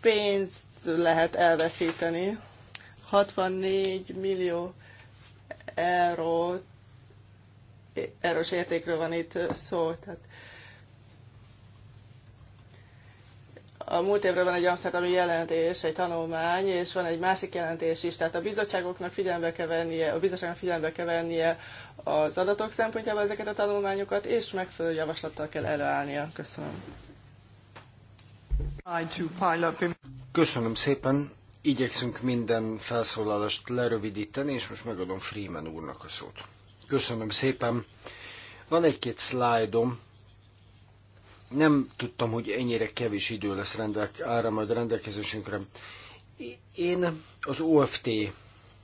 Pénzt lehet elveszíteni. 64 millió euró, e- eurós értékről van itt szó. Tehát a múlt évre van egy amszterdami jelentés, egy tanulmány, és van egy másik jelentés is. Tehát a bizottságoknak figyelembe kell vennie, a bizottságnak figyelembe kell vennie az adatok szempontjából ezeket a tanulmányokat, és megfelelő javaslattal kell előállnia. Köszönöm. Köszönöm szépen. Igyekszünk minden felszólalást lerövidíteni, és most megadom Freeman úrnak a szót. Köszönöm szépen. Van egy-két szlájdom, nem tudtam, hogy ennyire kevés idő lesz rendelk, ára majd rendelkezésünkre. Én az OFT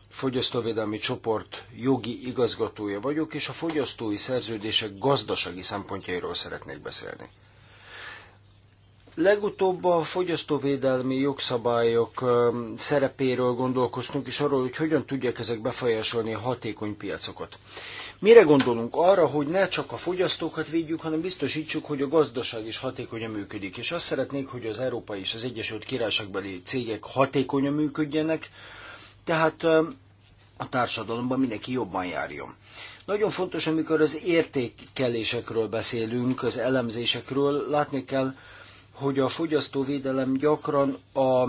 fogyasztóvédelmi csoport jogi igazgatója vagyok, és a fogyasztói szerződések gazdasági szempontjairól szeretnék beszélni. Legutóbb a fogyasztóvédelmi jogszabályok szerepéről gondolkoztunk, és arról, hogy hogyan tudják ezek befolyásolni a hatékony piacokat. Mire gondolunk arra, hogy ne csak a fogyasztókat védjük, hanem biztosítsuk, hogy a gazdaság is hatékonyan működik. És azt szeretnék, hogy az európai és az Egyesült Királyságbeli cégek hatékonyan működjenek, tehát a társadalomban mindenki jobban járjon. Nagyon fontos, amikor az értékelésekről beszélünk, az elemzésekről, látni kell, hogy a fogyasztóvédelem gyakran a,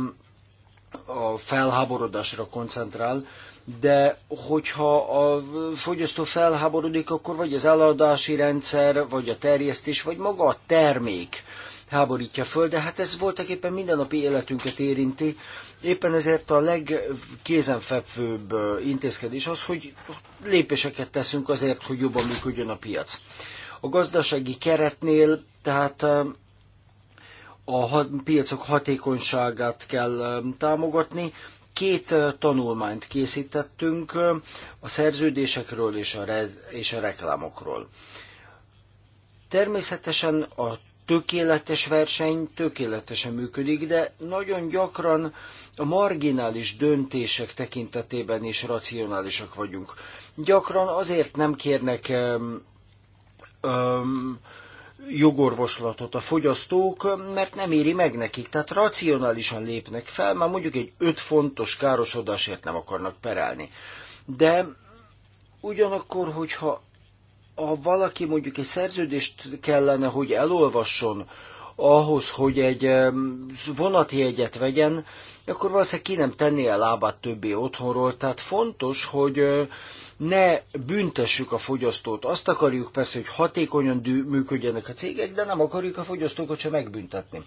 a felháborodásra koncentrál, de hogyha a fogyasztó felháborodik, akkor vagy az eladási rendszer, vagy a terjesztés, vagy maga a termék háborítja föl, de hát ez voltak éppen mindennapi életünket érinti. Éppen ezért a legkézenfekvőbb intézkedés az, hogy lépéseket teszünk azért, hogy jobban működjön a piac. A gazdasági keretnél, tehát a piacok hatékonyságát kell támogatni, Két tanulmányt készítettünk a szerződésekről és a, és a reklámokról. Természetesen a tökéletes verseny tökéletesen működik, de nagyon gyakran a marginális döntések tekintetében is racionálisak vagyunk. Gyakran azért nem kérnek um, um, jogorvoslatot a fogyasztók, mert nem éri meg nekik, tehát racionálisan lépnek fel, már mondjuk egy 5 fontos károsodásért nem akarnak perelni. De ugyanakkor, hogyha ha valaki mondjuk egy szerződést kellene, hogy elolvasson, ahhoz, hogy egy vonati egyet vegyen, akkor valószínűleg ki nem tenné a lábát többi otthonról. Tehát fontos, hogy ne büntessük a fogyasztót. Azt akarjuk persze, hogy hatékonyan működjenek a cégek, de nem akarjuk a fogyasztókat sem megbüntetni.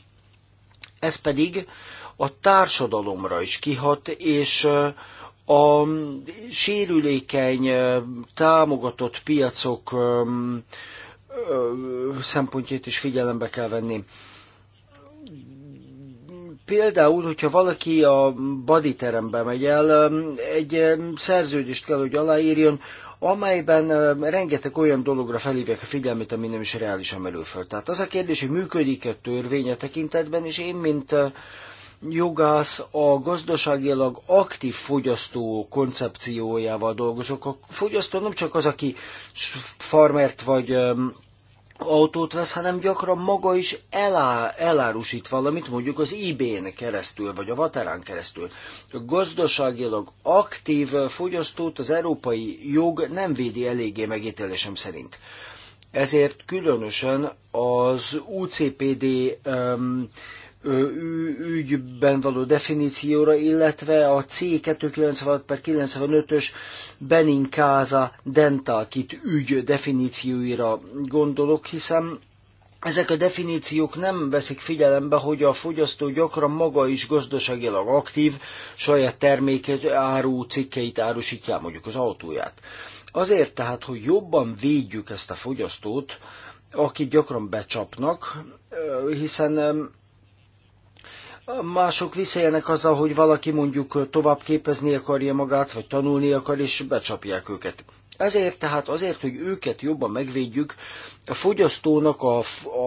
Ez pedig a társadalomra is kihat, és a sérülékeny, támogatott piacok szempontjait is figyelembe kell venni. Például, hogyha valaki a terembe megy el, egy szerződést kell, hogy aláírjon, amelyben rengeteg olyan dologra felhívják a figyelmet, ami nem is reálisan merül föl. Tehát az a kérdés, hogy működik-e a tekintetben, és én, mint jogász a gazdaságilag aktív fogyasztó koncepciójával dolgozok. A fogyasztó nem csak az, aki farmert vagy autót vesz, hanem gyakran maga is elá, elárusít valamit, mondjuk az eBay-n keresztül, vagy a Vaterán keresztül. A gazdaságilag aktív fogyasztót az európai jog nem védi eléggé megítélésem szerint. Ezért különösen az UCPD um, ügyben való definícióra, illetve a C296 per 95-ös Beninkáza Dentalkit ügy definícióira gondolok, hiszen ezek a definíciók nem veszik figyelembe, hogy a fogyasztó gyakran maga is gazdaságilag aktív, saját terméket, áru, cikkeit árusítja, mondjuk az autóját. Azért tehát, hogy jobban védjük ezt a fogyasztót, akit gyakran becsapnak, hiszen Mások visszaélnek azzal, hogy valaki mondjuk tovább képezni akarja magát, vagy tanulni akar, és becsapják őket. Ezért tehát azért, hogy őket jobban megvédjük, a fogyasztónak, a,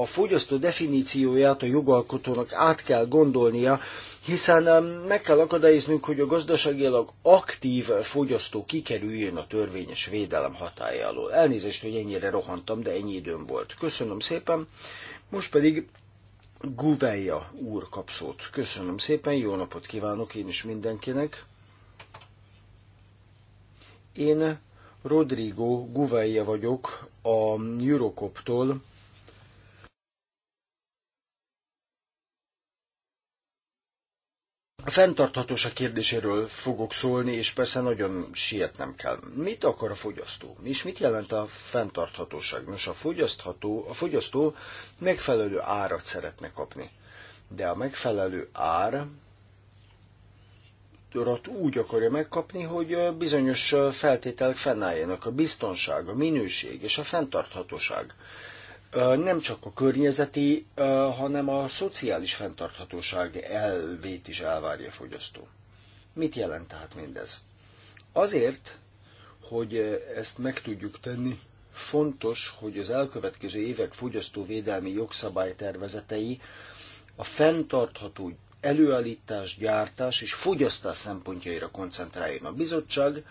a fogyasztó definícióját a jogalkotónak át kell gondolnia, hiszen meg kell akadályoznunk, hogy a gazdaságilag aktív fogyasztó kikerüljön a törvényes védelem hatája alól. Elnézést, hogy ennyire rohantam, de ennyi időm volt. Köszönöm szépen. Most pedig Guveja úr kap szót. Köszönöm szépen, jó napot kívánok én is mindenkinek. Én Rodrigo Guveja vagyok a Eurocoptól, A fenntarthatóság kérdéséről fogok szólni, és persze nagyon sietnem kell. Mit akar a fogyasztó? És mit jelent a fenntarthatóság? Nos, a, fogyasztható, a fogyasztó megfelelő árat szeretne kapni. De a megfelelő ár úgy akarja megkapni, hogy bizonyos feltételek fennálljanak. A biztonság, a minőség és a fenntarthatóság nem csak a környezeti, hanem a szociális fenntarthatóság elvét is elvárja a fogyasztó. Mit jelent tehát mindez? Azért, hogy ezt meg tudjuk tenni, fontos, hogy az elkövetkező évek fogyasztóvédelmi jogszabálytervezetei a fenntartható előállítás, gyártás és fogyasztás szempontjaira koncentráljon a bizottság,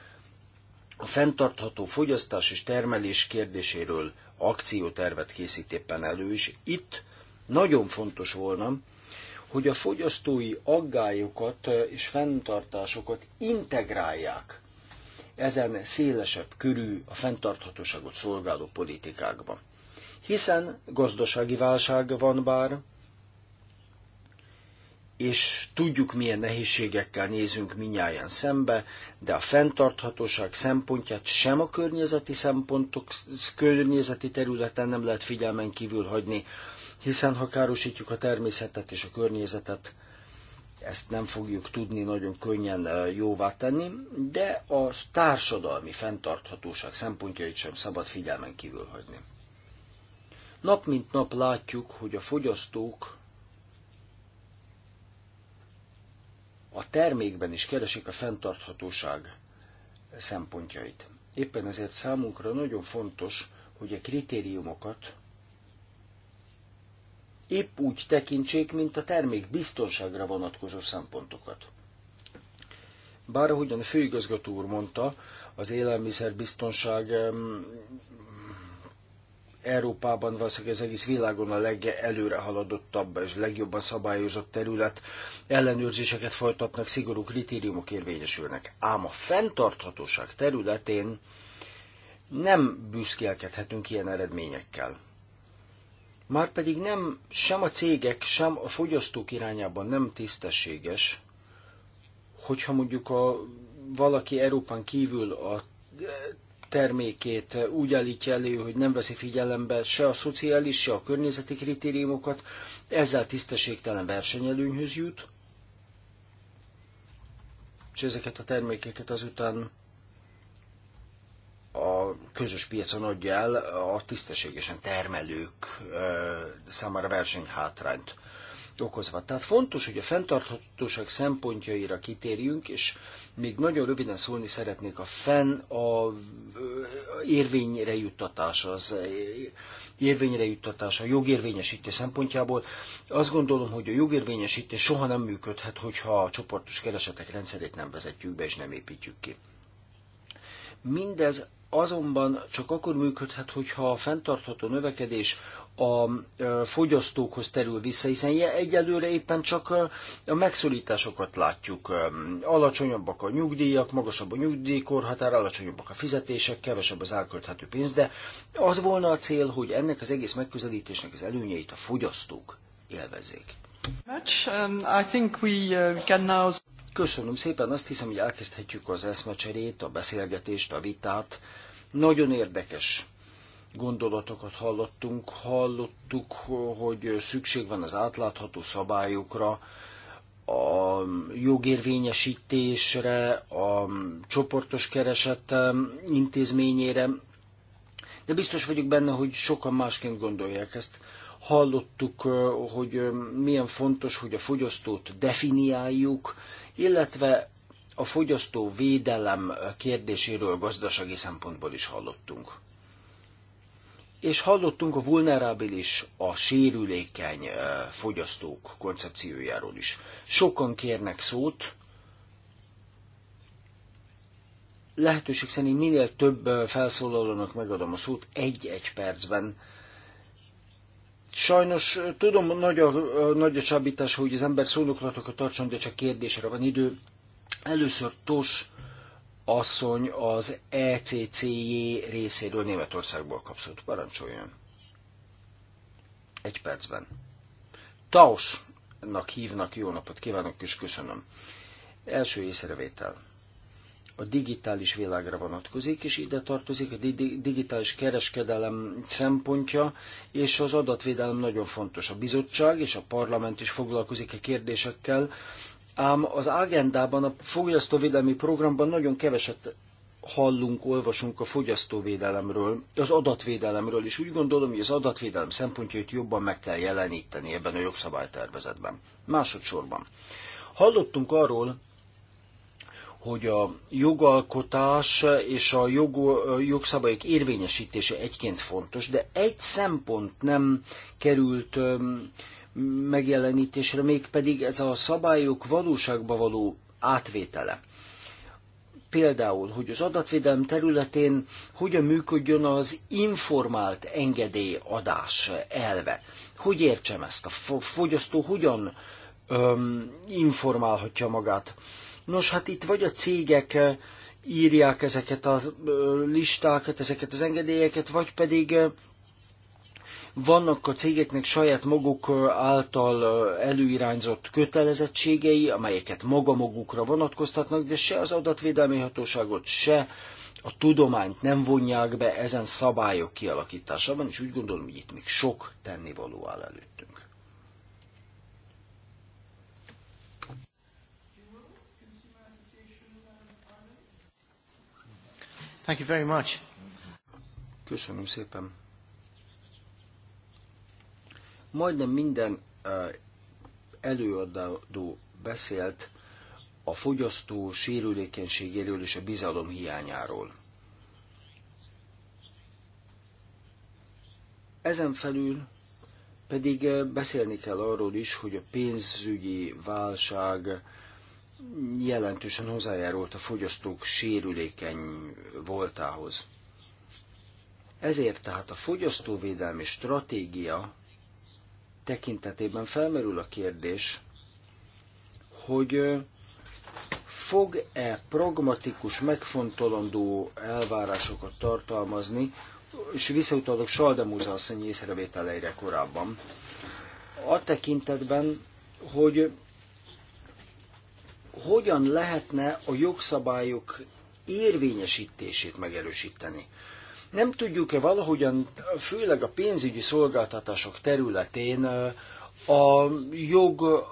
a fenntartható fogyasztás és termelés kérdéséről akciótervet készít éppen elő, és itt nagyon fontos volna, hogy a fogyasztói aggályokat eh, és fenntartásokat integrálják ezen szélesebb körű a fenntarthatóságot szolgáló politikákba. Hiszen gazdasági válság van bár, és tudjuk, milyen nehézségekkel nézünk minnyáján szembe, de a fenntarthatóság szempontját sem a környezeti szempontok, környezeti területen nem lehet figyelmen kívül hagyni, hiszen ha károsítjuk a természetet és a környezetet, ezt nem fogjuk tudni nagyon könnyen jóvá tenni, de a társadalmi fenntarthatóság szempontjait sem szabad figyelmen kívül hagyni. Nap mint nap látjuk, hogy a fogyasztók a termékben is keresik a fenntarthatóság szempontjait. Éppen ezért számunkra nagyon fontos, hogy a kritériumokat épp úgy tekintsék, mint a termék biztonságra vonatkozó szempontokat. Bár ahogyan a főigazgató úr mondta, az élelmiszerbiztonság Európában valószínűleg az egész világon a legelőre haladottabb és legjobban szabályozott terület. Ellenőrzéseket folytatnak, szigorú kritériumok érvényesülnek. Ám a fenntarthatóság területén nem büszkélkedhetünk ilyen eredményekkel. Márpedig nem sem a cégek, sem a fogyasztók irányában nem tisztességes, hogyha mondjuk a, valaki Európán kívül a termékét úgy állítja elő, hogy nem veszi figyelembe se a szociális, se a környezeti kritériumokat, ezzel tisztességtelen versenyelőnyhöz jut, és ezeket a termékeket azután a közös piacon adja el a tisztességesen termelők számára versenyhátrányt okozva. Tehát fontos, hogy a fenntarthatóság szempontjaira kitérjünk, és még nagyon röviden szólni szeretnék a fenn, a érvényre juttatás, az érvényre juttatás, a jogérvényesítés szempontjából. Azt gondolom, hogy a jogérvényesítés soha nem működhet, hogyha a csoportos keresetek rendszerét nem vezetjük be és nem építjük ki. Mindez azonban csak akkor működhet, hogyha a fenntartható növekedés a fogyasztókhoz terül vissza, hiszen egyelőre éppen csak a megszorításokat látjuk. Alacsonyabbak a nyugdíjak, magasabb a nyugdíjkorhatár, alacsonyabbak a fizetések, kevesebb az elkölthető pénz, de az volna a cél, hogy ennek az egész megközelítésnek az előnyeit a fogyasztók élvezzék. Um, uh, Köszönöm szépen, azt hiszem, hogy elkezdhetjük az eszmecserét, a beszélgetést, a vitát. Nagyon érdekes gondolatokat hallottunk, hallottuk, hogy szükség van az átlátható szabályokra, a jogérvényesítésre, a csoportos kereset intézményére, de biztos vagyok benne, hogy sokan másként gondolják ezt. Hallottuk, hogy milyen fontos, hogy a fogyasztót definiáljuk, illetve a fogyasztó védelem kérdéséről gazdasági szempontból is hallottunk és hallottunk a vulnerábilis, a sérülékeny fogyasztók koncepciójáról is. Sokan kérnek szót, lehetőség szerint minél több felszólalónak megadom a szót egy-egy percben. Sajnos tudom, nagy a, nagy a csábítás, hogy az ember szónoklatokat tartson, de csak kérdésre van idő. Először Tos asszony az ECCJ részéről Németországból kapszott. Parancsoljon. Egy percben. Tausnak hívnak, jó napot kívánok, és köszönöm. Első észrevétel a digitális világra vonatkozik, és ide tartozik a digitális kereskedelem szempontja, és az adatvédelem nagyon fontos. A bizottság és a parlament is foglalkozik a e kérdésekkel, ám az agendában, a fogyasztóvédelmi programban nagyon keveset hallunk, olvasunk a fogyasztóvédelemről, az adatvédelemről, és úgy gondolom, hogy az adatvédelem szempontjait jobban meg kell jeleníteni ebben a jogszabálytervezetben. Másodszorban. Hallottunk arról, hogy a jogalkotás és a jog, jogszabályok érvényesítése egyként fontos, de egy szempont nem került megjelenítésre, mégpedig ez a szabályok valóságba való átvétele. Például, hogy az adatvédelem területén hogyan működjön az informált engedélyadás elve. Hogy értsem ezt? A fogyasztó hogyan öm, informálhatja magát? Nos, hát itt vagy a cégek írják ezeket a listákat, ezeket az engedélyeket, vagy pedig vannak a cégeknek saját maguk által előirányzott kötelezettségei, amelyeket maga magukra vonatkoztatnak, de se az adatvédelmi hatóságot, se a tudományt nem vonják be ezen szabályok kialakításában, és úgy gondolom, hogy itt még sok tennivaló áll előttünk. Thank you very much. Köszönöm szépen. Majdnem minden előadó beszélt a fogyasztó sérülékenységéről és a bizalom hiányáról. Ezen felül pedig beszélni kell arról is, hogy a pénzügyi válság jelentősen hozzájárult a fogyasztók sérülékeny voltához. Ezért tehát a fogyasztóvédelmi stratégia tekintetében felmerül a kérdés, hogy fog-e pragmatikus, megfontolandó elvárásokat tartalmazni, és visszautalok Saldemúza asszony észrevételeire korábban, a tekintetben, hogy hogyan lehetne a jogszabályok érvényesítését megerősíteni. Nem tudjuk-e valahogyan, főleg a pénzügyi szolgáltatások területén a jog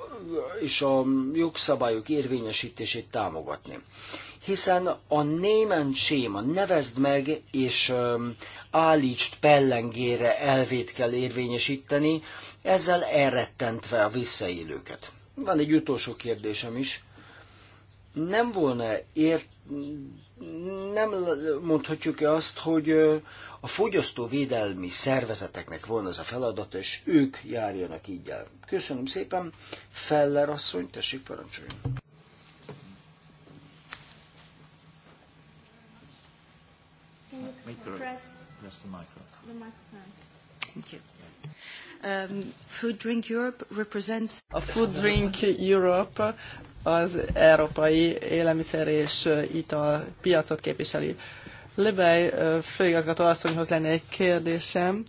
és a jogszabályok érvényesítését támogatni? hiszen a német séma nevezd meg és állítsd pellengére elvét kell érvényesíteni, ezzel elrettentve a visszaélőket. Van egy utolsó kérdésem is. Nem volna ért nem mondhatjuk -e azt, hogy a fogyasztóvédelmi szervezeteknek van az a feladat, és ők járjanak így el. Köszönöm szépen. Feller asszony, tessék parancsoljon. Um, a Food Drink Europe az európai élelmiszer és ital piacot képviseli. Lebej főigazgató asszonyhoz lenne egy kérdésem.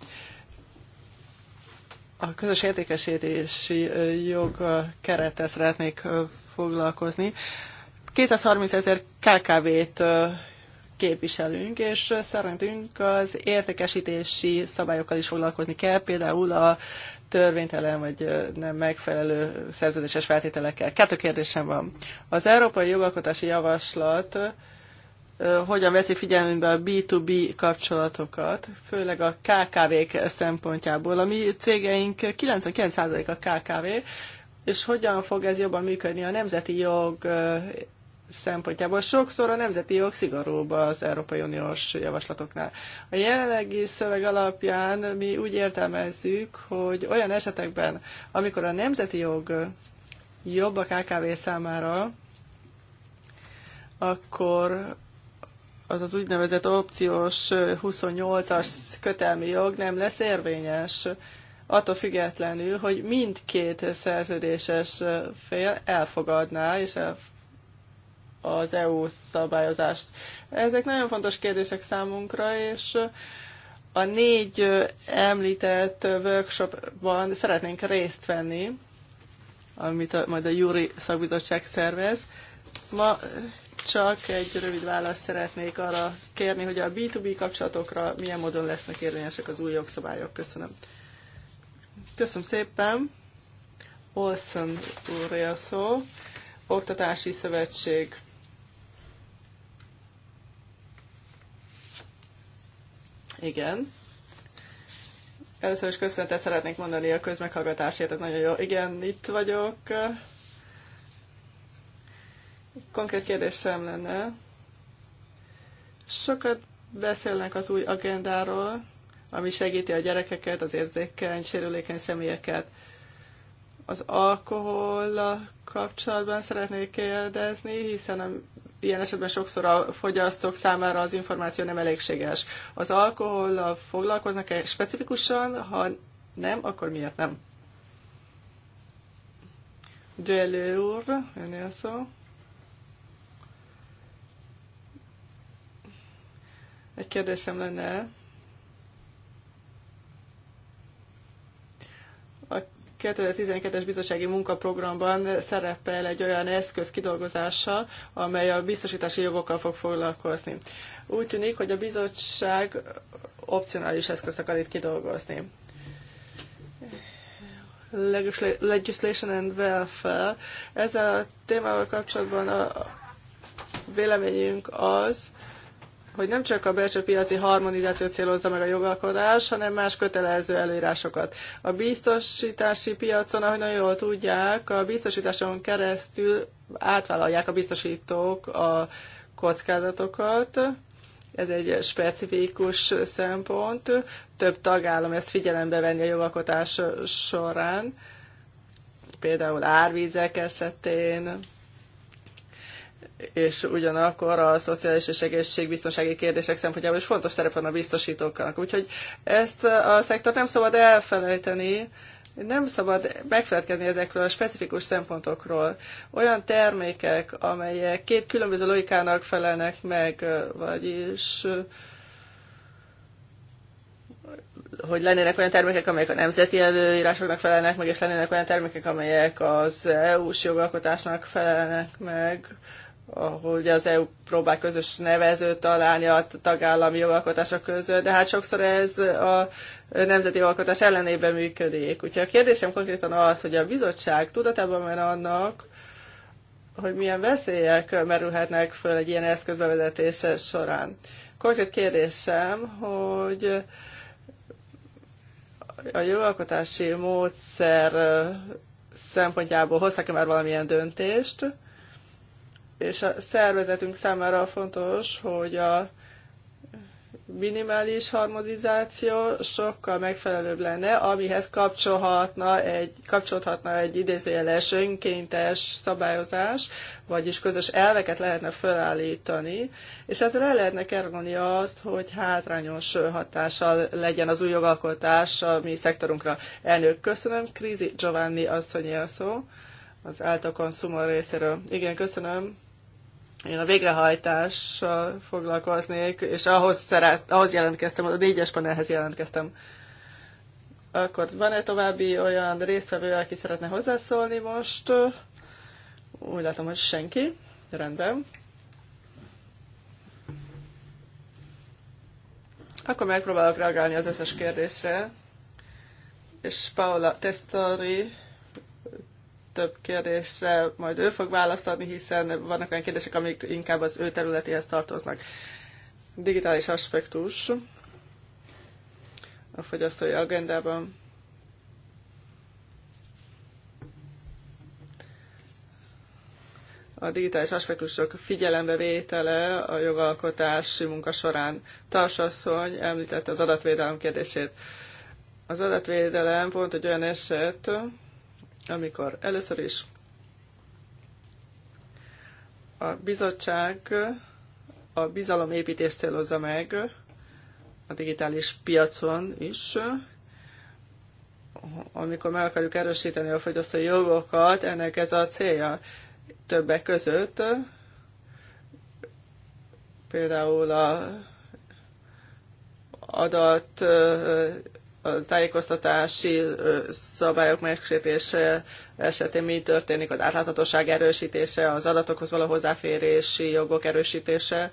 A közös értékesítési jog kerettel szeretnék foglalkozni. 230 ezer KKV-t képviselünk, és szerintünk az értékesítési szabályokkal is foglalkozni kell, például a törvénytelen vagy nem megfelelő szerződéses feltételekkel. Kettő kérdésem van. Az európai jogalkotási javaslat hogyan veszi figyelembe a B2B kapcsolatokat, főleg a KKV-k szempontjából. A mi cégeink 99% a KKV, és hogyan fog ez jobban működni a nemzeti jog szempontjából. Sokszor a nemzeti jog szigorúbb az Európai Uniós javaslatoknál. A jelenlegi szöveg alapján mi úgy értelmezzük, hogy olyan esetekben, amikor a nemzeti jog jobb a KKV számára, akkor az az úgynevezett opciós 28-as kötelmi jog nem lesz érvényes, attól függetlenül, hogy mindkét szerződéses fél elfogadná és az EU szabályozást. Ezek nagyon fontos kérdések számunkra, és a négy említett workshopban szeretnénk részt venni, amit a, majd a Júri Szakbizottság szervez. Ma csak egy rövid választ szeretnék arra kérni, hogy a B2B kapcsolatokra milyen módon lesznek érvényesek az új jogszabályok. Köszönöm. Köszönöm szépen. Olson úrja szó. Oktatási Szövetség. Igen. Először is köszönetet szeretnék mondani a közmeghallgatásért, ez nagyon jó. Igen, itt vagyok. Konkrét kérdésem lenne. Sokat beszélnek az új agendáról, ami segíti a gyerekeket, az érzékeny, sérülékeny személyeket. Az alkohol kapcsolatban szeretnék kérdezni, hiszen nem, ilyen esetben sokszor a fogyasztók számára az információ nem elégséges. Az alkohollal foglalkoznak-e specifikusan? Ha nem, akkor miért nem? Gyelő úr, önél szó. Egy kérdésem lenne, 2012-es bizottsági munkaprogramban szerepel egy olyan eszköz kidolgozása, amely a biztosítási jogokkal fog foglalkozni. Úgy tűnik, hogy a bizottság opcionális eszközt akar itt kidolgozni. Legislation and Welfare. Ezzel a témával kapcsolatban a véleményünk az, hogy nem csak a belső piaci harmonizáció célozza meg a jogalkodás, hanem más kötelező előírásokat. A biztosítási piacon, ahogy nagyon jól tudják, a biztosításon keresztül átvállalják a biztosítók a kockázatokat, ez egy specifikus szempont. Több tagállam ezt figyelembe venni a jogalkotás során, például árvizek esetén, és ugyanakkor a szociális és egészségbiztonsági kérdések szempontjából is fontos szerepe a biztosítóknak. Úgyhogy ezt a szektort nem szabad elfelejteni, nem szabad megfeledkezni ezekről a specifikus szempontokról. Olyan termékek, amelyek két különböző logikának felelnek meg, vagyis hogy lennének olyan termékek, amelyek a nemzeti előírásoknak felelnek meg, és lennének olyan termékek, amelyek az EU-s jogalkotásnak felelnek meg, ahol ugye az EU próbál közös nevezőt találni a tagállami jogalkotások között, de hát sokszor ez a nemzeti jogalkotás ellenében működik. Úgyhogy a kérdésem konkrétan az, hogy a bizottság tudatában van annak, hogy milyen veszélyek merülhetnek föl egy ilyen eszköz bevezetése során. Konkrét kérdésem, hogy a jogalkotási módszer szempontjából hoztak-e már valamilyen döntést, és a szervezetünk számára fontos, hogy a minimális harmonizáció sokkal megfelelőbb lenne, amihez kapcsolhatna egy, kapcsolhatna egy idézőjeles önkéntes szabályozás, vagyis közös elveket lehetne felállítani, és ezzel el lehetne kerülni azt, hogy hátrányos hatással legyen az új jogalkotás a mi szektorunkra. Elnök, köszönöm. Krizi Giovanni asszonyi a szó az által részéről. Igen, köszönöm én a végrehajtással foglalkoznék, és ahhoz, szeret, ahhoz jelentkeztem, a négyes panelhez jelentkeztem. Akkor van-e további olyan résztvevő, aki szeretne hozzászólni most? Úgy látom, hogy senki. Rendben. Akkor megpróbálok reagálni az összes kérdésre. És Paola Testori több kérdésre majd ő fog választani, hiszen vannak olyan kérdések, amik inkább az ő területéhez tartoznak. Digitális aspektus a fogyasztói agendában. a digitális aspektusok figyelembevétele a jogalkotási munka során. Tarsasszony említette az adatvédelem kérdését. Az adatvédelem pont egy olyan eset, amikor először is a bizottság a bizalomépítést célozza meg a digitális piacon is, amikor meg akarjuk erősíteni a fogyasztói jogokat, ennek ez a célja többek között, például a adat tájékoztatási szabályok megsértése esetén mi történik, az átláthatóság erősítése, az adatokhoz való hozzáférési jogok erősítése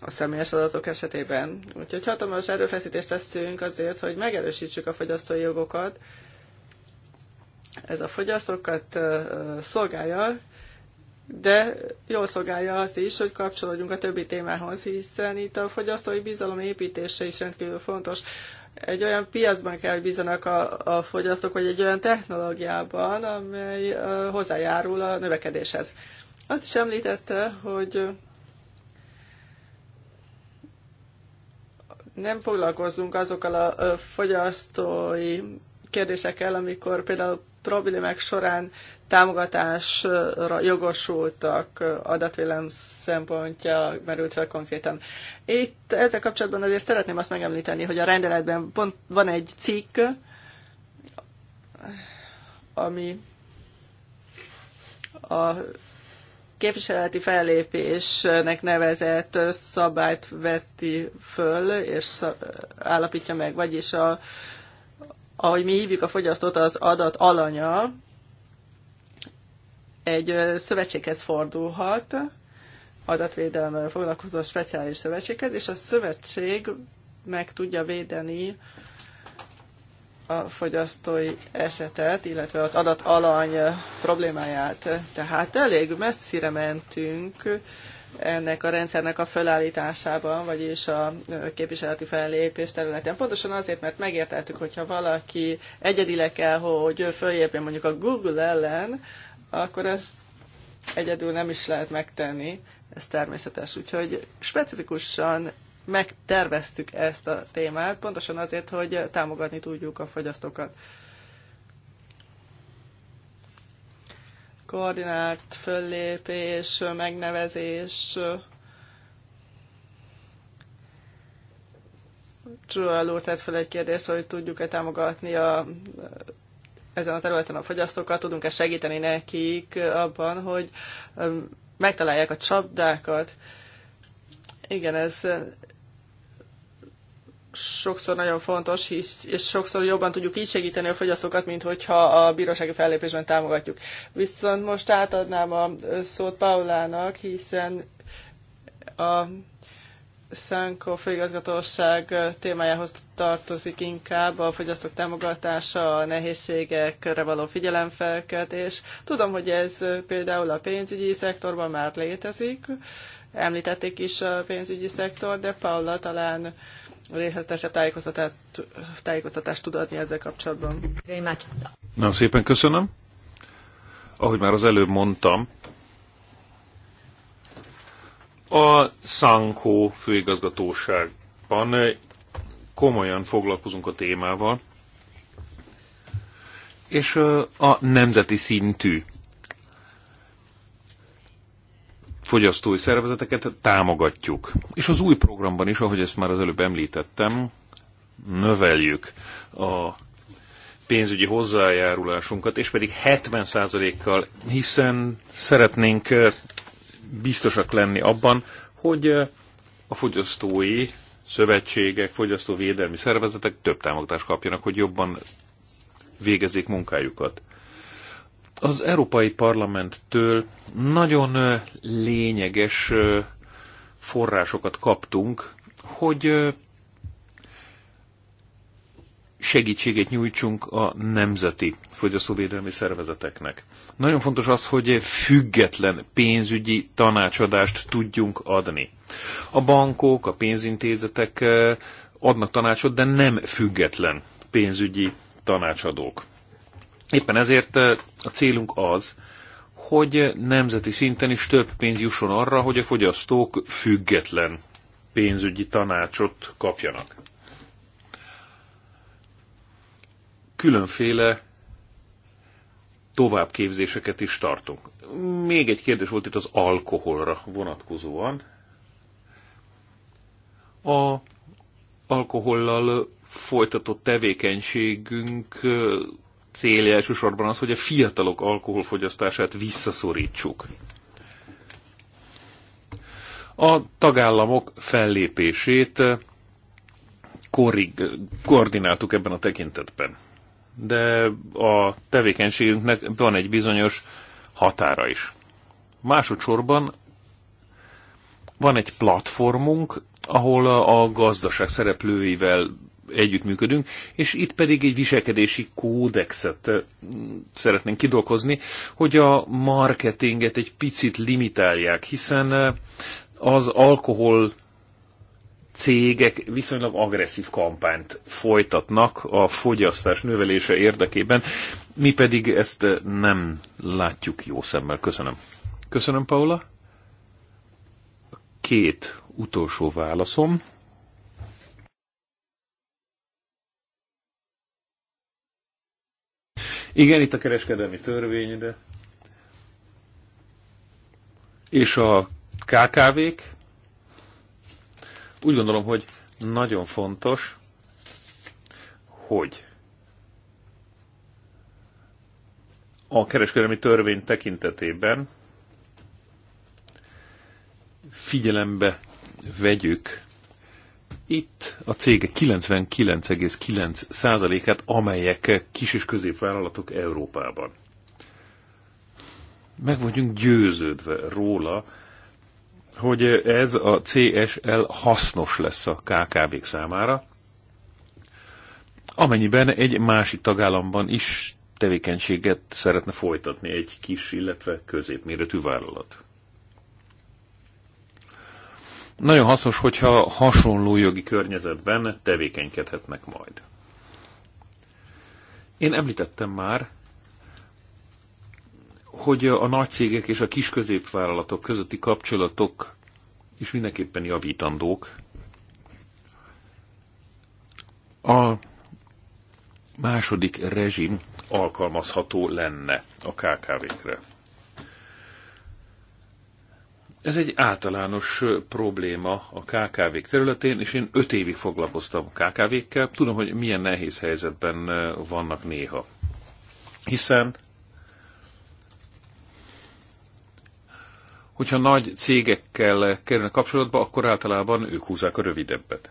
a személyes adatok esetében. Úgyhogy hatalmas erőfeszítést teszünk azért, hogy megerősítsük a fogyasztói jogokat. Ez a fogyasztókat szolgálja, de jól szolgálja azt is, hogy kapcsolódjunk a többi témához, hiszen itt a fogyasztói bizalom építése is rendkívül fontos egy olyan piacban kell, hogy bízzanak a, a fogyasztók, vagy egy olyan technológiában, amely uh, hozzájárul a növekedéshez. Azt is említette, hogy nem foglalkozzunk azokkal a fogyasztói kérdésekkel, amikor például problémák során támogatásra jogosultak, adatvélem szempontja merült fel konkrétan. Itt ezzel kapcsolatban azért szeretném azt megemlíteni, hogy a rendeletben pont van egy cikk, ami a képviseleti fellépésnek nevezett szabályt veti föl, és állapítja meg, vagyis a ahogy mi hívjuk a fogyasztót, az adat alanya egy szövetséghez fordulhat, adatvédelemmel foglalkozó speciális szövetséghez, és a szövetség meg tudja védeni a fogyasztói esetet, illetve az adat alany problémáját. Tehát elég messzire mentünk ennek a rendszernek a fölállításában, vagyis a képviseleti fellépés területén. Pontosan azért, mert megértettük, hogyha valaki egyedileg kell, hogy ő följépjen mondjuk a Google ellen, akkor ezt egyedül nem is lehet megtenni, ez természetes. Úgyhogy specifikusan megterveztük ezt a témát, pontosan azért, hogy támogatni tudjuk a fogyasztókat. koordinált föllépés, megnevezés, Csural tett fel egy kérdést, hogy tudjuk-e támogatni a, ezen a területen a fogyasztókat, tudunk-e segíteni nekik abban, hogy um, megtalálják a csapdákat. Igen, ez sokszor nagyon fontos, hisz, és sokszor jobban tudjuk így segíteni a fogyasztókat, mint hogyha a bírósági fellépésben támogatjuk. Viszont most átadnám a szót Paulának, hiszen a Szánkó főigazgatóság témájához tartozik inkább a fogyasztók támogatása, a nehézségekre való figyelemfelkeltés. Tudom, hogy ez például a pénzügyi szektorban már létezik, említették is a pénzügyi szektor, de Paula talán részletesebb tájékoztatást, tájékoztatást tud adni ezzel kapcsolatban. Nagyon szépen köszönöm. Ahogy már az előbb mondtam, a Szankó főigazgatóságban komolyan foglalkozunk a témával, és a nemzeti szintű fogyasztói szervezeteket támogatjuk. És az új programban is, ahogy ezt már az előbb említettem, növeljük a pénzügyi hozzájárulásunkat, és pedig 70%-kal, hiszen szeretnénk biztosak lenni abban, hogy a fogyasztói szövetségek, fogyasztóvédelmi szervezetek több támogatást kapjanak, hogy jobban végezzék munkájukat az Európai Parlamenttől nagyon lényeges forrásokat kaptunk, hogy segítséget nyújtsunk a nemzeti fogyasztóvédelmi szervezeteknek. Nagyon fontos az, hogy független pénzügyi tanácsadást tudjunk adni. A bankok, a pénzintézetek adnak tanácsot, de nem független pénzügyi tanácsadók. Éppen ezért a célunk az, hogy nemzeti szinten is több pénz jusson arra, hogy a fogyasztók független pénzügyi tanácsot kapjanak. Különféle továbbképzéseket is tartunk. Még egy kérdés volt itt az alkoholra vonatkozóan. A alkohollal folytatott tevékenységünk célja elsősorban az, hogy a fiatalok alkoholfogyasztását visszaszorítsuk. A tagállamok fellépését eh, korrig, koordináltuk ebben a tekintetben. De a tevékenységünknek van egy bizonyos határa is. Másodszorban van egy platformunk, ahol a gazdaság szereplőivel együttműködünk, és itt pedig egy viselkedési kódexet szeretnénk kidolgozni, hogy a marketinget egy picit limitálják, hiszen az alkohol cégek viszonylag agresszív kampányt folytatnak a fogyasztás növelése érdekében, mi pedig ezt nem látjuk jó szemmel. Köszönöm. Köszönöm, Paula. Két utolsó válaszom Igen, itt a kereskedelmi törvényre. És a KKV-k, úgy gondolom, hogy nagyon fontos, hogy a kereskedelmi törvény tekintetében figyelembe vegyük itt a cége 99,9%-át, amelyek kis és középvállalatok Európában. Meg vagyunk győződve róla, hogy ez a CSL hasznos lesz a KKV-k számára, amennyiben egy másik tagállamban is tevékenységet szeretne folytatni egy kis, illetve középméretű vállalat nagyon hasznos, hogyha hasonló jogi környezetben tevékenykedhetnek majd. Én említettem már, hogy a nagy cégek és a kis középvállalatok közötti kapcsolatok is mindenképpen javítandók. A második rezsim alkalmazható lenne a KKV-kre. Ez egy általános probléma a KKV-k területén, és én öt évig foglalkoztam a KKV-kkel. Tudom, hogy milyen nehéz helyzetben vannak néha. Hiszen, hogyha nagy cégekkel kerülnek kapcsolatba, akkor általában ők húzzák a rövidebbet.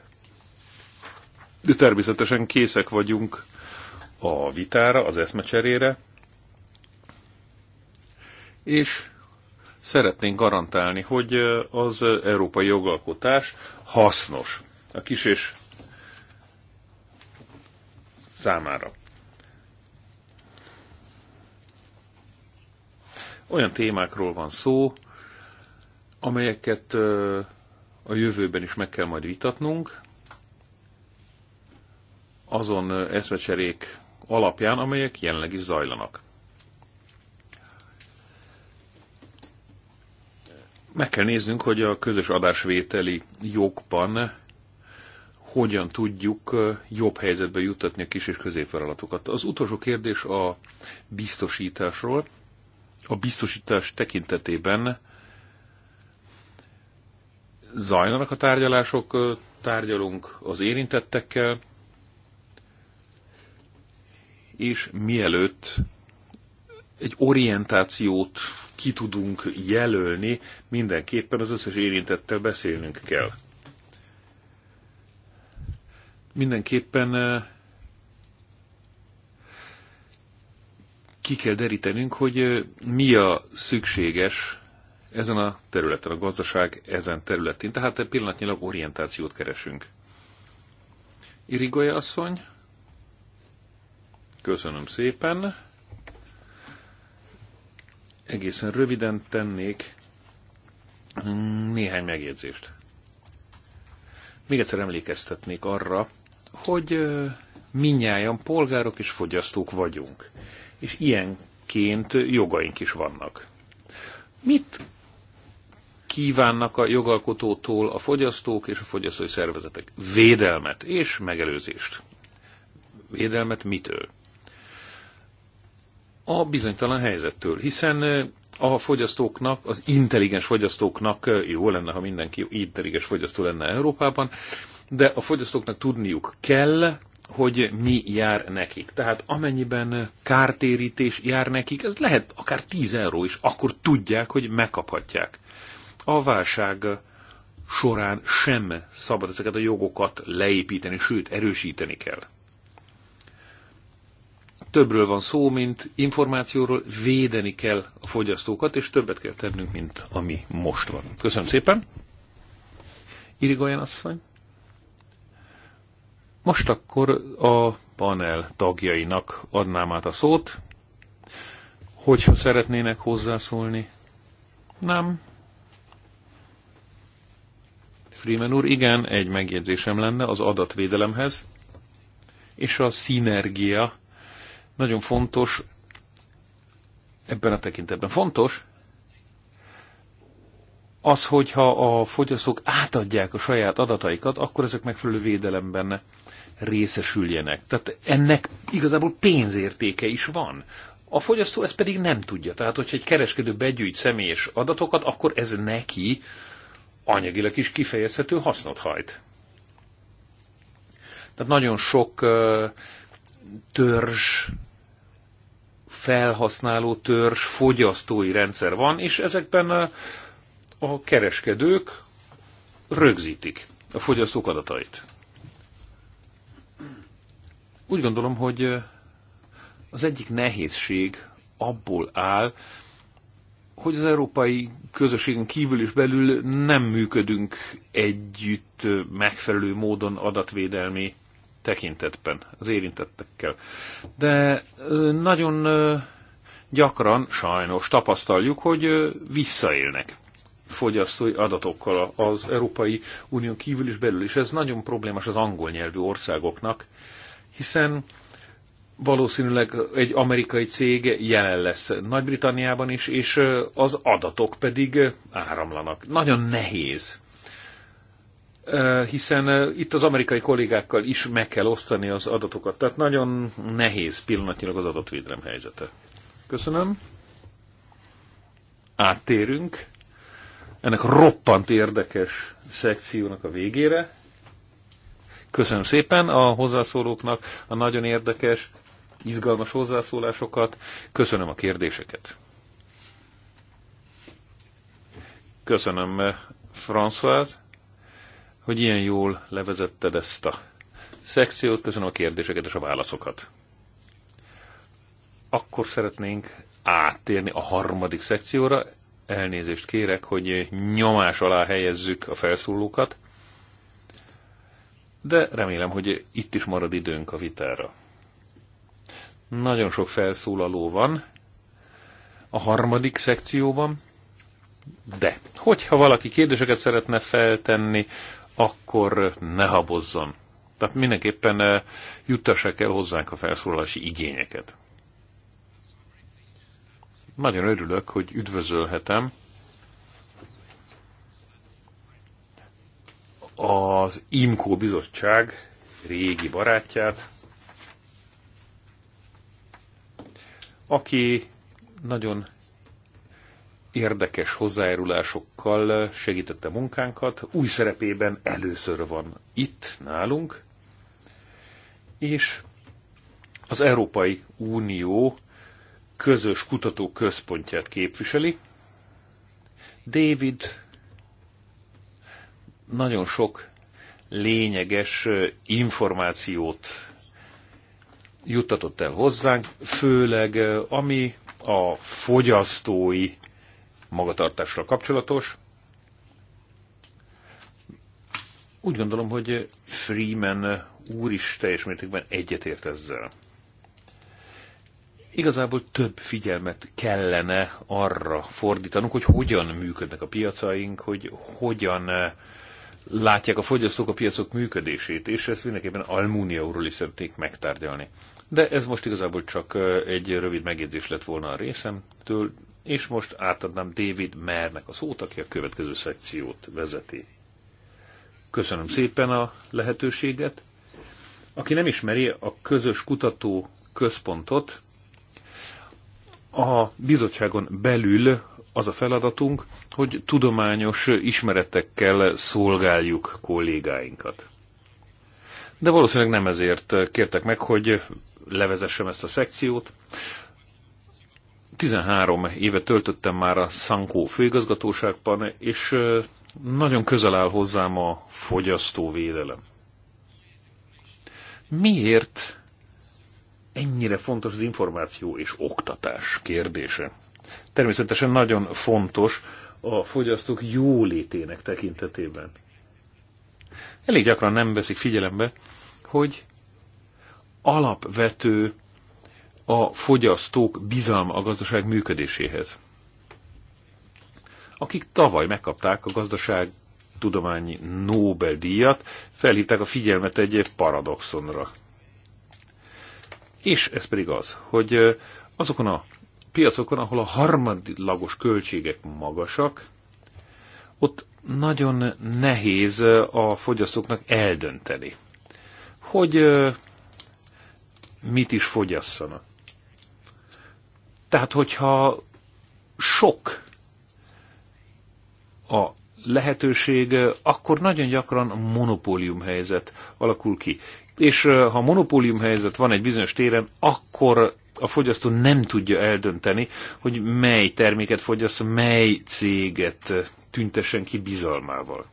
De természetesen készek vagyunk a vitára, az eszmecserére, és szeretnénk garantálni, hogy az európai jogalkotás hasznos a kis és számára. Olyan témákról van szó, amelyeket a jövőben is meg kell majd vitatnunk, azon eszmecserék alapján, amelyek jelenleg is zajlanak. meg kell néznünk, hogy a közös adásvételi jogban hogyan tudjuk jobb helyzetbe juttatni a kis és középvállalatokat. Az utolsó kérdés a biztosításról. A biztosítás tekintetében zajlanak a tárgyalások, tárgyalunk az érintettekkel, és mielőtt egy orientációt ki tudunk jelölni, mindenképpen az összes érintettel beszélnünk kell. Mindenképpen eh, ki kell derítenünk, hogy eh, mi a szükséges ezen a területen, a gazdaság ezen területén. Tehát pillanatnyilag orientációt keresünk. Irigoya asszony, köszönöm szépen egészen röviden tennék néhány megjegyzést. Még egyszer emlékeztetnék arra, hogy minnyáján polgárok és fogyasztók vagyunk, és ilyenként jogaink is vannak. Mit kívánnak a jogalkotótól a fogyasztók és a fogyasztói szervezetek? Védelmet és megelőzést. Védelmet mitől? a bizonytalan helyzettől, hiszen a fogyasztóknak, az intelligens fogyasztóknak jó lenne, ha mindenki intelligens fogyasztó lenne Európában, de a fogyasztóknak tudniuk kell, hogy mi jár nekik. Tehát amennyiben kártérítés jár nekik, ez lehet akár 10 euró is, akkor tudják, hogy megkaphatják. A válság során sem szabad ezeket a jogokat leépíteni, sőt erősíteni kell többről van szó, mint információról, védeni kell a fogyasztókat, és többet kell tennünk, mint ami most van. Köszönöm szépen. Irigoyen asszony. Most akkor a panel tagjainak adnám át a szót, hogyha szeretnének hozzászólni. Nem. Freeman úr, igen, egy megjegyzésem lenne az adatvédelemhez, és a szinergia nagyon fontos ebben a tekintetben. Fontos az, hogyha a fogyasztók átadják a saját adataikat, akkor ezek megfelelő védelemben részesüljenek. Tehát ennek igazából pénzértéke is van. A fogyasztó ezt pedig nem tudja. Tehát, hogyha egy kereskedő begyűjt személyes adatokat, akkor ez neki anyagilag is kifejezhető hasznot hajt. Tehát nagyon sok törzs, felhasználó törzs, fogyasztói rendszer van, és ezekben eh, a kereskedők rögzítik a fogyasztók adatait. Úgy gondolom, hogy eh, az egyik nehézség abból áll, hogy az európai közösségen kívül és belül nem működünk együtt eh, megfelelő módon adatvédelmi tekintetben, az érintettekkel. De nagyon gyakran sajnos tapasztaljuk, hogy visszaélnek fogyasztói adatokkal az Európai Unión kívül is belül, és ez nagyon problémás az angol nyelvű országoknak, hiszen valószínűleg egy amerikai cég jelen lesz Nagy-Britanniában is, és az adatok pedig áramlanak. Nagyon nehéz hiszen itt az amerikai kollégákkal is meg kell osztani az adatokat. Tehát nagyon nehéz pillanatnyilag az adatvédelem helyzete. Köszönöm. Áttérünk ennek roppant érdekes szekciónak a végére. Köszönöm szépen a hozzászólóknak a nagyon érdekes, izgalmas hozzászólásokat. Köszönöm a kérdéseket. Köszönöm, François hogy ilyen jól levezetted ezt a szekciót. Köszönöm a kérdéseket és a válaszokat. Akkor szeretnénk áttérni a harmadik szekcióra. Elnézést kérek, hogy nyomás alá helyezzük a felszólókat, de remélem, hogy itt is marad időnk a vitára. Nagyon sok felszólaló van a harmadik szekcióban, de hogyha valaki kérdéseket szeretne feltenni, akkor ne habozzon. Tehát mindenképpen eh, juttassák el hozzánk a felszólalási igényeket. Nagyon örülök, hogy üdvözölhetem az IMCO bizottság régi barátját, aki nagyon érdekes hozzájárulásokkal segítette munkánkat. Új szerepében először van itt nálunk, és az Európai Unió közös kutató központját képviseli. David nagyon sok lényeges információt juttatott el hozzánk, főleg eh, ami a fogyasztói magatartással kapcsolatos. Úgy gondolom, hogy Freeman úr is teljes mértékben egyetért ezzel. Igazából több figyelmet kellene arra fordítanunk, hogy hogyan működnek a piacaink, hogy hogyan eh, látják a fogyasztók a piacok működését, és ezt mindenképpen Almúnia úrról is szeretnék megtárgyalni. De ez most igazából csak eh, egy rövid megjegyzés lett volna a részemtől, és most átadnám David Mernek a szót, aki a következő szekciót vezeti. Köszönöm szépen a lehetőséget. Aki nem ismeri a közös kutató központot, a bizottságon belül az a feladatunk, hogy tudományos ismeretekkel szolgáljuk kollégáinkat. De valószínűleg nem ezért kértek meg, hogy levezessem ezt a szekciót. 13 éve töltöttem már a Szankó főigazgatóságban, és nagyon közel áll hozzám a fogyasztóvédelem. Miért ennyire fontos az információ és oktatás kérdése? Természetesen nagyon fontos a fogyasztók jólétének tekintetében. Elég gyakran nem veszik figyelembe, hogy alapvető a fogyasztók bizalma a gazdaság működéséhez. Akik tavaly megkapták a gazdaság tudományi Nobel-díjat, felhívták a figyelmet egy paradoxonra. És ez pedig az, hogy azokon a piacokon, ahol a harmadlagos költségek magasak, ott nagyon nehéz a fogyasztóknak eldönteni, hogy mit is fogyasszanak. Tehát, hogyha sok a lehetőség, akkor nagyon gyakran monopólium helyzet alakul ki. És ha monopólium helyzet van egy bizonyos téren, akkor a fogyasztó nem tudja eldönteni, hogy mely terméket fogyaszt, mely céget tüntessen ki bizalmával.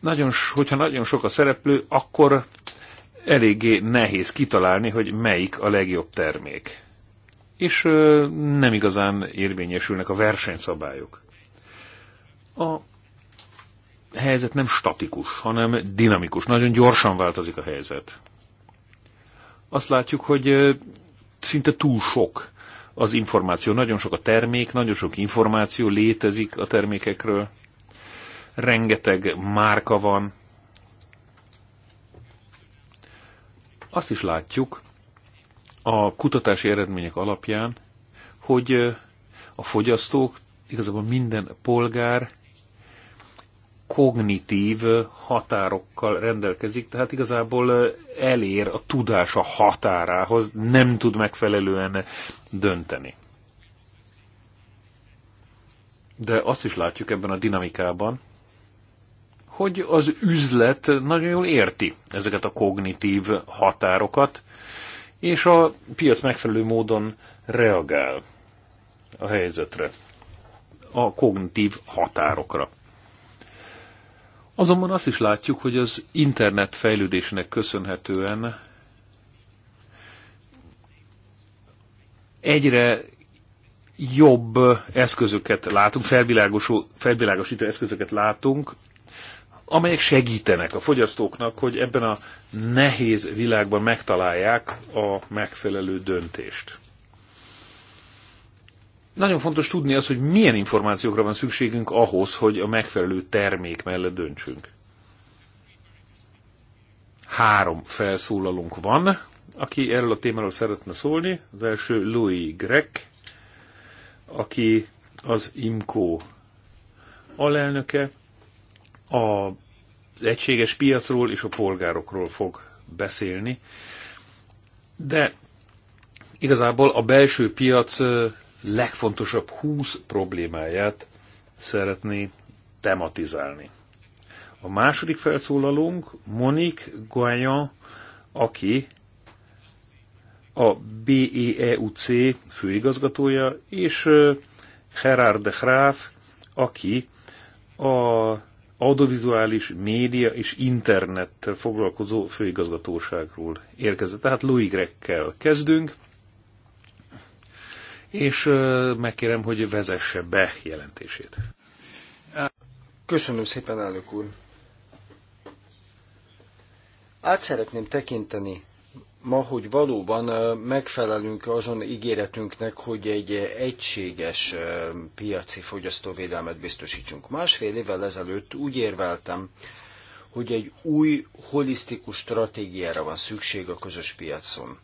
Nagyon, hogyha nagyon sok a szereplő, akkor eléggé nehéz kitalálni, hogy melyik a legjobb termék. És nem igazán érvényesülnek a versenyszabályok. A helyzet nem statikus, hanem dinamikus. Nagyon gyorsan változik a helyzet. Azt látjuk, hogy szinte túl sok az információ. Nagyon sok a termék, nagyon sok információ létezik a termékekről. Rengeteg márka van, Azt is látjuk a kutatási eredmények alapján, hogy a fogyasztók, igazából minden polgár kognitív határokkal rendelkezik, tehát igazából elér a tudása határához, nem tud megfelelően dönteni. De azt is látjuk ebben a dinamikában, hogy az üzlet nagyon jól érti ezeket a kognitív határokat, és a piac megfelelő módon reagál a helyzetre, a kognitív határokra. Azonban azt is látjuk, hogy az internet fejlődésének köszönhetően egyre jobb eszközöket látunk, felvilágosító eszközöket látunk, amelyek segítenek a fogyasztóknak, hogy ebben a nehéz világban megtalálják a megfelelő döntést. Nagyon fontos tudni az, hogy milyen információkra van szükségünk ahhoz, hogy a megfelelő termék mellett döntsünk. Három felszólalónk van, aki erről a témáról szeretne szólni. Az első Louis Grek, aki az IMCO alelnöke, a egységes piacról és a polgárokról fog beszélni, de igazából a belső piac legfontosabb 20 problémáját szeretné tematizálni. A második felszólalónk Monique Guayan, aki a BEEUC főigazgatója, és Gerard de Graaf, aki a audiovizuális média és internettel foglalkozó főigazgatóságról érkezett. Tehát Louis Grekkel kezdünk, és megkérem, hogy vezesse be jelentését. Köszönöm szépen, elnök úr! Át szeretném tekinteni ma, hogy valóban megfelelünk azon ígéretünknek, hogy egy egységes piaci fogyasztóvédelmet biztosítsunk. Másfél évvel ezelőtt úgy érveltem, hogy egy új holisztikus stratégiára van szükség a közös piacon.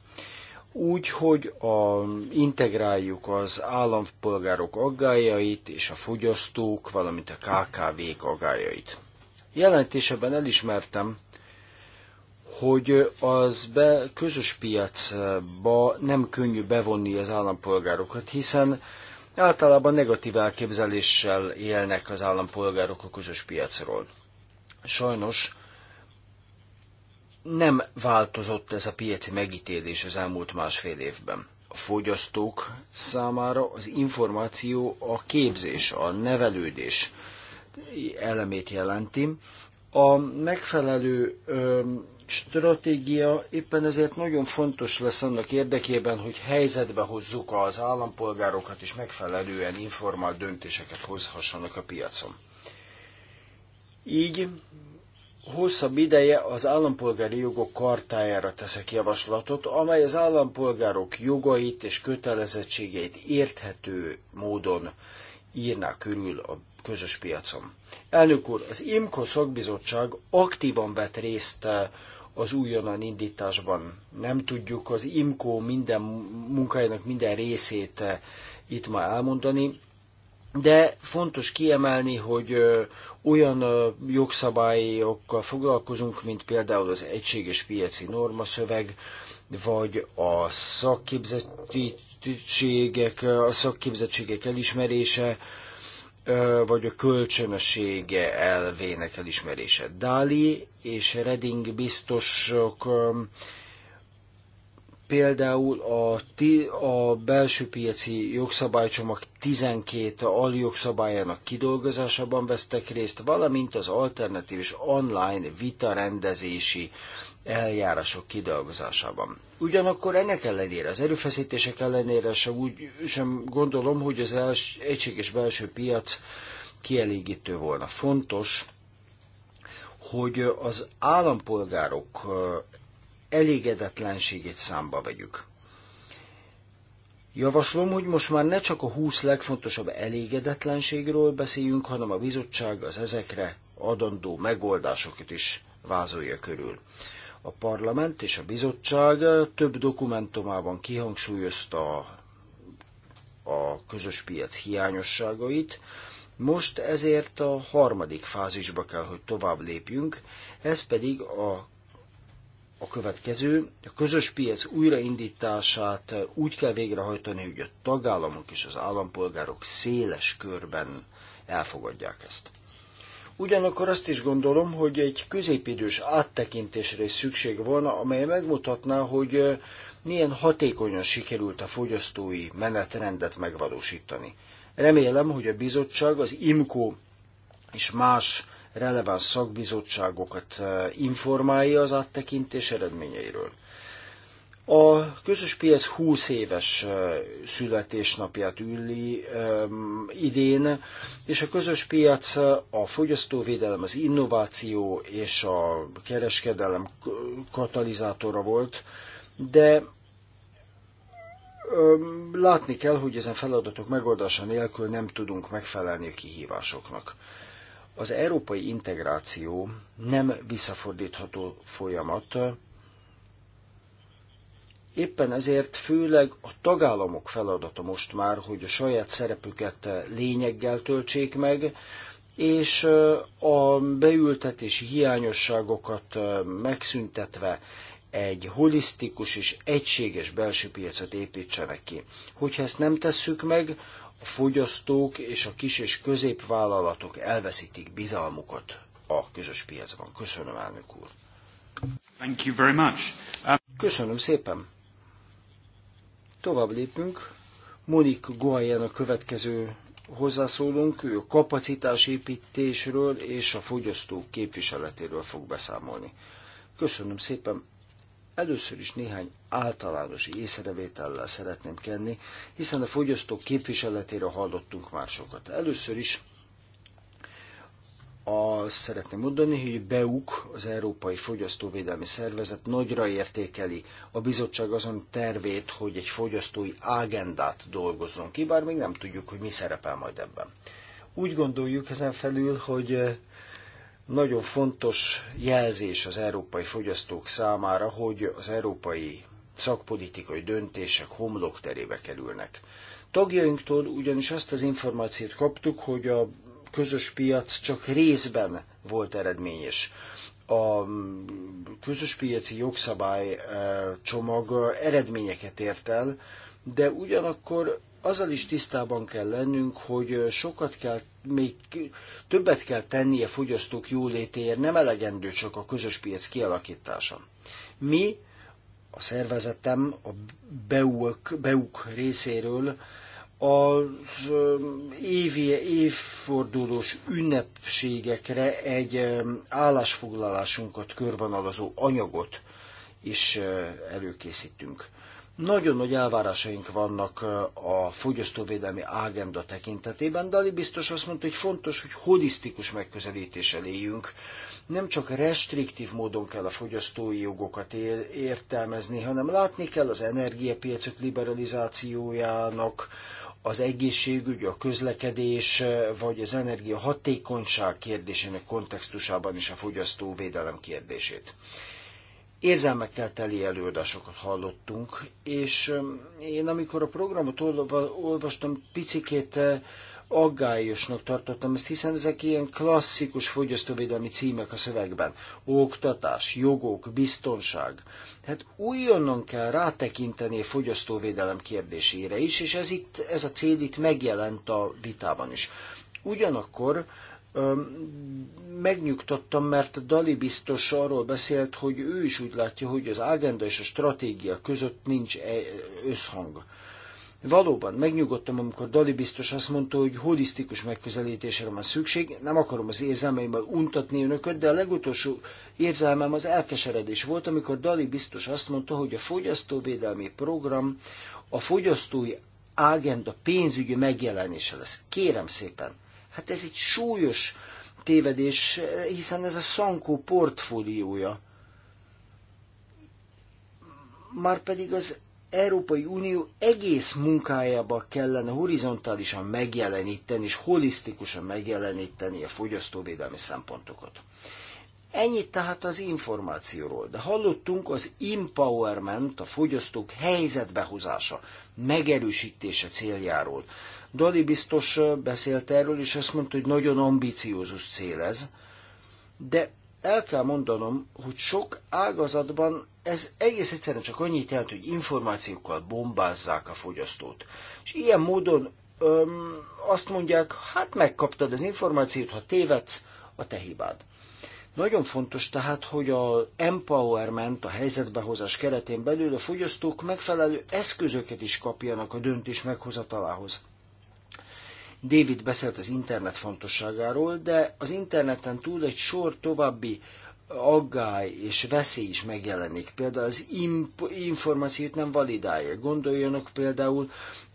Úgy, hogy a, integráljuk az állampolgárok aggájait és a fogyasztók, valamint a KKV-k aggájait. Jelentéseben elismertem, hogy az be, közös piacba nem könnyű bevonni az állampolgárokat, hiszen általában negatív elképzeléssel élnek az állampolgárok a közös piacról. Sajnos nem változott ez a piaci megítélés az elmúlt másfél évben. A fogyasztók számára az információ a képzés, a nevelődés elemét jelenti. A megfelelő stratégia éppen ezért nagyon fontos lesz annak érdekében, hogy helyzetbe hozzuk az állampolgárokat, és megfelelően informált döntéseket hozhassanak a piacon. Így hosszabb ideje az állampolgári jogok kartájára teszek javaslatot, amely az állampolgárok jogait és kötelezettségeit érthető módon írná körül a közös piacon. Elnök úr, az IMCO szakbizottság aktívan vett részt az újonnan indításban. Nem tudjuk az IMCO minden munkájának minden részét eh, itt ma elmondani, de fontos kiemelni, hogy eh, olyan eh, jogszabályokkal foglalkozunk, mint például az egységes piaci normaszöveg, vagy a szakképzettségek, a szakképzettségek elismerése, vagy a kölcsönössége elvének elismerése. Dali és Reding biztosok például a, a belső piaci jogszabálycsomag 12 aljogszabályának kidolgozásában vesztek részt, valamint az alternatív és online vita rendezési eljárások kidolgozásában. Ugyanakkor ennek ellenére, az erőfeszítések ellenére sem úgy sem gondolom, hogy az els, egységes belső piac kielégítő volna. Fontos, hogy az állampolgárok elégedetlenségét számba vegyük. Javaslom, hogy most már ne csak a 20 legfontosabb elégedetlenségről beszéljünk, hanem a bizottság az ezekre adandó megoldásokat is vázolja körül. A parlament és a bizottság több dokumentumában kihangsúlyozta a közös piac hiányosságait, most ezért a harmadik fázisba kell, hogy tovább lépjünk, ez pedig a a következő, a közös piac újraindítását úgy kell végrehajtani, hogy a tagállamok és az állampolgárok széles körben elfogadják ezt. Ugyanakkor azt is gondolom, hogy egy középidős áttekintésre is szükség volna, amely megmutatná, hogy milyen hatékonyan sikerült a fogyasztói menetrendet megvalósítani. Remélem, hogy a bizottság, az IMCO és más releváns szakbizottságokat informálja az áttekintés eredményeiről. A közös piac 20 éves születésnapját üli um, idén, és a közös piac a fogyasztóvédelem, az innováció és a kereskedelem katalizátora volt, de um, látni kell, hogy ezen feladatok megoldása nélkül nem tudunk megfelelni a kihívásoknak. Az európai integráció nem visszafordítható folyamat, Éppen ezért főleg a tagállamok feladata most már, hogy a saját szerepüket lényeggel töltsék meg, és a beültetési hiányosságokat megszüntetve egy holisztikus és egységes belső piacot építsenek ki. Hogyha ezt nem tesszük meg, a fogyasztók és a kis- és középvállalatok elveszítik bizalmukat a közös piacban. Köszönöm, elnök úr! Thank you very much. Um... Köszönöm szépen! Tovább lépünk. Monik Goyen a következő hozzászólunk, ő a kapacitásépítésről és a fogyasztók képviseletéről fog beszámolni. Köszönöm szépen, először is néhány általános észrevétellel szeretném kenni, hiszen a fogyasztók képviseletére hallottunk már sokat. Először is azt szeretném mondani, hogy BEUK, az Európai Fogyasztóvédelmi Szervezet nagyra értékeli a bizottság azon tervét, hogy egy fogyasztói agendát dolgozzon ki, bár még nem tudjuk, hogy mi szerepel majd ebben. Úgy gondoljuk ezen felül, hogy eh, nagyon fontos jelzés az európai fogyasztók számára, hogy az európai szakpolitikai döntések homlokterébe kerülnek. Tagjainktól ugyanis azt az információt kaptuk, hogy a közös piac csak részben volt eredményes. A közös piaci jogszabály eh, csomag eredményeket ért el, de ugyanakkor azzal is tisztában kell lennünk, hogy sokat kell, még többet kell tennie fogyasztók jólétéért, nem elegendő csak a közös piac kialakítása. Mi, a szervezetem, a BEUK, BEUK részéről az évi évfordulós ünnepségekre egy állásfoglalásunkat körvonalazó anyagot is előkészítünk. Nagyon nagy elvárásaink vannak a fogyasztóvédelmi ágenda tekintetében, de biztos azt mondta, hogy fontos, hogy holisztikus megközelítéssel éljünk. Nem csak restriktív módon kell a fogyasztói jogokat értelmezni, hanem látni kell az energiapiacok liberalizációjának, az egészségügy, a közlekedés vagy az energia hatékonyság kérdésének kontextusában is a fogyasztóvédelem kérdését. Érzelmekkel teli előadásokat hallottunk, és um, én amikor a programot olvastam, picikét aggályosnak tartottam ezt, hiszen ezek ilyen klasszikus fogyasztóvédelmi címek a szövegben. Oktatás, jogok, biztonság. Hát újonnan kell rátekinteni a fogyasztóvédelem kérdésére is, és ez, itt, ez a cél itt megjelent a vitában is. Ugyanakkor megnyugtattam, mert Dali biztos arról beszélt, hogy ő is úgy látja, hogy az ágenda és a stratégia között nincs e- összhang. Valóban megnyugodtam, amikor Dali biztos azt mondta, hogy holisztikus megközelítésre van szükség. Nem akarom az érzelmeimmel untatni önököt, de a legutolsó érzelmem az elkeseredés volt, amikor Dali biztos azt mondta, hogy a fogyasztóvédelmi program a fogyasztói ágenda pénzügyi megjelenése lesz. Kérem szépen, hát ez egy súlyos tévedés, hiszen ez a szankó portfóliója. Márpedig az Európai Unió egész munkájába kellene horizontálisan megjeleníteni és holisztikusan megjeleníteni a fogyasztóvédelmi szempontokat. Ennyit tehát az információról, de hallottunk az empowerment, a fogyasztók helyzetbehozása, megerősítése céljáról. Dali biztos beszélt erről, és azt mondta, hogy nagyon ambiciózus cél ez, de el kell mondanom, hogy sok ágazatban ez egész egyszerűen csak annyit jelent, hogy információkkal bombázzák a fogyasztót. És ilyen módon öm, azt mondják, hát megkaptad az információt, ha tévedsz, a te hibád. Nagyon fontos tehát, hogy a empowerment, a helyzetbehozás keretén belül a fogyasztók megfelelő eszközöket is kapjanak a döntés meghozatalához. David beszélt az internet fontosságáról, de az interneten túl egy sor további aggály és veszély is megjelenik. Például az információt nem validálja. Gondoljanak például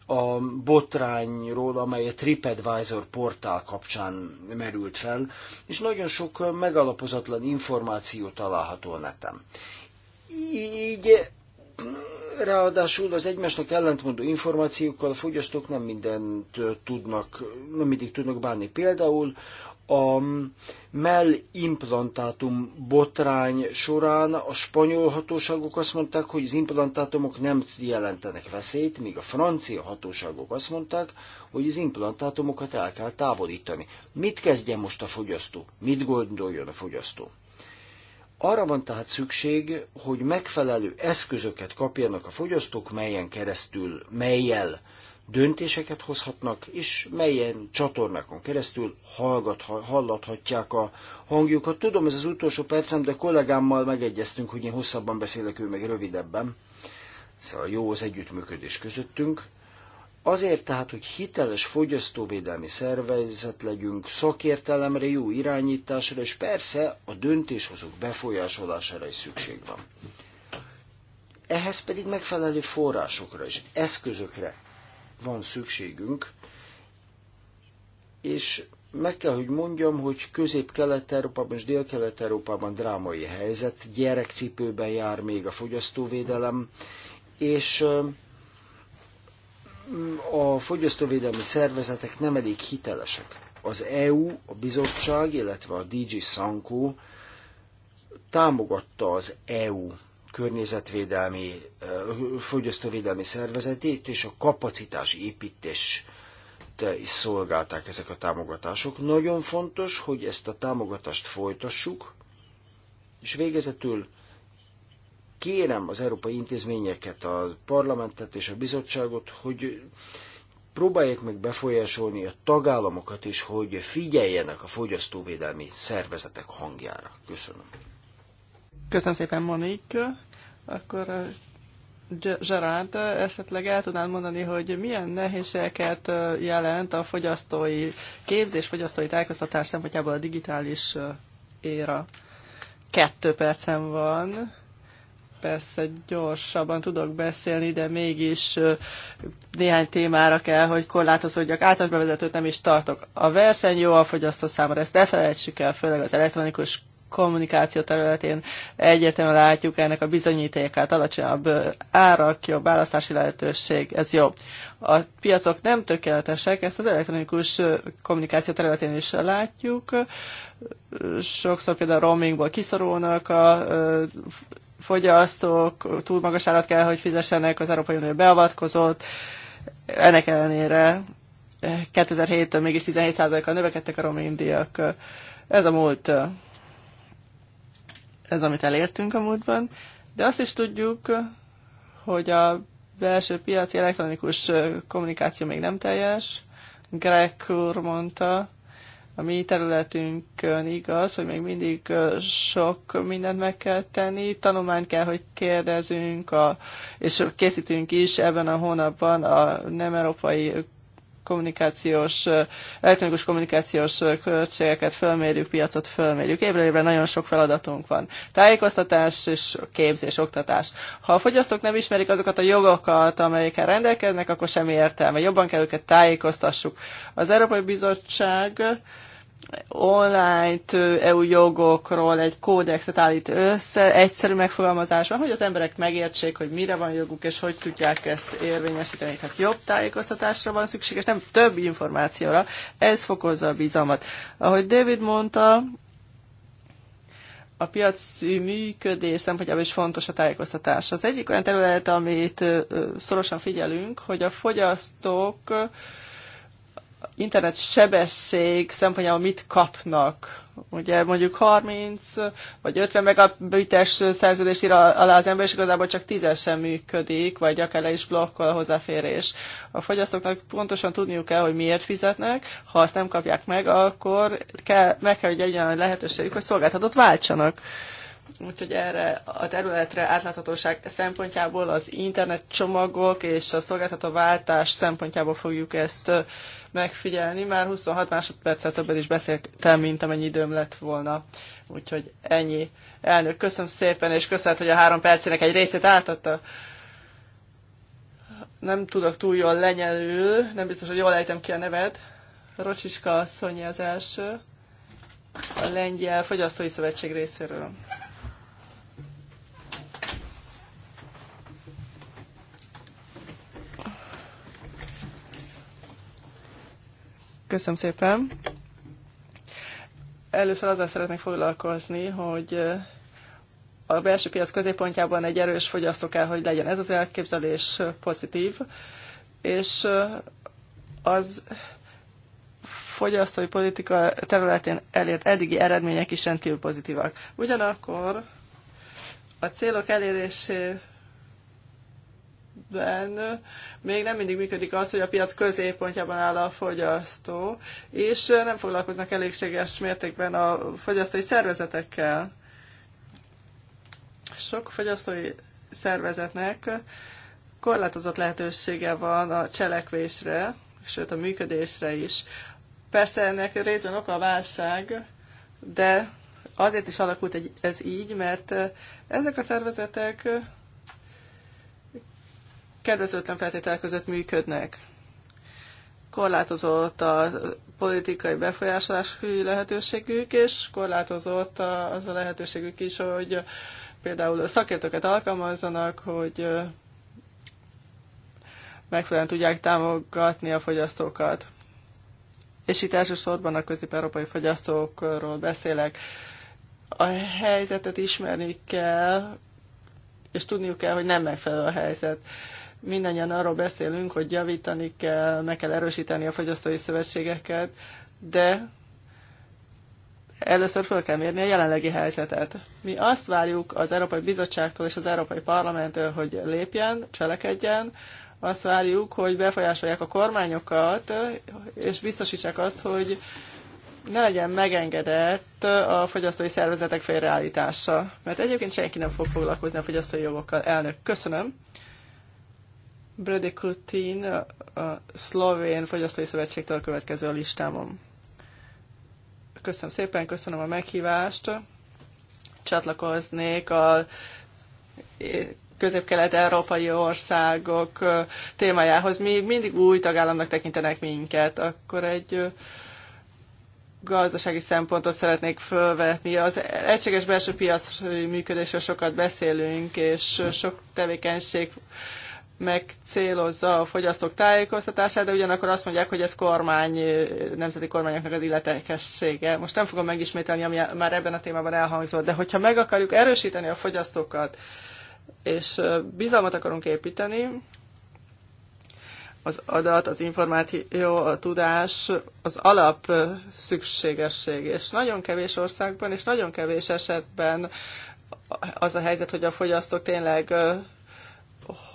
a botrányról, amely a TripAdvisor portál kapcsán merült fel, és nagyon sok megalapozatlan információ található a neten. Így ráadásul az egymásnak ellentmondó információkkal a fogyasztók nem mindent tudnak, nem mindig tudnak bánni. Például a mellimplantátum botrány során a spanyol hatóságok azt mondták, hogy az implantátumok nem jelentenek veszélyt, míg a francia hatóságok azt mondták, hogy az implantátumokat el kell távolítani. Mit kezdje most a fogyasztó? Mit gondoljon a fogyasztó? Arra van tehát szükség, hogy megfelelő eszközöket kapjanak a fogyasztók, melyen keresztül, melyel döntéseket hozhatnak, és melyen csatornákon keresztül hallgat, hallathatják a hangjukat. Tudom, ez az utolsó percem, de kollégámmal megegyeztünk, hogy én hosszabban beszélek, ő meg rövidebben. Szóval jó az együttműködés közöttünk. Azért tehát, hogy hiteles fogyasztóvédelmi szervezet legyünk, szakértelemre, jó irányításra, és persze a döntéshozók befolyásolására is szükség van. Ehhez pedig megfelelő forrásokra és eszközökre van szükségünk, és meg kell, hogy mondjam, hogy Közép-Kelet-Európában és Dél-Kelet-Európában drámai helyzet, gyerekcipőben jár még a fogyasztóvédelem, és a fogyasztóvédelmi szervezetek nem elég hitelesek. Az EU, a bizottság, illetve a DG Sanko támogatta az EU környezetvédelmi, fogyasztóvédelmi szervezetét és a kapacitás építés is szolgálták ezek a támogatások. Nagyon fontos, hogy ezt a támogatást folytassuk, és végezetül kérem az európai intézményeket, a parlamentet és a bizottságot, hogy próbálják meg befolyásolni a tagállamokat is, hogy figyeljenek a fogyasztóvédelmi szervezetek hangjára. Köszönöm. Köszönöm szépen, Monik akkor Gerard, esetleg el tudnád mondani, hogy milyen nehézségeket jelent a fogyasztói képzés, fogyasztói tájékoztatás szempontjából a digitális éra? Kettő percem van. Persze gyorsabban tudok beszélni, de mégis néhány témára kell, hogy korlátozódjak. Általános bevezetőt nem is tartok. A verseny jó a fogyasztó számára, ezt ne felejtsük el, főleg az elektronikus kommunikáció területén egyértelműen látjuk ennek a bizonyítékát, alacsonyabb árak, jobb választási lehetőség, ez jobb. A piacok nem tökéletesek, ezt az elektronikus kommunikáció területén is látjuk. Sokszor például roamingból kiszorulnak a fogyasztók, túl magas árat kell, hogy fizessenek, az Európai Unió beavatkozott, ennek ellenére 2007-től mégis 17%-kal növekedtek a roaming díjak. Ez a múlt ez, amit elértünk a múltban, de azt is tudjuk, hogy a belső piaci elektronikus kommunikáció még nem teljes. Greg úr mondta, a mi területünkön igaz, hogy még mindig sok mindent meg kell tenni. Tanulmányt kell, hogy kérdezünk, a, és készítünk is ebben a hónapban a nem európai kommunikációs, elektronikus kommunikációs költségeket fölmérjük, piacot fölmérjük. Évre évre nagyon sok feladatunk van. Tájékoztatás és képzés, oktatás. Ha a fogyasztók nem ismerik azokat a jogokat, amelyekkel rendelkeznek, akkor semmi értelme. Jobban kell őket tájékoztassuk. Az Európai Bizottság online EU jogokról egy kódexet állít össze, egyszerű megfogalmazásra, hogy az emberek megértsék, hogy mire van joguk, és hogy tudják ezt érvényesíteni. Tehát jobb tájékoztatásra van szükség, és nem több információra. Ez fokozza a bizalmat. Ahogy David mondta, a piaci működés szempontjából is fontos a tájékoztatás. Az egyik olyan terület, amit szorosan figyelünk, hogy a fogyasztók internet sebesség szempontjából mit kapnak? Ugye mondjuk 30 vagy 50 megabites szerződés ír alá az ember, és igazából csak 10 sem működik, vagy akár le is blokkol a hozzáférés. A fogyasztóknak pontosan tudniuk kell, hogy miért fizetnek, ha azt nem kapják meg, akkor kell, meg kell, hogy egy olyan lehetőségük, hogy szolgáltatót váltsanak. Úgyhogy erre a területre átláthatóság szempontjából az internet csomagok és a szolgáltató váltás szempontjából fogjuk ezt megfigyelni. Már 26 másodperccel többet is beszéltem, mint amennyi időm lett volna. Úgyhogy ennyi. Elnök, köszönöm szépen, és köszönhet, hogy a három percének egy részét átadta. Nem tudok túl jól lenyelül, nem biztos, hogy jól ejtem ki a nevet. Rocsiska asszony az első, a Lengyel Fogyasztói Szövetség részéről. Köszönöm szépen. Először azzal szeretnék foglalkozni, hogy a belső piac középpontjában egy erős fogyasztó kell, hogy legyen. Ez az elképzelés pozitív, és az fogyasztói politika területén elért eddigi eredmények is rendkívül pozitívak. Ugyanakkor a célok elérésé esetben még nem mindig működik az, hogy a piac középpontjában áll a fogyasztó, és nem foglalkoznak elégséges mértékben a fogyasztói szervezetekkel. Sok fogyasztói szervezetnek korlátozott lehetősége van a cselekvésre, sőt a működésre is. Persze ennek részben oka a válság, de azért is alakult ez így, mert ezek a szervezetek kedvezőtlen feltételek között működnek. Korlátozott a politikai befolyásolás lehetőségük, és korlátozott az a lehetőségük is, hogy például szakértőket alkalmazzanak, hogy megfelelően tudják támogatni a fogyasztókat. És itt elsősorban a közép-európai fogyasztókról beszélek. A helyzetet ismerni kell, és tudniuk kell, hogy nem megfelelő a helyzet. Mindannyian arról beszélünk, hogy javítani kell, meg kell erősíteni a fogyasztói szövetségeket, de először fel kell mérni a jelenlegi helyzetet. Mi azt várjuk az Európai Bizottságtól és az Európai Parlamenttől, hogy lépjen, cselekedjen, azt várjuk, hogy befolyásolják a kormányokat, és biztosítsák azt, hogy ne legyen megengedett a fogyasztói szervezetek félreállítása. Mert egyébként senki nem fog foglalkozni a fogyasztói jogokkal. Elnök, köszönöm. Brady Kutin, a Szlovén Fogyasztói Szövetségtől a következő a listámon. Köszönöm szépen, köszönöm a meghívást. Csatlakoznék a közép-kelet-európai országok témájához. Mi mindig új tagállamnak tekintenek minket. Akkor egy gazdasági szempontot szeretnék fölvetni. Az egységes belső piac működésről sokat beszélünk, és sok tevékenység megcélozza a fogyasztók tájékoztatását, de ugyanakkor azt mondják, hogy ez kormány, nemzeti kormányoknak az illetékessége. Most nem fogom megismételni, ami már ebben a témában elhangzott, de hogyha meg akarjuk erősíteni a fogyasztókat, és bizalmat akarunk építeni, az adat, az információ, a tudás az alap szükségesség. És nagyon kevés országban, és nagyon kevés esetben az a helyzet, hogy a fogyasztók tényleg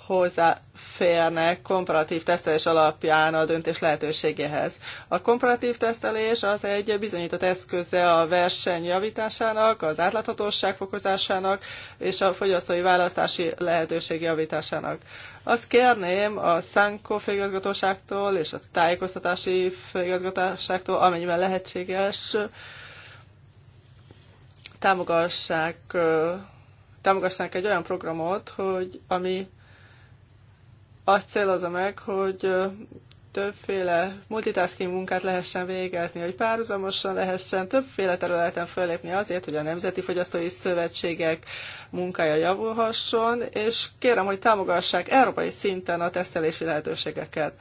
hozzáférnek komparatív tesztelés alapján a döntés lehetőségéhez. A komparatív tesztelés az egy bizonyított eszköze a verseny javításának, az átláthatóság fokozásának és a fogyasztói választási lehetőség javításának. Azt kérném a Szánkó főigazgatóságtól és a tájékoztatási főigazgatóságtól, amennyiben lehetséges, támogassák támogassák egy olyan programot, hogy ami azt célozza meg, hogy többféle multitasking munkát lehessen végezni, hogy párhuzamosan lehessen többféle területen fölépni azért, hogy a Nemzeti Fogyasztói Szövetségek munkája javulhasson, és kérem, hogy támogassák európai szinten a tesztelési lehetőségeket.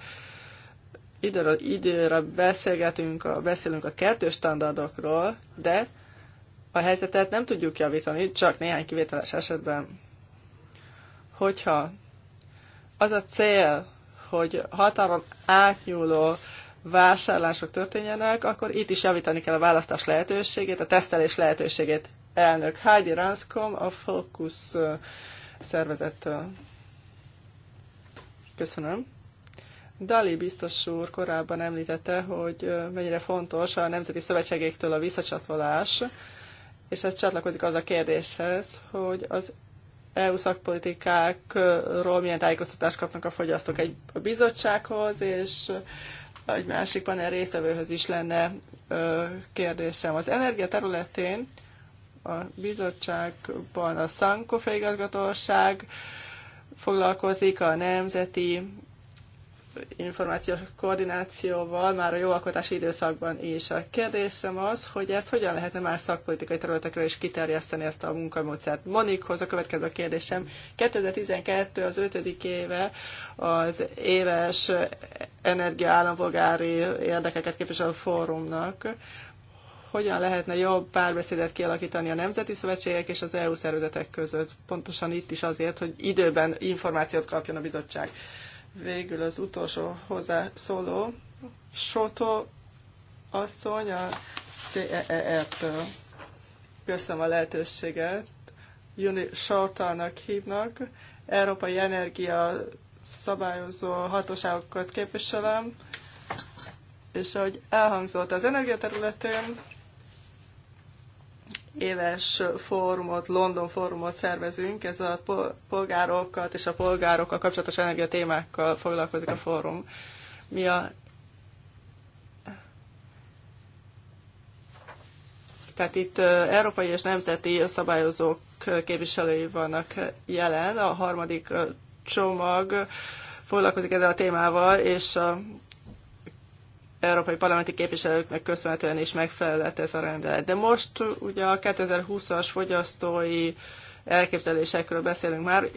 Időről időre beszélgetünk, beszélünk a kettős standardokról, de a helyzetet nem tudjuk javítani, csak néhány kivételes esetben. Hogyha az a cél, hogy határon átnyúló vásárlások történjenek, akkor itt is javítani kell a választás lehetőségét, a tesztelés lehetőségét. Elnök Heidi Ranskom, a Focus szervezettől. Köszönöm. Dali biztos úr korábban említette, hogy mennyire fontos a nemzeti szövetségektől a visszacsatolás, és ez csatlakozik az a kérdéshez, hogy az EU szakpolitikákról milyen tájékoztatást kapnak a fogyasztók egy a bizottsághoz, és egy másik panel részvevőhöz is lenne kérdésem. Az energia területén a bizottságban a Szankó foglalkozik a nemzeti információs koordinációval már a jogalkotási időszakban is. A kérdésem az, hogy ezt hogyan lehetne más szakpolitikai területekre is kiterjeszteni ezt a munkamódszert. Monikhoz a következő kérdésem. 2012 az ötödik éve az éves energiaállampolgári érdekeket képviselő fórumnak hogyan lehetne jobb párbeszédet kialakítani a nemzeti szövetségek és az EU szervezetek között, pontosan itt is azért, hogy időben információt kapjon a bizottság végül az utolsó hozzászóló, Soto asszony a CEER-től. Köszönöm a lehetőséget. Juni Sartalnak hívnak. Európai Energia szabályozó hatóságokat képviselem, és ahogy elhangzott az energiaterületén, éves fórumot, London fórumot szervezünk, ez a polgárokat és a polgárokkal kapcsolatos energia témákkal foglalkozik a fórum. Mi a Tehát itt európai és nemzeti szabályozók képviselői vannak jelen. A harmadik csomag foglalkozik ezzel a témával, és a európai parlamenti képviselőknek köszönhetően is megfelelett ez a rendelet. De most ugye a 2020-as fogyasztói elképzelésekről beszélünk már,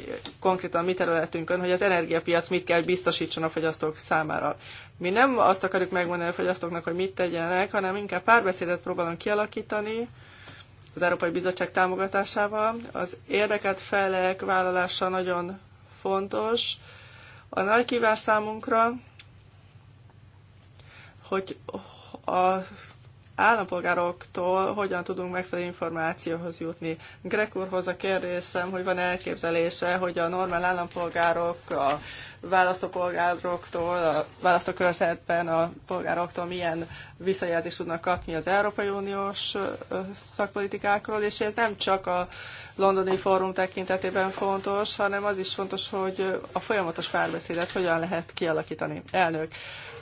konkrétan mi területünkön, hogy az energiapiac mit kell biztosítson a fogyasztók számára. Mi nem azt akarjuk megmondani a fogyasztóknak, hogy mit tegyenek, hanem inkább párbeszédet próbálunk kialakítani az Európai Bizottság támogatásával. Az érdeket felek vállalása nagyon fontos. A nagy kívás számunkra hogy a állampolgároktól hogyan tudunk megfelelő információhoz jutni. Grekurhoz a kérdésem, hogy van elképzelése, hogy a normál állampolgárok, a választópolgároktól, a választókörzetben a polgároktól milyen visszajelzést tudnak kapni az Európai Uniós szakpolitikákról, és ez nem csak a londoni fórum tekintetében fontos, hanem az is fontos, hogy a folyamatos párbeszédet hogyan lehet kialakítani. Elnök,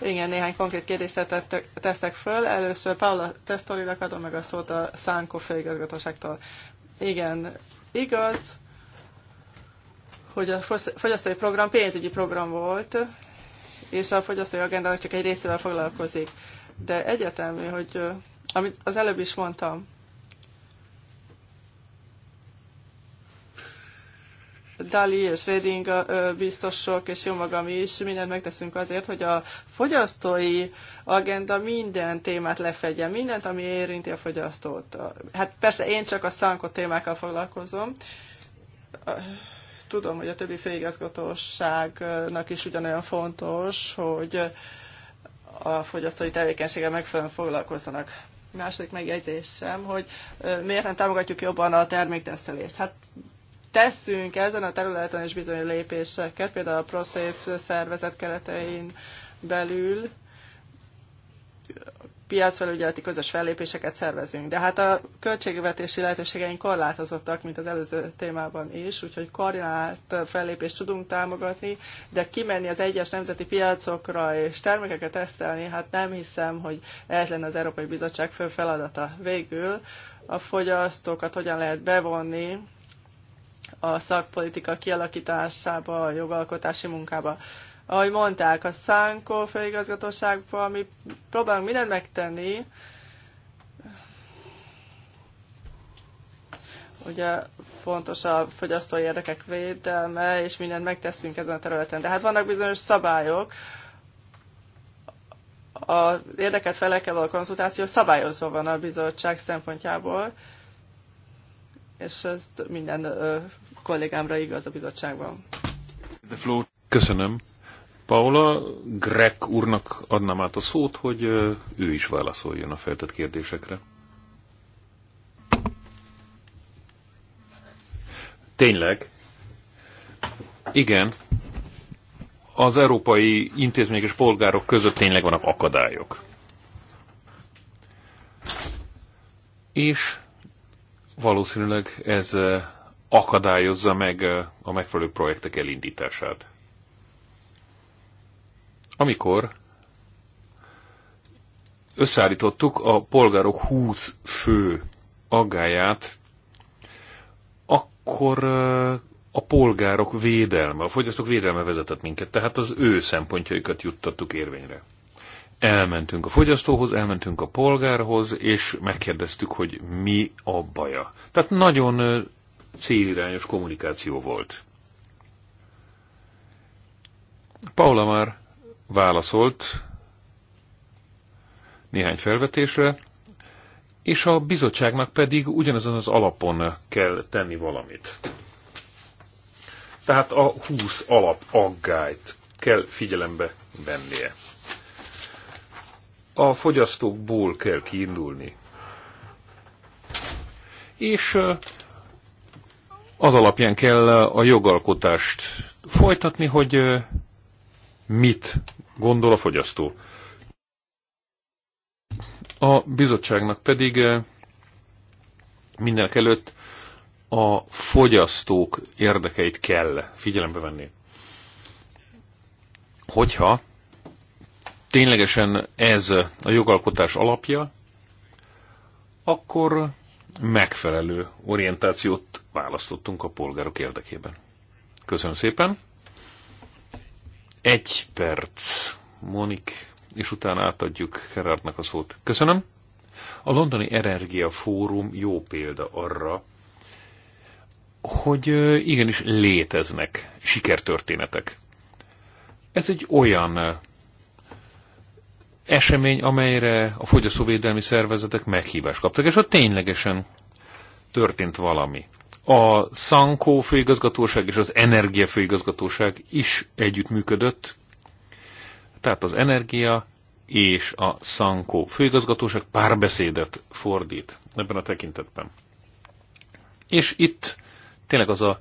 igen, néhány konkrét kérdést tesztek föl. Először Paula Testorinak adom meg a szót a Szánkó főigazgatóságtól. Igen, igaz, hogy a fogyasztói program pénzügyi program volt, és a fogyasztói agendának csak egy részével foglalkozik. De egyetemű, hogy amit az előbb is mondtam, Dali és Reding biztosok, és jó magam is, mindent megteszünk azért, hogy a fogyasztói agenda minden témát lefedje, mindent, ami érinti a fogyasztót. Hát persze én csak a szankó témákkal foglalkozom, tudom, hogy a többi főigazgatóságnak is ugyanolyan fontos, hogy a fogyasztói tevékenységgel megfelelően foglalkozzanak. Második megjegyzésem, hogy miért nem támogatjuk jobban a terméktesztelést. Hát teszünk ezen a területen is bizonyos lépéseket, például a ProSafe szervezet keretein belül piacfelügyeleti közös fellépéseket szervezünk. De hát a költségvetési lehetőségeink korlátozottak, mint az előző témában is, úgyhogy koordinált fellépést tudunk támogatni, de kimenni az egyes nemzeti piacokra és termékeket tesztelni, hát nem hiszem, hogy ez lenne az Európai Bizottság fő feladata. Végül a fogyasztókat hogyan lehet bevonni a szakpolitika kialakításába, a jogalkotási munkába. Ahogy mondták, a Szánkó főigazgatóságban ami próbálunk mindent megtenni, ugye fontos a fogyasztói érdekek védelme, és mindent megteszünk ezen a területen. De hát vannak bizonyos szabályok, a érdeket felekkel való konzultáció szabályozva van a bizottság szempontjából, és ezt minden ö, kollégámra igaz a bizottságban. Köszönöm. Paula, Greg úrnak adnám át a szót, hogy ő is válaszoljon a feltett kérdésekre. Tényleg? Igen. Az európai intézmények és polgárok között tényleg vannak akadályok. És valószínűleg ez akadályozza meg a megfelelő projektek elindítását amikor összeállítottuk a polgárok 20 fő aggáját, akkor a polgárok védelme, a fogyasztók védelme vezetett minket, tehát az ő szempontjaikat juttattuk érvényre. Elmentünk a fogyasztóhoz, elmentünk a polgárhoz, és megkérdeztük, hogy mi a baja. Tehát nagyon célirányos kommunikáció volt. Paula már válaszolt néhány felvetésre, és a bizottságnak pedig ugyanazon az alapon kell tenni valamit. Tehát a 20 alap aggályt kell figyelembe vennie. A fogyasztókból kell kiindulni. És az alapján kell a jogalkotást folytatni, hogy mit gondol a fogyasztó. A bizottságnak pedig eh, mindenek előtt a fogyasztók érdekeit kell figyelembe venni. Hogyha ténylegesen ez a jogalkotás alapja, akkor megfelelő orientációt választottunk a polgárok érdekében. Köszönöm szépen! Egy perc, Monik, és utána átadjuk Gerardnak a szót. Köszönöm. A Londoni Energia Fórum jó példa arra, hogy igenis léteznek sikertörténetek. Ez egy olyan esemény, amelyre a fogyasztóvédelmi szervezetek meghívást kaptak, és ott ténylegesen történt valami. A Szankó főigazgatóság és az Energia főigazgatóság is együttműködött, tehát az Energia és a Szankó főigazgatóság párbeszédet fordít ebben a tekintetben. És itt tényleg az a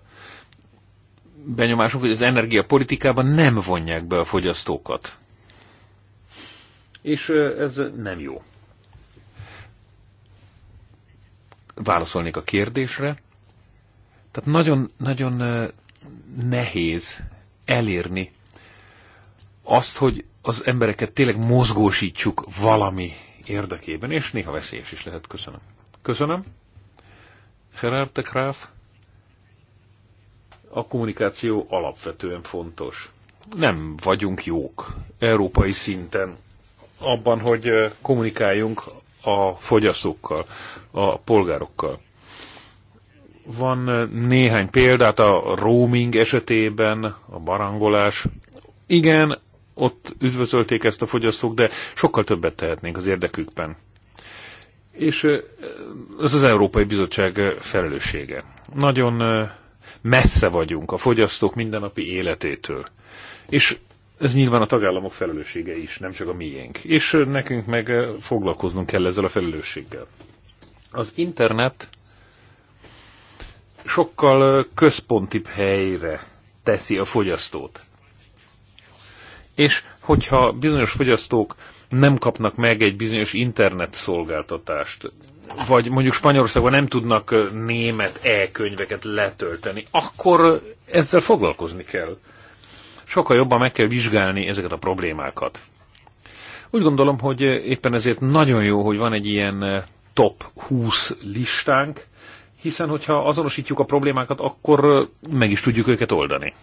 benyomásunk, hogy az energiapolitikában nem vonják be a fogyasztókat. És ez nem jó. Válaszolnék a kérdésre, tehát nagyon-nagyon nehéz elérni azt, hogy az embereket tényleg mozgósítsuk valami érdekében, és néha veszélyes is lehet. Köszönöm. Köszönöm. Gerard de Graaf. A kommunikáció alapvetően fontos. Nem vagyunk jók európai szinten abban, hogy kommunikáljunk a fogyasztókkal, a polgárokkal van néhány példát a roaming esetében, a barangolás. Igen, ott üdvözölték ezt a fogyasztók, de sokkal többet tehetnénk az érdekükben. És ez az Európai Bizottság felelőssége. Nagyon messze vagyunk a fogyasztók mindennapi életétől. És ez nyilván a tagállamok felelőssége is, nem csak a miénk. És nekünk meg foglalkoznunk kell ezzel a felelősséggel. Az internet sokkal központibb helyre teszi a fogyasztót. És hogyha bizonyos fogyasztók nem kapnak meg egy bizonyos internet szolgáltatást, vagy mondjuk Spanyolországban nem tudnak német e-könyveket letölteni, akkor ezzel foglalkozni kell. Sokkal jobban meg kell vizsgálni ezeket a problémákat. Úgy gondolom, hogy éppen ezért nagyon jó, hogy van egy ilyen top 20 listánk, hiszen hogyha azonosítjuk a problémákat, akkor meg is tudjuk őket oldani.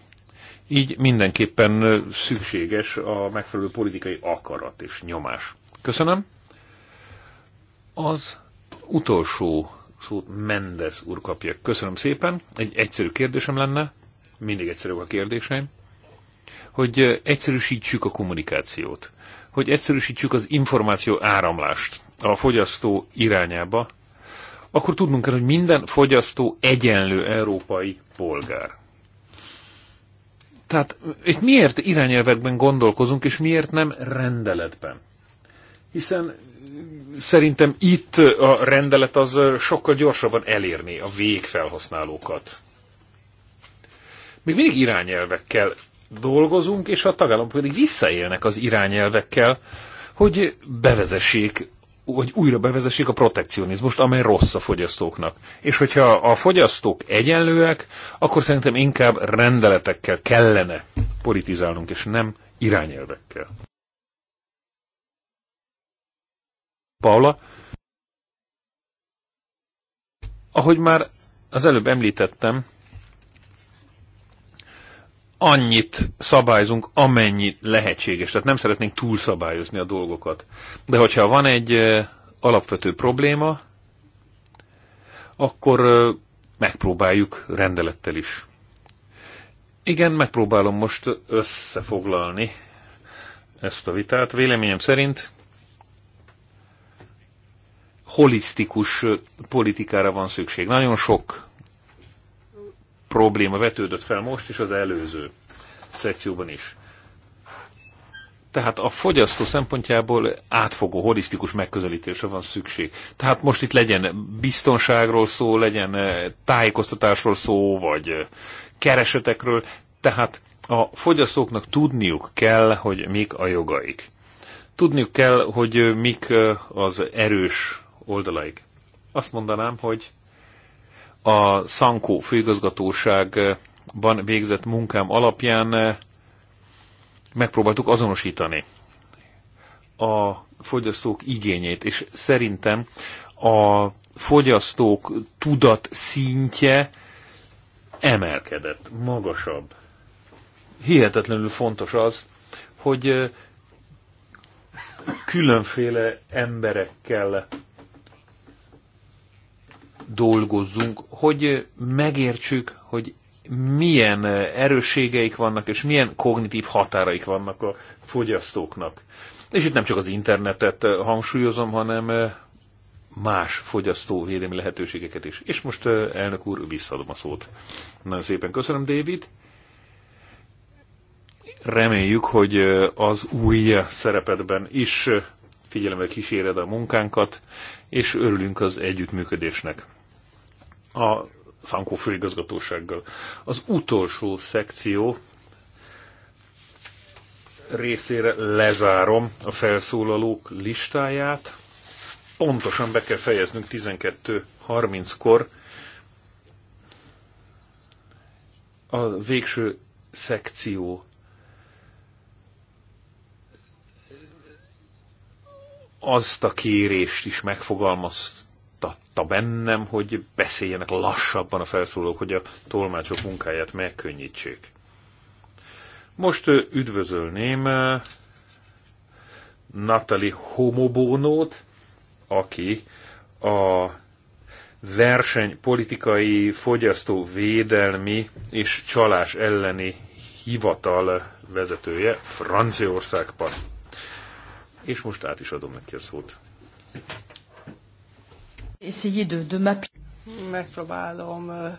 Így mindenképpen szükséges a megfelelő politikai akarat és nyomás. Köszönöm. Az utolsó szót Mendez úr kapja. Köszönöm szépen. Egy egyszerű kérdésem lenne, mindig egyszerűek a kérdéseim, hogy egyszerűsítsük a kommunikációt, hogy egyszerűsítsük az információ áramlást a fogyasztó irányába, akkor tudnunk kell, hogy minden fogyasztó egyenlő európai polgár. Tehát itt miért irányelvekben gondolkozunk, és miért nem rendeletben? Hiszen szerintem itt a rendelet az sokkal gyorsabban elérni a végfelhasználókat. Még mindig irányelvekkel dolgozunk, és a tagállamok pedig visszaélnek az irányelvekkel, hogy bevezessék hogy újra bevezessék a protekcionizmust, amely rossz a fogyasztóknak. És hogyha a fogyasztók egyenlőek, akkor szerintem inkább rendeletekkel kellene politizálnunk, és nem irányelvekkel. Paula, ahogy már az előbb említettem, annyit szabályzunk, amennyi lehetséges. Tehát nem szeretnénk túlszabályozni a dolgokat. De hogyha van egy alapvető probléma, akkor megpróbáljuk rendelettel is. Igen, megpróbálom most összefoglalni ezt a vitát. Véleményem szerint holisztikus politikára van szükség. Nagyon sok probléma vetődött fel most is az előző szekcióban is. Tehát a fogyasztó szempontjából átfogó, holisztikus megközelítésre van szükség. Tehát most itt legyen biztonságról szó, legyen eh, tájékoztatásról szó, vagy eh, keresetekről. Tehát a fogyasztóknak tudniuk kell, hogy mik a jogaik. Tudniuk kell, hogy eh, mik az erős oldalaik. Azt mondanám, hogy a Szankó főigazgatóságban végzett munkám alapján eh, megpróbáltuk azonosítani a fogyasztók igényét, és szerintem a fogyasztók tudat szintje emelkedett, magasabb. Hihetetlenül fontos az, hogy eh, különféle emberekkel dolgozzunk, hogy megértsük, hogy milyen erősségeik vannak, és milyen kognitív határaik vannak a fogyasztóknak. És itt nem csak az internetet hangsúlyozom, hanem más fogyasztóvédelmi lehetőségeket is. És most elnök úr, visszaadom a szót. Nagyon szépen köszönöm, David. Reméljük, hogy az új szerepedben is figyelembe kíséred a munkánkat, és örülünk az együttműködésnek a Szankó főigazgatósággal. Az utolsó szekció részére lezárom a felszólalók listáját. Pontosan be kell fejeznünk 12.30-kor a végső szekció azt a kérést is megfogalmazt hatta bennem, hogy beszéljenek lassabban a felszólók, hogy a tolmácsok munkáját megkönnyítsék. Most üdvözölném Natali Homobónót, aki a versenypolitikai, védelmi és csalás elleni hivatal vezetője Franciaországban. És most át is adom neki a szót. Essayer de, de Megpróbálom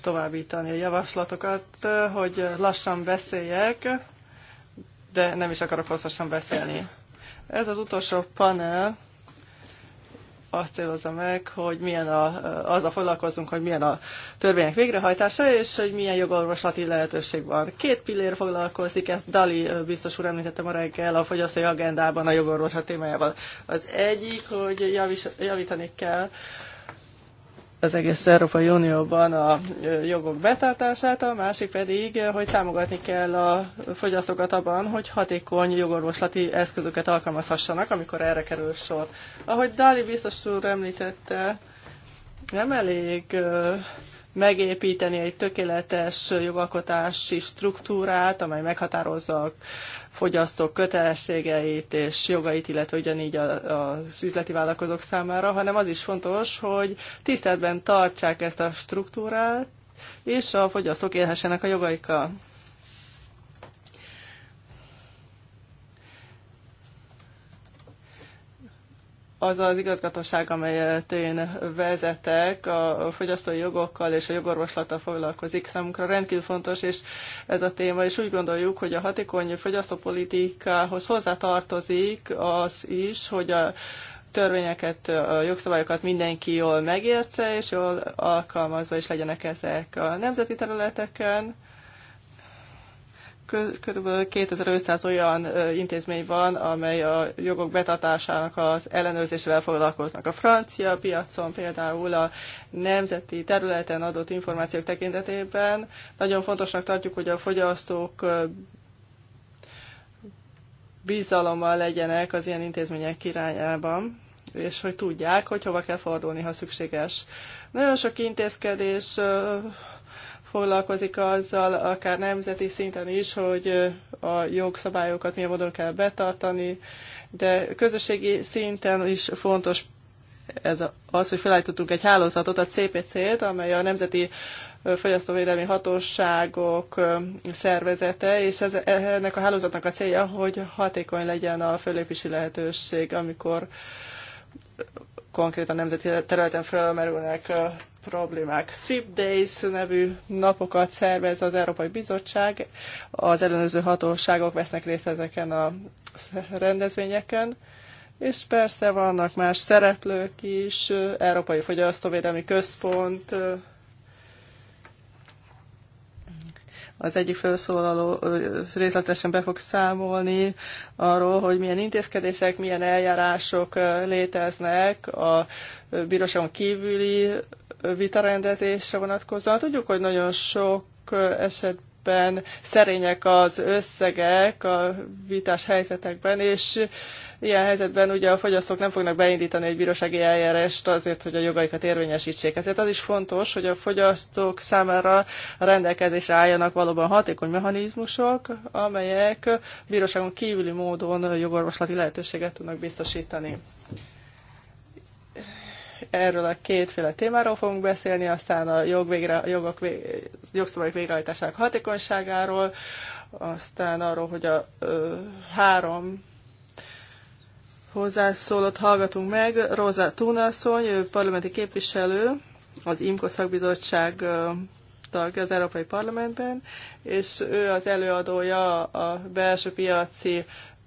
továbbítani a javaslatokat, hogy lassan beszéljek, de nem is akarok hosszasan beszélni. Ez az utolsó panel, azt célozza meg, hogy milyen a, azzal foglalkozunk, hogy milyen a törvények végrehajtása, és hogy milyen jogorvoslati lehetőség van. Két pillér foglalkozik, ezt Dali biztos úr említette ma reggel a fogyasztói agendában a jogorvoslat témájával. Az egyik, hogy javis, javítani kell az egész Európai Unióban a jogok betartását, a másik pedig, hogy támogatni kell a fogyasztókat abban, hogy hatékony jogorvoslati eszközöket alkalmazhassanak, amikor erre kerül sor. Ahogy Dali biztos úr említette, nem elég megépíteni egy tökéletes jogalkotási struktúrát, amely meghatározza fogyasztók kötelességeit és jogait, illetve ugyanígy az üzleti vállalkozók számára, hanem az is fontos, hogy tiszteletben tartsák ezt a struktúrát, és a fogyasztók élhessenek a jogaikkal. az az igazgatóság, amelyet én vezetek, a fogyasztói jogokkal és a jogorvoslattal foglalkozik számunkra rendkívül fontos, és ez a téma, és úgy gondoljuk, hogy a hatékony fogyasztópolitikához hozzátartozik az is, hogy a törvényeket, a jogszabályokat mindenki jól megértse, és jól alkalmazva is legyenek ezek a nemzeti területeken körülbelül 2500 olyan intézmény van, amely a jogok betartásának az ellenőrzésével foglalkoznak. A francia piacon például a nemzeti területen adott információk tekintetében nagyon fontosnak tartjuk, hogy a fogyasztók bizalommal legyenek az ilyen intézmények irányában, és hogy tudják, hogy hova kell fordulni, ha szükséges. Nagyon sok intézkedés foglalkozik azzal, akár nemzeti szinten is, hogy a jogszabályokat milyen módon kell betartani, de közösségi szinten is fontos ez az, hogy felállítottunk egy hálózatot, a CPC-t, amely a Nemzeti Fogyasztóvédelmi Hatóságok szervezete, és ez, e- ennek a hálózatnak a célja, hogy hatékony legyen a fölépési lehetőség, amikor konkrétan nemzeti területen felmerülnek problémák. Sweep Days nevű napokat szervez az Európai Bizottság, az ellenőrző hatóságok vesznek részt ezeken a rendezvényeken, és persze vannak más szereplők is, Európai Fogyasztóvédelmi Központ, az egyik felszólaló részletesen be fog számolni arról, hogy milyen intézkedések, milyen eljárások léteznek a bíróságon kívüli vitarendezésre vonatkozóan. Tudjuk, hogy nagyon sok esetben szerények az összegek a vitás helyzetekben, és ilyen helyzetben ugye a fogyasztók nem fognak beindítani egy bírósági eljárást azért, hogy a jogaikat érvényesítsék. Ezért az is fontos, hogy a fogyasztók számára rendelkezésre álljanak valóban hatékony mechanizmusok, amelyek bíróságon kívüli módon jogorvoslati lehetőséget tudnak biztosítani. Erről a kétféle témáról fogunk beszélni, aztán a jog végre, jogok vég, jogszabályok végrehajtásának hatékonyságáról, aztán arról, hogy a ö, három hozzászólót hallgatunk meg. Rosa Túnasszony, ő parlamenti képviselő, az IMKO szakbizottság tagja az Európai Parlamentben, és ő az előadója a belső piaci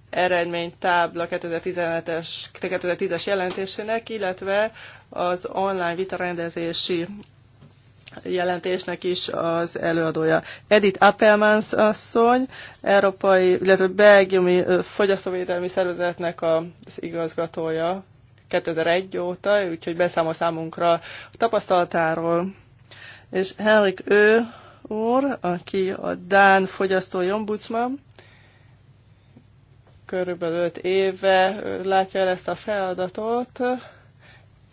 eredménytábla 2017-es, 2010-es jelentésének, illetve az online vitarendezési jelentésnek is az előadója. Edith Appelmans asszony, Európai, illetve Belgiumi Fogyasztóvédelmi Szervezetnek az igazgatója 2001 óta, úgyhogy beszámol számunkra a tapasztalatáról. És Henrik ő úr, aki a Dán fogyasztói ombudsman, körülbelül 5 éve látja el ezt a feladatot,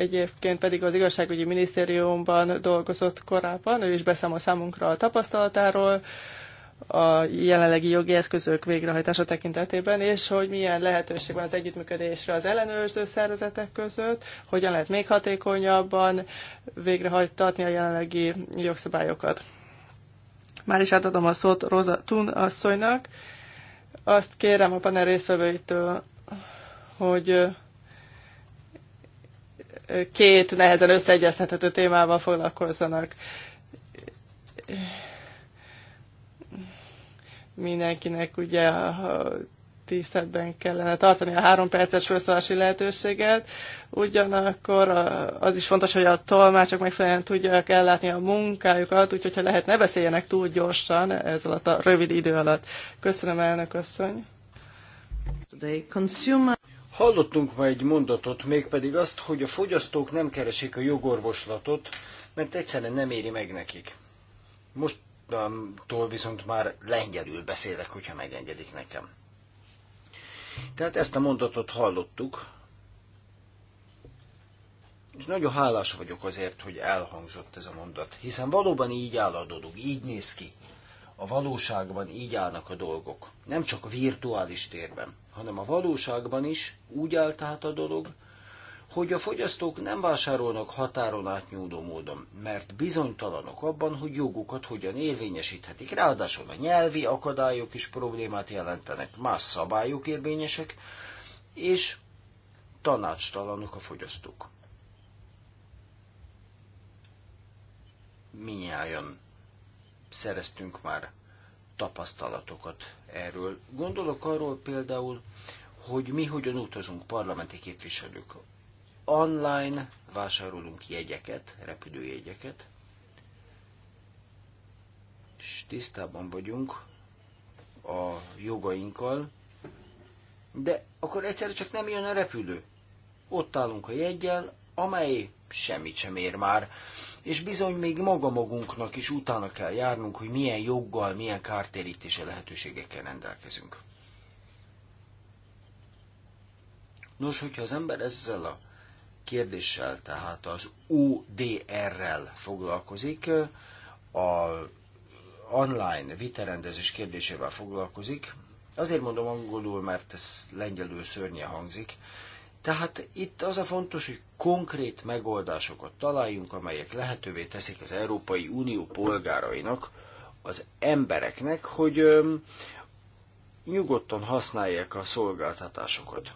egyébként pedig az igazságügyi minisztériumban dolgozott korábban, ő is beszámol számunkra a tapasztalatáról, a jelenlegi jogi eszközök végrehajtása tekintetében, és hogy milyen lehetőség van az együttműködésre az ellenőrző szervezetek között, hogyan lehet még hatékonyabban végrehajtatni a jelenlegi jogszabályokat. Már is átadom a szót Rosa Thun asszonynak. Azt kérem a panel résztvevőitől, hogy két nehezen összeegyeztethető témával foglalkozzanak. Mindenkinek ugye a tiszteletben kellene tartani a három perces felszólási lehetőséget. Ugyanakkor az is fontos, hogy a tolmácsok megfelelően tudják ellátni a munkájukat, úgyhogy ha lehet, ne beszéljenek túl gyorsan ez alatt a rövid idő alatt. Köszönöm, elnök asszony! Today, consumer... Hallottunk ma egy mondatot, mégpedig azt, hogy a fogyasztók nem keresik a jogorvoslatot, mert egyszerűen nem éri meg nekik. Mostantól viszont már lengyelül beszélek, hogyha megengedik nekem. Tehát ezt a mondatot hallottuk, és nagyon hálás vagyok azért, hogy elhangzott ez a mondat, hiszen valóban így áll a dolog, így néz ki. A valóságban így állnak a dolgok, nem csak a virtuális térben hanem a valóságban is úgy állt át a dolog, hogy a fogyasztók nem vásárolnak határon átnyúló módon, mert bizonytalanok abban, hogy jogukat hogyan érvényesíthetik. Ráadásul a nyelvi akadályok is problémát jelentenek, más szabályok érvényesek, és tanácstalanok a fogyasztók. Minnyáján szereztünk már tapasztalatokat erről. Gondolok arról például, hogy mi hogyan utazunk parlamenti képviselők. Online vásárolunk jegyeket, repülőjegyeket, és tisztában vagyunk a jogainkkal, de akkor egyszer csak nem jön a repülő. Ott állunk a jegyel, amely semmit sem ér már, és bizony még maga magunknak is utána kell járnunk, hogy milyen joggal, milyen kártérítése lehetőségekkel rendelkezünk. Nos, hogyha az ember ezzel a kérdéssel, tehát az ODR-rel foglalkozik, a online vitarendezés kérdésével foglalkozik, azért mondom angolul, mert ez lengyelül szörnyen hangzik, tehát itt az a fontos, hogy konkrét megoldásokat találjunk, amelyek lehetővé teszik az Európai Unió polgárainak, az embereknek, hogy öm, nyugodtan használják a szolgáltatásokat.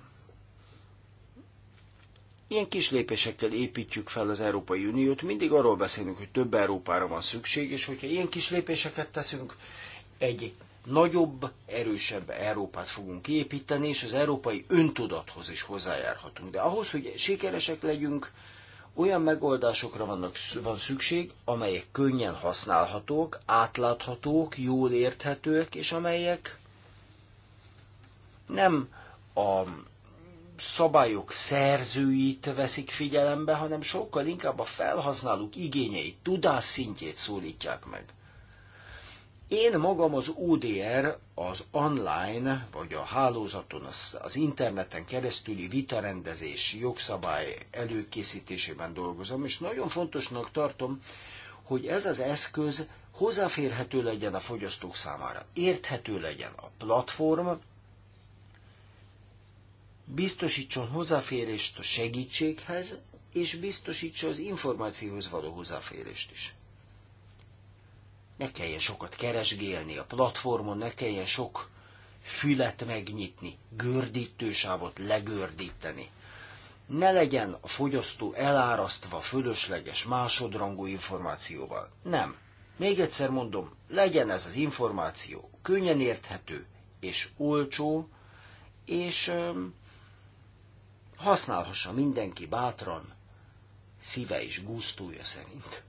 Ilyen kis lépésekkel építjük fel az Európai Uniót, mindig arról beszélünk, hogy több Európára van szükség, és hogyha ilyen kis lépéseket teszünk, egy nagyobb, erősebb Európát fogunk építeni, és az európai öntudathoz is hozzájárhatunk. De ahhoz, hogy sikeresek legyünk, olyan megoldásokra vannak, van szükség, amelyek könnyen használhatók, átláthatók, jól érthetők, és amelyek nem a szabályok szerzőit veszik figyelembe, hanem sokkal inkább a felhasználók igényeit, tudás szintjét szólítják meg. Én magam az UDR az online, vagy a hálózaton, az, az interneten keresztüli vitarendezés jogszabály előkészítésében dolgozom, és nagyon fontosnak tartom, hogy ez az eszköz hozzáférhető legyen a fogyasztók számára, érthető legyen a platform, biztosítson hozzáférést a segítséghez, és biztosítsa az információhoz való hozzáférést is ne kelljen sokat keresgélni a platformon, ne kelljen sok fület megnyitni, gördítősávot legördíteni. Ne legyen a fogyasztó elárasztva fölösleges másodrangú információval. Nem. Még egyszer mondom, legyen ez az információ könnyen érthető és olcsó, és öm, használhassa mindenki bátran, szíve és gusztúja szerint.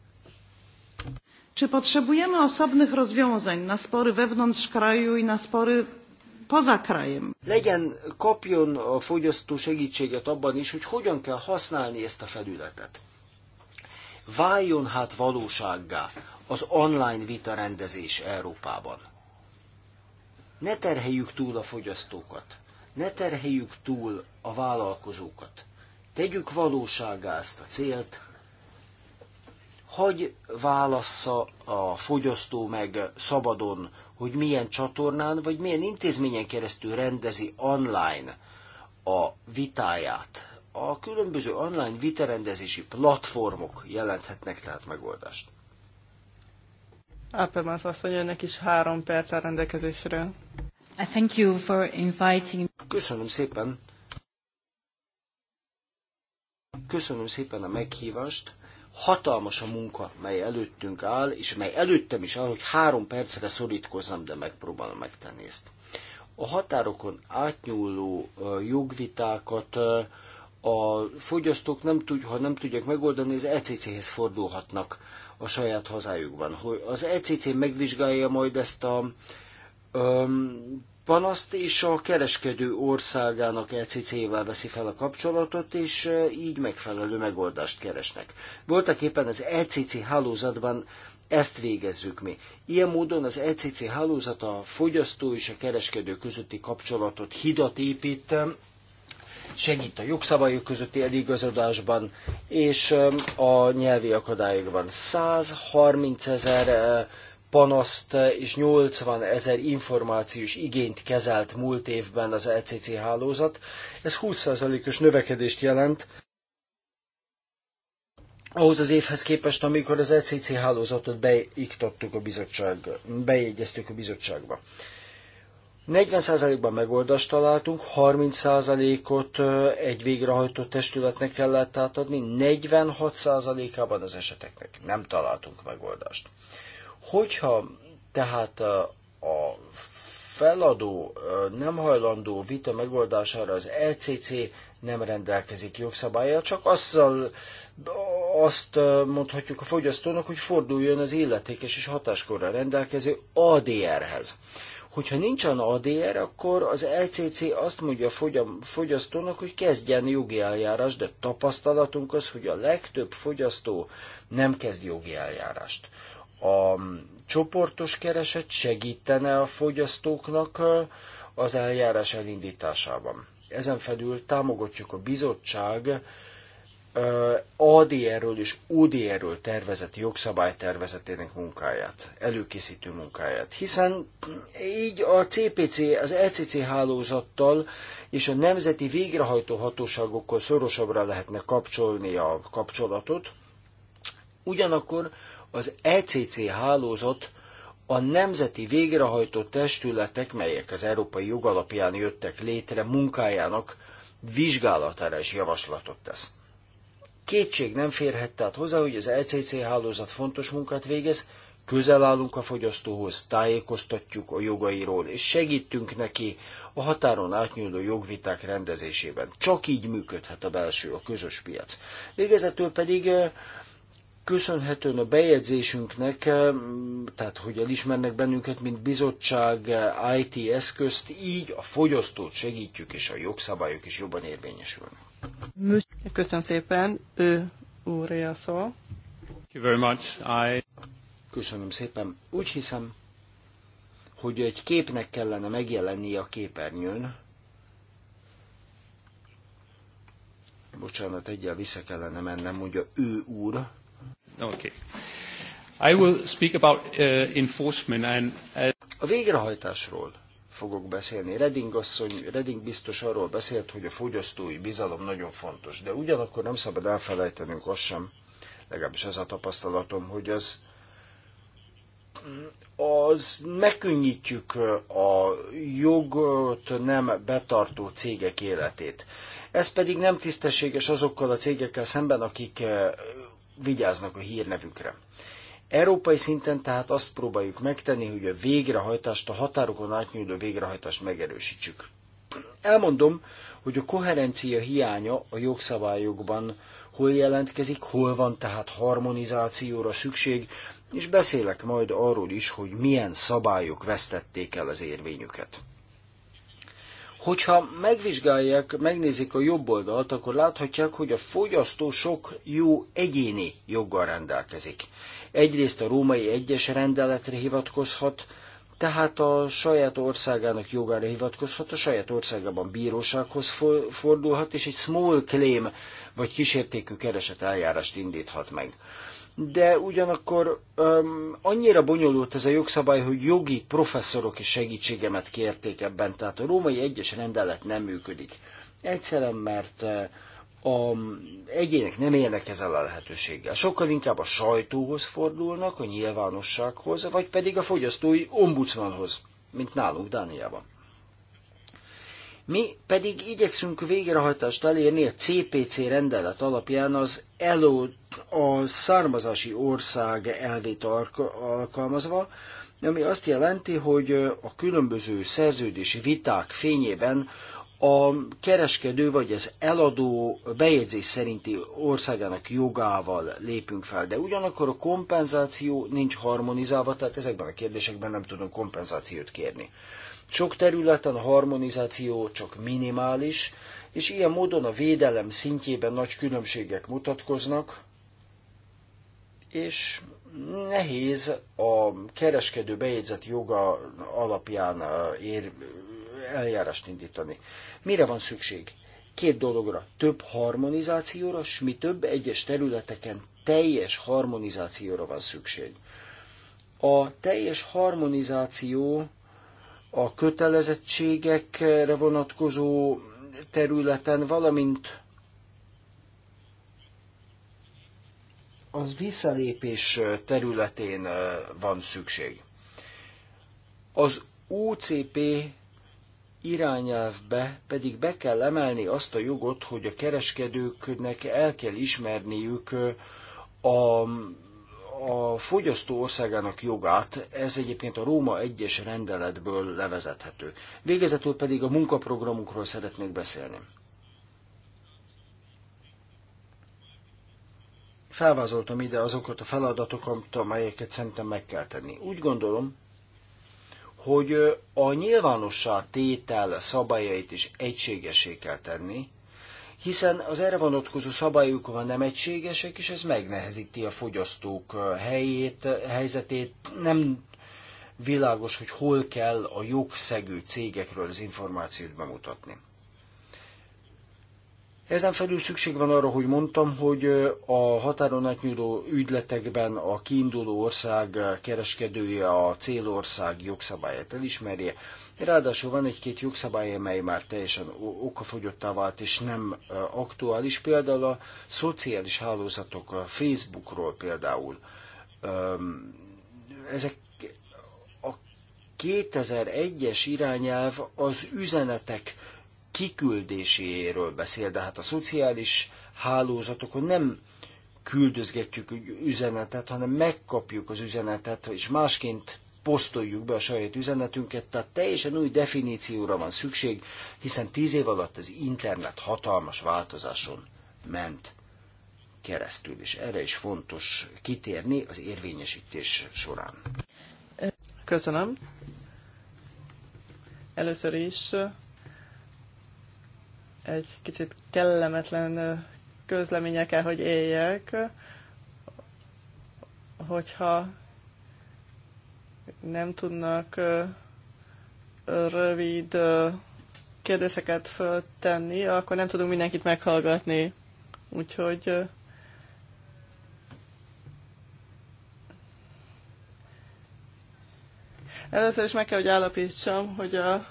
Czy potrzebujemy osobnych rozwiązań na spory wewnątrz kraju i na spory poza krajem? Legyen, kapjon a fogyasztó segítséget abban is, hogy hogyan kell használni ezt a felületet. Váljon hát valósággá az online vita rendezés Európában. Ne terheljük túl a fogyasztókat, ne terheljük túl a vállalkozókat. Tegyük valóságá ezt a célt, hogy válassza a fogyasztó meg szabadon, hogy milyen csatornán vagy milyen intézményen keresztül rendezi online a vitáját. A különböző online viterendezési platformok jelenthetnek tehát megoldást. Appelmans asszony, önnek is három perc a rendelkezésre. Thank you for inviting. Köszönöm szépen. Köszönöm szépen a meghívást Hatalmas a munka, mely előttünk áll, és mely előttem is áll, hogy három percre szorítkozzam, de megpróbálom megtenni ezt. A határokon átnyúló jogvitákat a fogyasztók nem tud, ha nem tudják megoldani, az ECC-hez fordulhatnak a saját hazájukban. Hogy az ECC megvizsgálja majd ezt a panaszt, és a kereskedő országának LCC-vel e veszi fel a kapcsolatot, és e, így megfelelő megoldást keresnek. Voltak éppen az LCC e hálózatban ezt végezzük mi. Ilyen módon az ECC hálózat a fogyasztó és a kereskedő közötti kapcsolatot hidat épít, segít a jogszabályok közötti eligazodásban és a nyelvi akadályokban. 130 ezer panaszt eh, és 80 ezer információs igényt kezelt múlt évben az LCC e hálózat. Ez 20%-os növekedést jelent ahhoz az évhez képest, amikor az LCC e hálózatot beiktattuk a bizottság, bejegyeztük a bizottságba. 40%-ban megoldást találtunk, 30%-ot eh, egy végrehajtó testületnek kellett átadni, 46%-ában az eseteknek nem találtunk megoldást. Hogyha tehát a feladó nem hajlandó vita megoldására az LCC e nem rendelkezik jogszabálya, csak azzal azt mondhatjuk a fogyasztónak, hogy forduljon az illetékes és hatáskorra rendelkező ADR-hez. Hogyha nincsen ADR, akkor az LCC e azt mondja a fogyasztónak, hogy kezdjen jogi eljárás, de tapasztalatunk az, hogy a legtöbb fogyasztó nem kezd jogi eljárást a csoportos kereset segítene a fogyasztóknak az eljárás elindításában. Ezen felül támogatjuk a bizottság ADR-ről és ODR-ről tervezett jogszabálytervezetének munkáját, előkészítő munkáját. Hiszen így a CPC, az ECC hálózattal és a nemzeti végrehajtó hatóságokkal szorosabbra lehetne kapcsolni a kapcsolatot, ugyanakkor az ECC hálózat a nemzeti végrehajtó testületek, melyek az európai jog alapján jöttek létre munkájának vizsgálatára is javaslatot tesz. Kétség nem férhet tehát hozzá, hogy az ECC hálózat fontos munkát végez, közel állunk a fogyasztóhoz, tájékoztatjuk a jogairól, és segítünk neki a határon átnyúló jogviták rendezésében. Csak így működhet a belső, a közös piac. Végezetül pedig eh, köszönhetően a bejegyzésünknek, eh, tehát hogy elismernek bennünket, mint bizottság eh, IT eszközt, így a fogyasztót segítjük, és a jogszabályok is jobban érvényesülnek. Köszönöm szépen, ő very much. szó. Köszönöm szépen. Úgy hiszem, hogy egy képnek kellene megjelenni a képernyőn. Bocsánat, egyel vissza kellene mennem, mondja ő úr. Okay. I will speak about uh, enforcement and... Uh... A végrehajtásról fogok beszélni. Reding, asszony, Redding biztos arról beszélt, hogy a fogyasztói bizalom nagyon fontos, de ugyanakkor nem szabad elfelejtenünk azt sem, legalábbis ez a tapasztalatom, hogy az az megkönnyítjük a jogot nem betartó cégek életét. Ez pedig nem tisztességes azokkal a cégekkel szemben, akik vigyáznak a hírnevükre. Európai szinten tehát azt próbáljuk megtenni, hogy a végrehajtást, a határokon átnyúló végrehajtást megerősítsük. Elmondom, hogy a koherencia hiánya a jogszabályokban hol jelentkezik, hol van tehát harmonizációra szükség, és beszélek majd arról is, hogy milyen szabályok vesztették el az érvényüket. Hogyha megvizsgálják, megnézik a jobb oldalt, akkor láthatják, hogy a fogyasztó sok jó egyéni joggal rendelkezik. Egyrészt a római egyes rendeletre hivatkozhat, tehát a saját országának jogára hivatkozhat, a saját országában bírósághoz fordulhat, és egy small claim vagy kísértékű kereset eljárást indíthat meg de ugyanakkor um, annyira bonyolult ez a jogszabály, hogy jogi professzorok is segítségemet kérték ebben, tehát a római egyes rendelet nem működik. Egyszerűen, mert a egyének nem élnek ezzel a lehetőséggel. Sokkal inkább a sajtóhoz fordulnak, a nyilvánossághoz, vagy pedig a fogyasztói ombudsmanhoz, mint nálunk Dániában. Mi pedig igyekszünk végrehajtást elérni a CPC rendelet alapján az elő a származási ország elvét alkalmazva, ami azt jelenti, hogy a különböző szerződési viták fényében a kereskedő vagy az eladó bejegyzés szerinti országának jogával lépünk fel, de ugyanakkor a kompenzáció nincs harmonizálva, tehát ezekben a kérdésekben nem tudunk kompenzációt kérni. Sok területen a harmonizáció csak minimális, és ilyen módon a védelem szintjében nagy különbségek mutatkoznak, és nehéz a kereskedő bejegyzett joga alapján ér, eljárást indítani. Mire van szükség? Két dologra. Több harmonizációra, s mi több egyes területeken teljes harmonizációra van szükség. A teljes harmonizáció a kötelezettségekre vonatkozó területen, valamint a visszalépés területén van szükség. Az OCP irányelvbe pedig be kell emelni azt a jogot, hogy a kereskedőknek el kell ismerniük a a fogyasztó országának jogát, ez egyébként a Róma egyes es rendeletből levezethető. Végezetül pedig a munkaprogramunkról szeretnék beszélni. Felvázoltam ide azokat a feladatokat, amelyeket szerintem meg kell tenni. Úgy gondolom, hogy a nyilvánossá tétel szabályait is egységesé kell tenni, hiszen az erre vonatkozó szabályok van nem egységesek, és ez megnehezíti a fogyasztók helyét, helyzetét. Nem világos, hogy hol kell a jogszegő cégekről az információt bemutatni. Ezen felül szükség van arra, hogy mondtam, hogy a határon átnyúló ügyletekben a kiinduló ország kereskedője a célország jogszabályát elismerje, Ráadásul van egy-két jogszabály, amely már teljesen okafogyottá vált, és nem aktuális. Például a szociális hálózatok, a Facebookról például. Ezek a 2001-es irányelv az üzenetek kiküldéséről beszél, de hát a szociális hálózatokon nem küldözgetjük üzenetet, hanem megkapjuk az üzenetet, és másként posztoljuk be a saját üzenetünket, tehát teljesen új definícióra van szükség, hiszen tíz év alatt az internet hatalmas változáson ment keresztül, és erre is fontos kitérni az érvényesítés során. Köszönöm. Először is egy kicsit kellemetlen közleményekkel, hogy éljek, hogyha nem tudnak rövid kérdéseket föltenni, akkor nem tudunk mindenkit meghallgatni. Úgyhogy Először is meg kell, hogy állapítsam, hogy a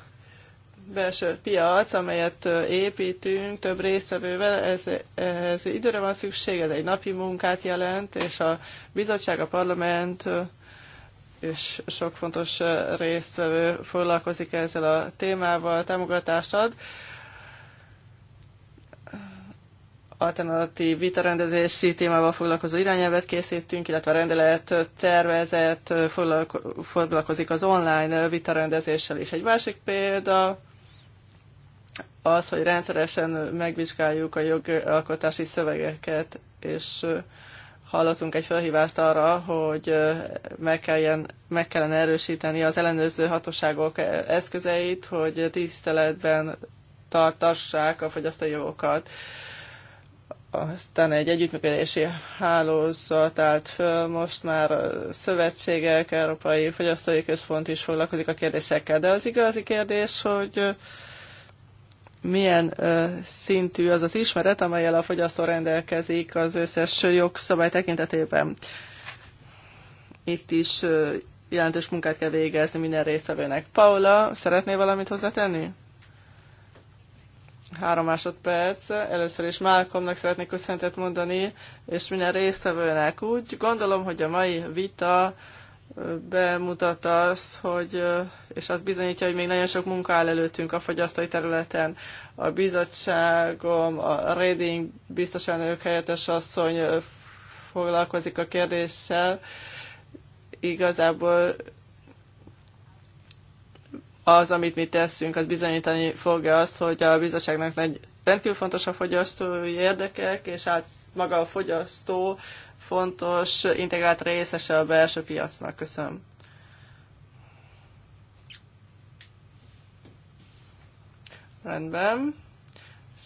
belső piac, amelyet építünk több résztvevővel, ez, ez időre van szükség, ez egy napi munkát jelent, és a bizottság, a parlament, és sok fontos résztvevő foglalkozik ezzel a témával, támogatást ad. Alternatív vitarendezési témával foglalkozó irányelvet készítünk, illetve a rendelet tervezett foglalkozik az online vitarendezéssel is. Egy másik példa az, hogy rendszeresen megvizsgáljuk a jogalkotási szövegeket, és hallottunk egy felhívást arra, hogy meg, kelljen, meg kellene erősíteni az ellenőrző hatóságok eszközeit, hogy tiszteletben tartassák a fogyasztói jogokat. Aztán egy együttműködési hálózat állt föl, most már a szövetségek, Európai Fogyasztói Központ is foglalkozik a kérdésekkel, de az igazi kérdés, hogy milyen ö, szintű az az ismeret, amelyel a fogyasztó rendelkezik az összes jogszabály tekintetében. Itt is ö, jelentős munkát kell végezni minden résztvevőnek. Paula, szeretné valamit hozzátenni? Három másodperc. Először is Malcolmnak szeretnék köszöntet mondani, és minden résztvevőnek. Úgy gondolom, hogy a mai vita bemutatta azt, hogy, és azt bizonyítja, hogy még nagyon sok munka áll előttünk a fogyasztói területen. A bizottságom, a reading biztos elnök helyettes asszony foglalkozik a kérdéssel. Igazából az, amit mi teszünk, az bizonyítani fogja azt, hogy a bizottságnak nagy, rendkívül fontos a fogyasztói érdekek, és hát maga a fogyasztó fontos integrált részese a belső piacnak. Köszönöm. Rendben.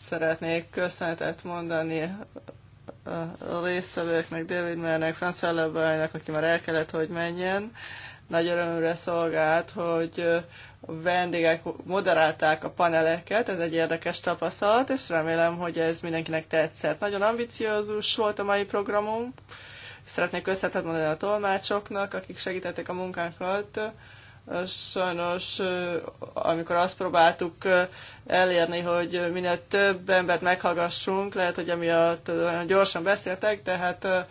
Szeretnék köszönetet mondani a részvevőknek, David Mernek, Franz hellebein aki már el kellett, hogy menjen. Nagy örömre szolgált, hogy vendégek moderálták a paneleket, ez egy érdekes tapasztalat, és remélem, hogy ez mindenkinek tetszett. Nagyon ambiciózus volt a mai programunk, szeretnék összetett mondani a tolmácsoknak, akik segítettek a munkánkat. Sajnos, amikor azt próbáltuk elérni, hogy minél több embert meghallgassunk, lehet, hogy emiatt nagyon gyorsan beszéltek, tehát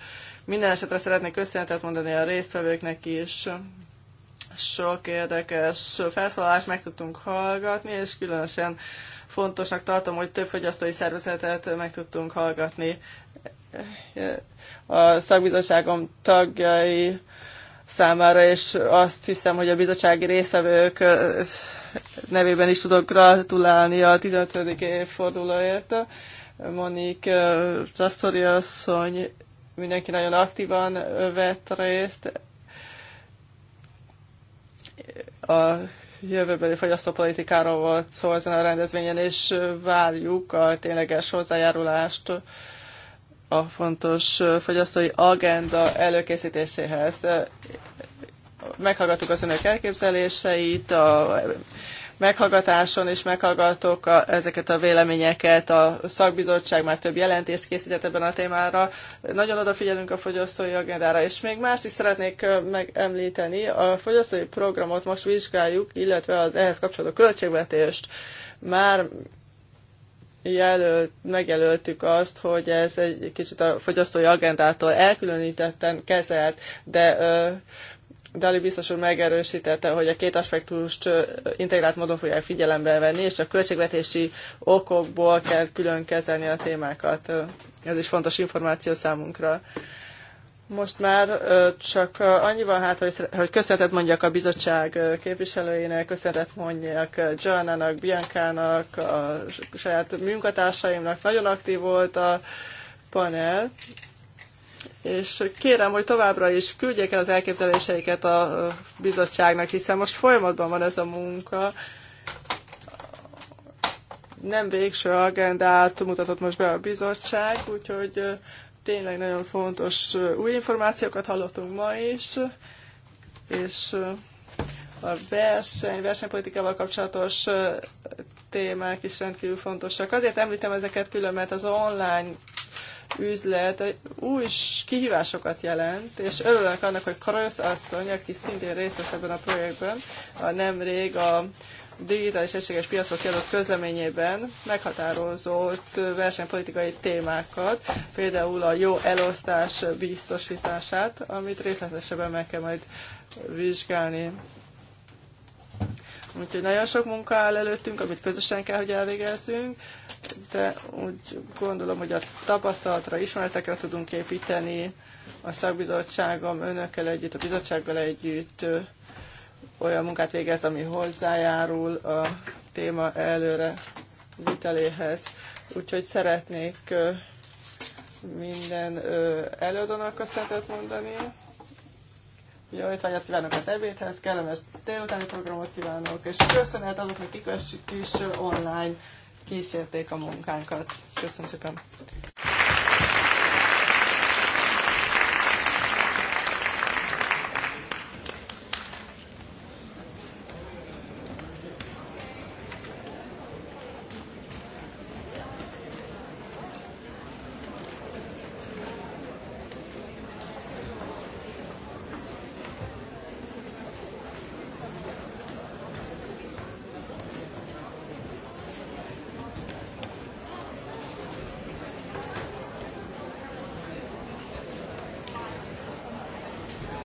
minden esetre szeretnék köszönetet mondani a résztvevőknek is sok érdekes felszólalást meg tudtunk hallgatni, és különösen fontosnak tartom, hogy több fogyasztói szervezetet meg tudtunk hallgatni. A szakbizottságom tagjai számára, és azt hiszem, hogy a bizottsági részevők nevében is tudok gratulálni a 15. évfordulóért. Monik eh, Rastori asszony mindenki nagyon aktívan vett részt a jövőbeli fogyasztópolitikáról volt szó ezen a rendezvényen, és várjuk a tényleges hozzájárulást a fontos fogyasztói agenda előkészítéséhez. Meghallgattuk az önök elképzeléseit, a meghallgatáson is meghallgattuk a, ezeket a véleményeket. A szakbizottság már több jelentést készített ebben a témára. Nagyon odafigyelünk a fogyasztói agendára, és még mást is szeretnék megemlíteni. A fogyasztói programot most vizsgáljuk, illetve az ehhez kapcsolódó költségvetést. Már jelölt, megjelöltük azt, hogy ez egy kicsit a fogyasztói agendától elkülönítetten kezelt, de ö, Dali biztos úr megerősítette, hogy a két aspektust integrált módon fogják figyelembe venni, és a költségvetési okokból kell külön kezelni a témákat. Ez is fontos információ számunkra. Most már csak annyi van hátra, hogy köszönetet mondjak a bizottság képviselőinek, köszönetet mondjak Joannának, Biancának, a saját munkatársaimnak. Nagyon aktív volt a panel, és kérem, hogy továbbra is küldjék el az elképzeléseiket a bizottságnak, hiszen most folyamatban van ez a munka. Nem végső agendát mutatott most be a bizottság, úgyhogy tényleg nagyon fontos új információkat hallottunk ma is, és a verseny, versenypolitikával kapcsolatos témák is rendkívül fontosak. Azért említem ezeket külön, mert az online üzlet új kihívásokat jelent, és örülök annak, hogy Karolsz asszony, aki szintén részt vesz ebben a projektben, a nemrég a digitális egységes piacok kiadott közleményében meghatározott versenypolitikai témákat, például a jó elosztás biztosítását, amit részletesebben meg kell majd vizsgálni. Úgyhogy nagyon sok munka áll előttünk, amit közösen kell, hogy elvégezzünk, de úgy gondolom, hogy a tapasztalatra, ismeretekre tudunk építeni, a szakbizottságom önökkel együtt, a bizottsággal együtt olyan munkát végez, ami hozzájárul a téma előre viteléhez. Úgyhogy szeretnék minden előadónak köszönetet mondani. Jó étvágyat kívánok az ebédhez, kellemes délutáni programot kívánok, és köszönet azoknak, akik is online kísérték a munkánkat. Köszönöm szépen!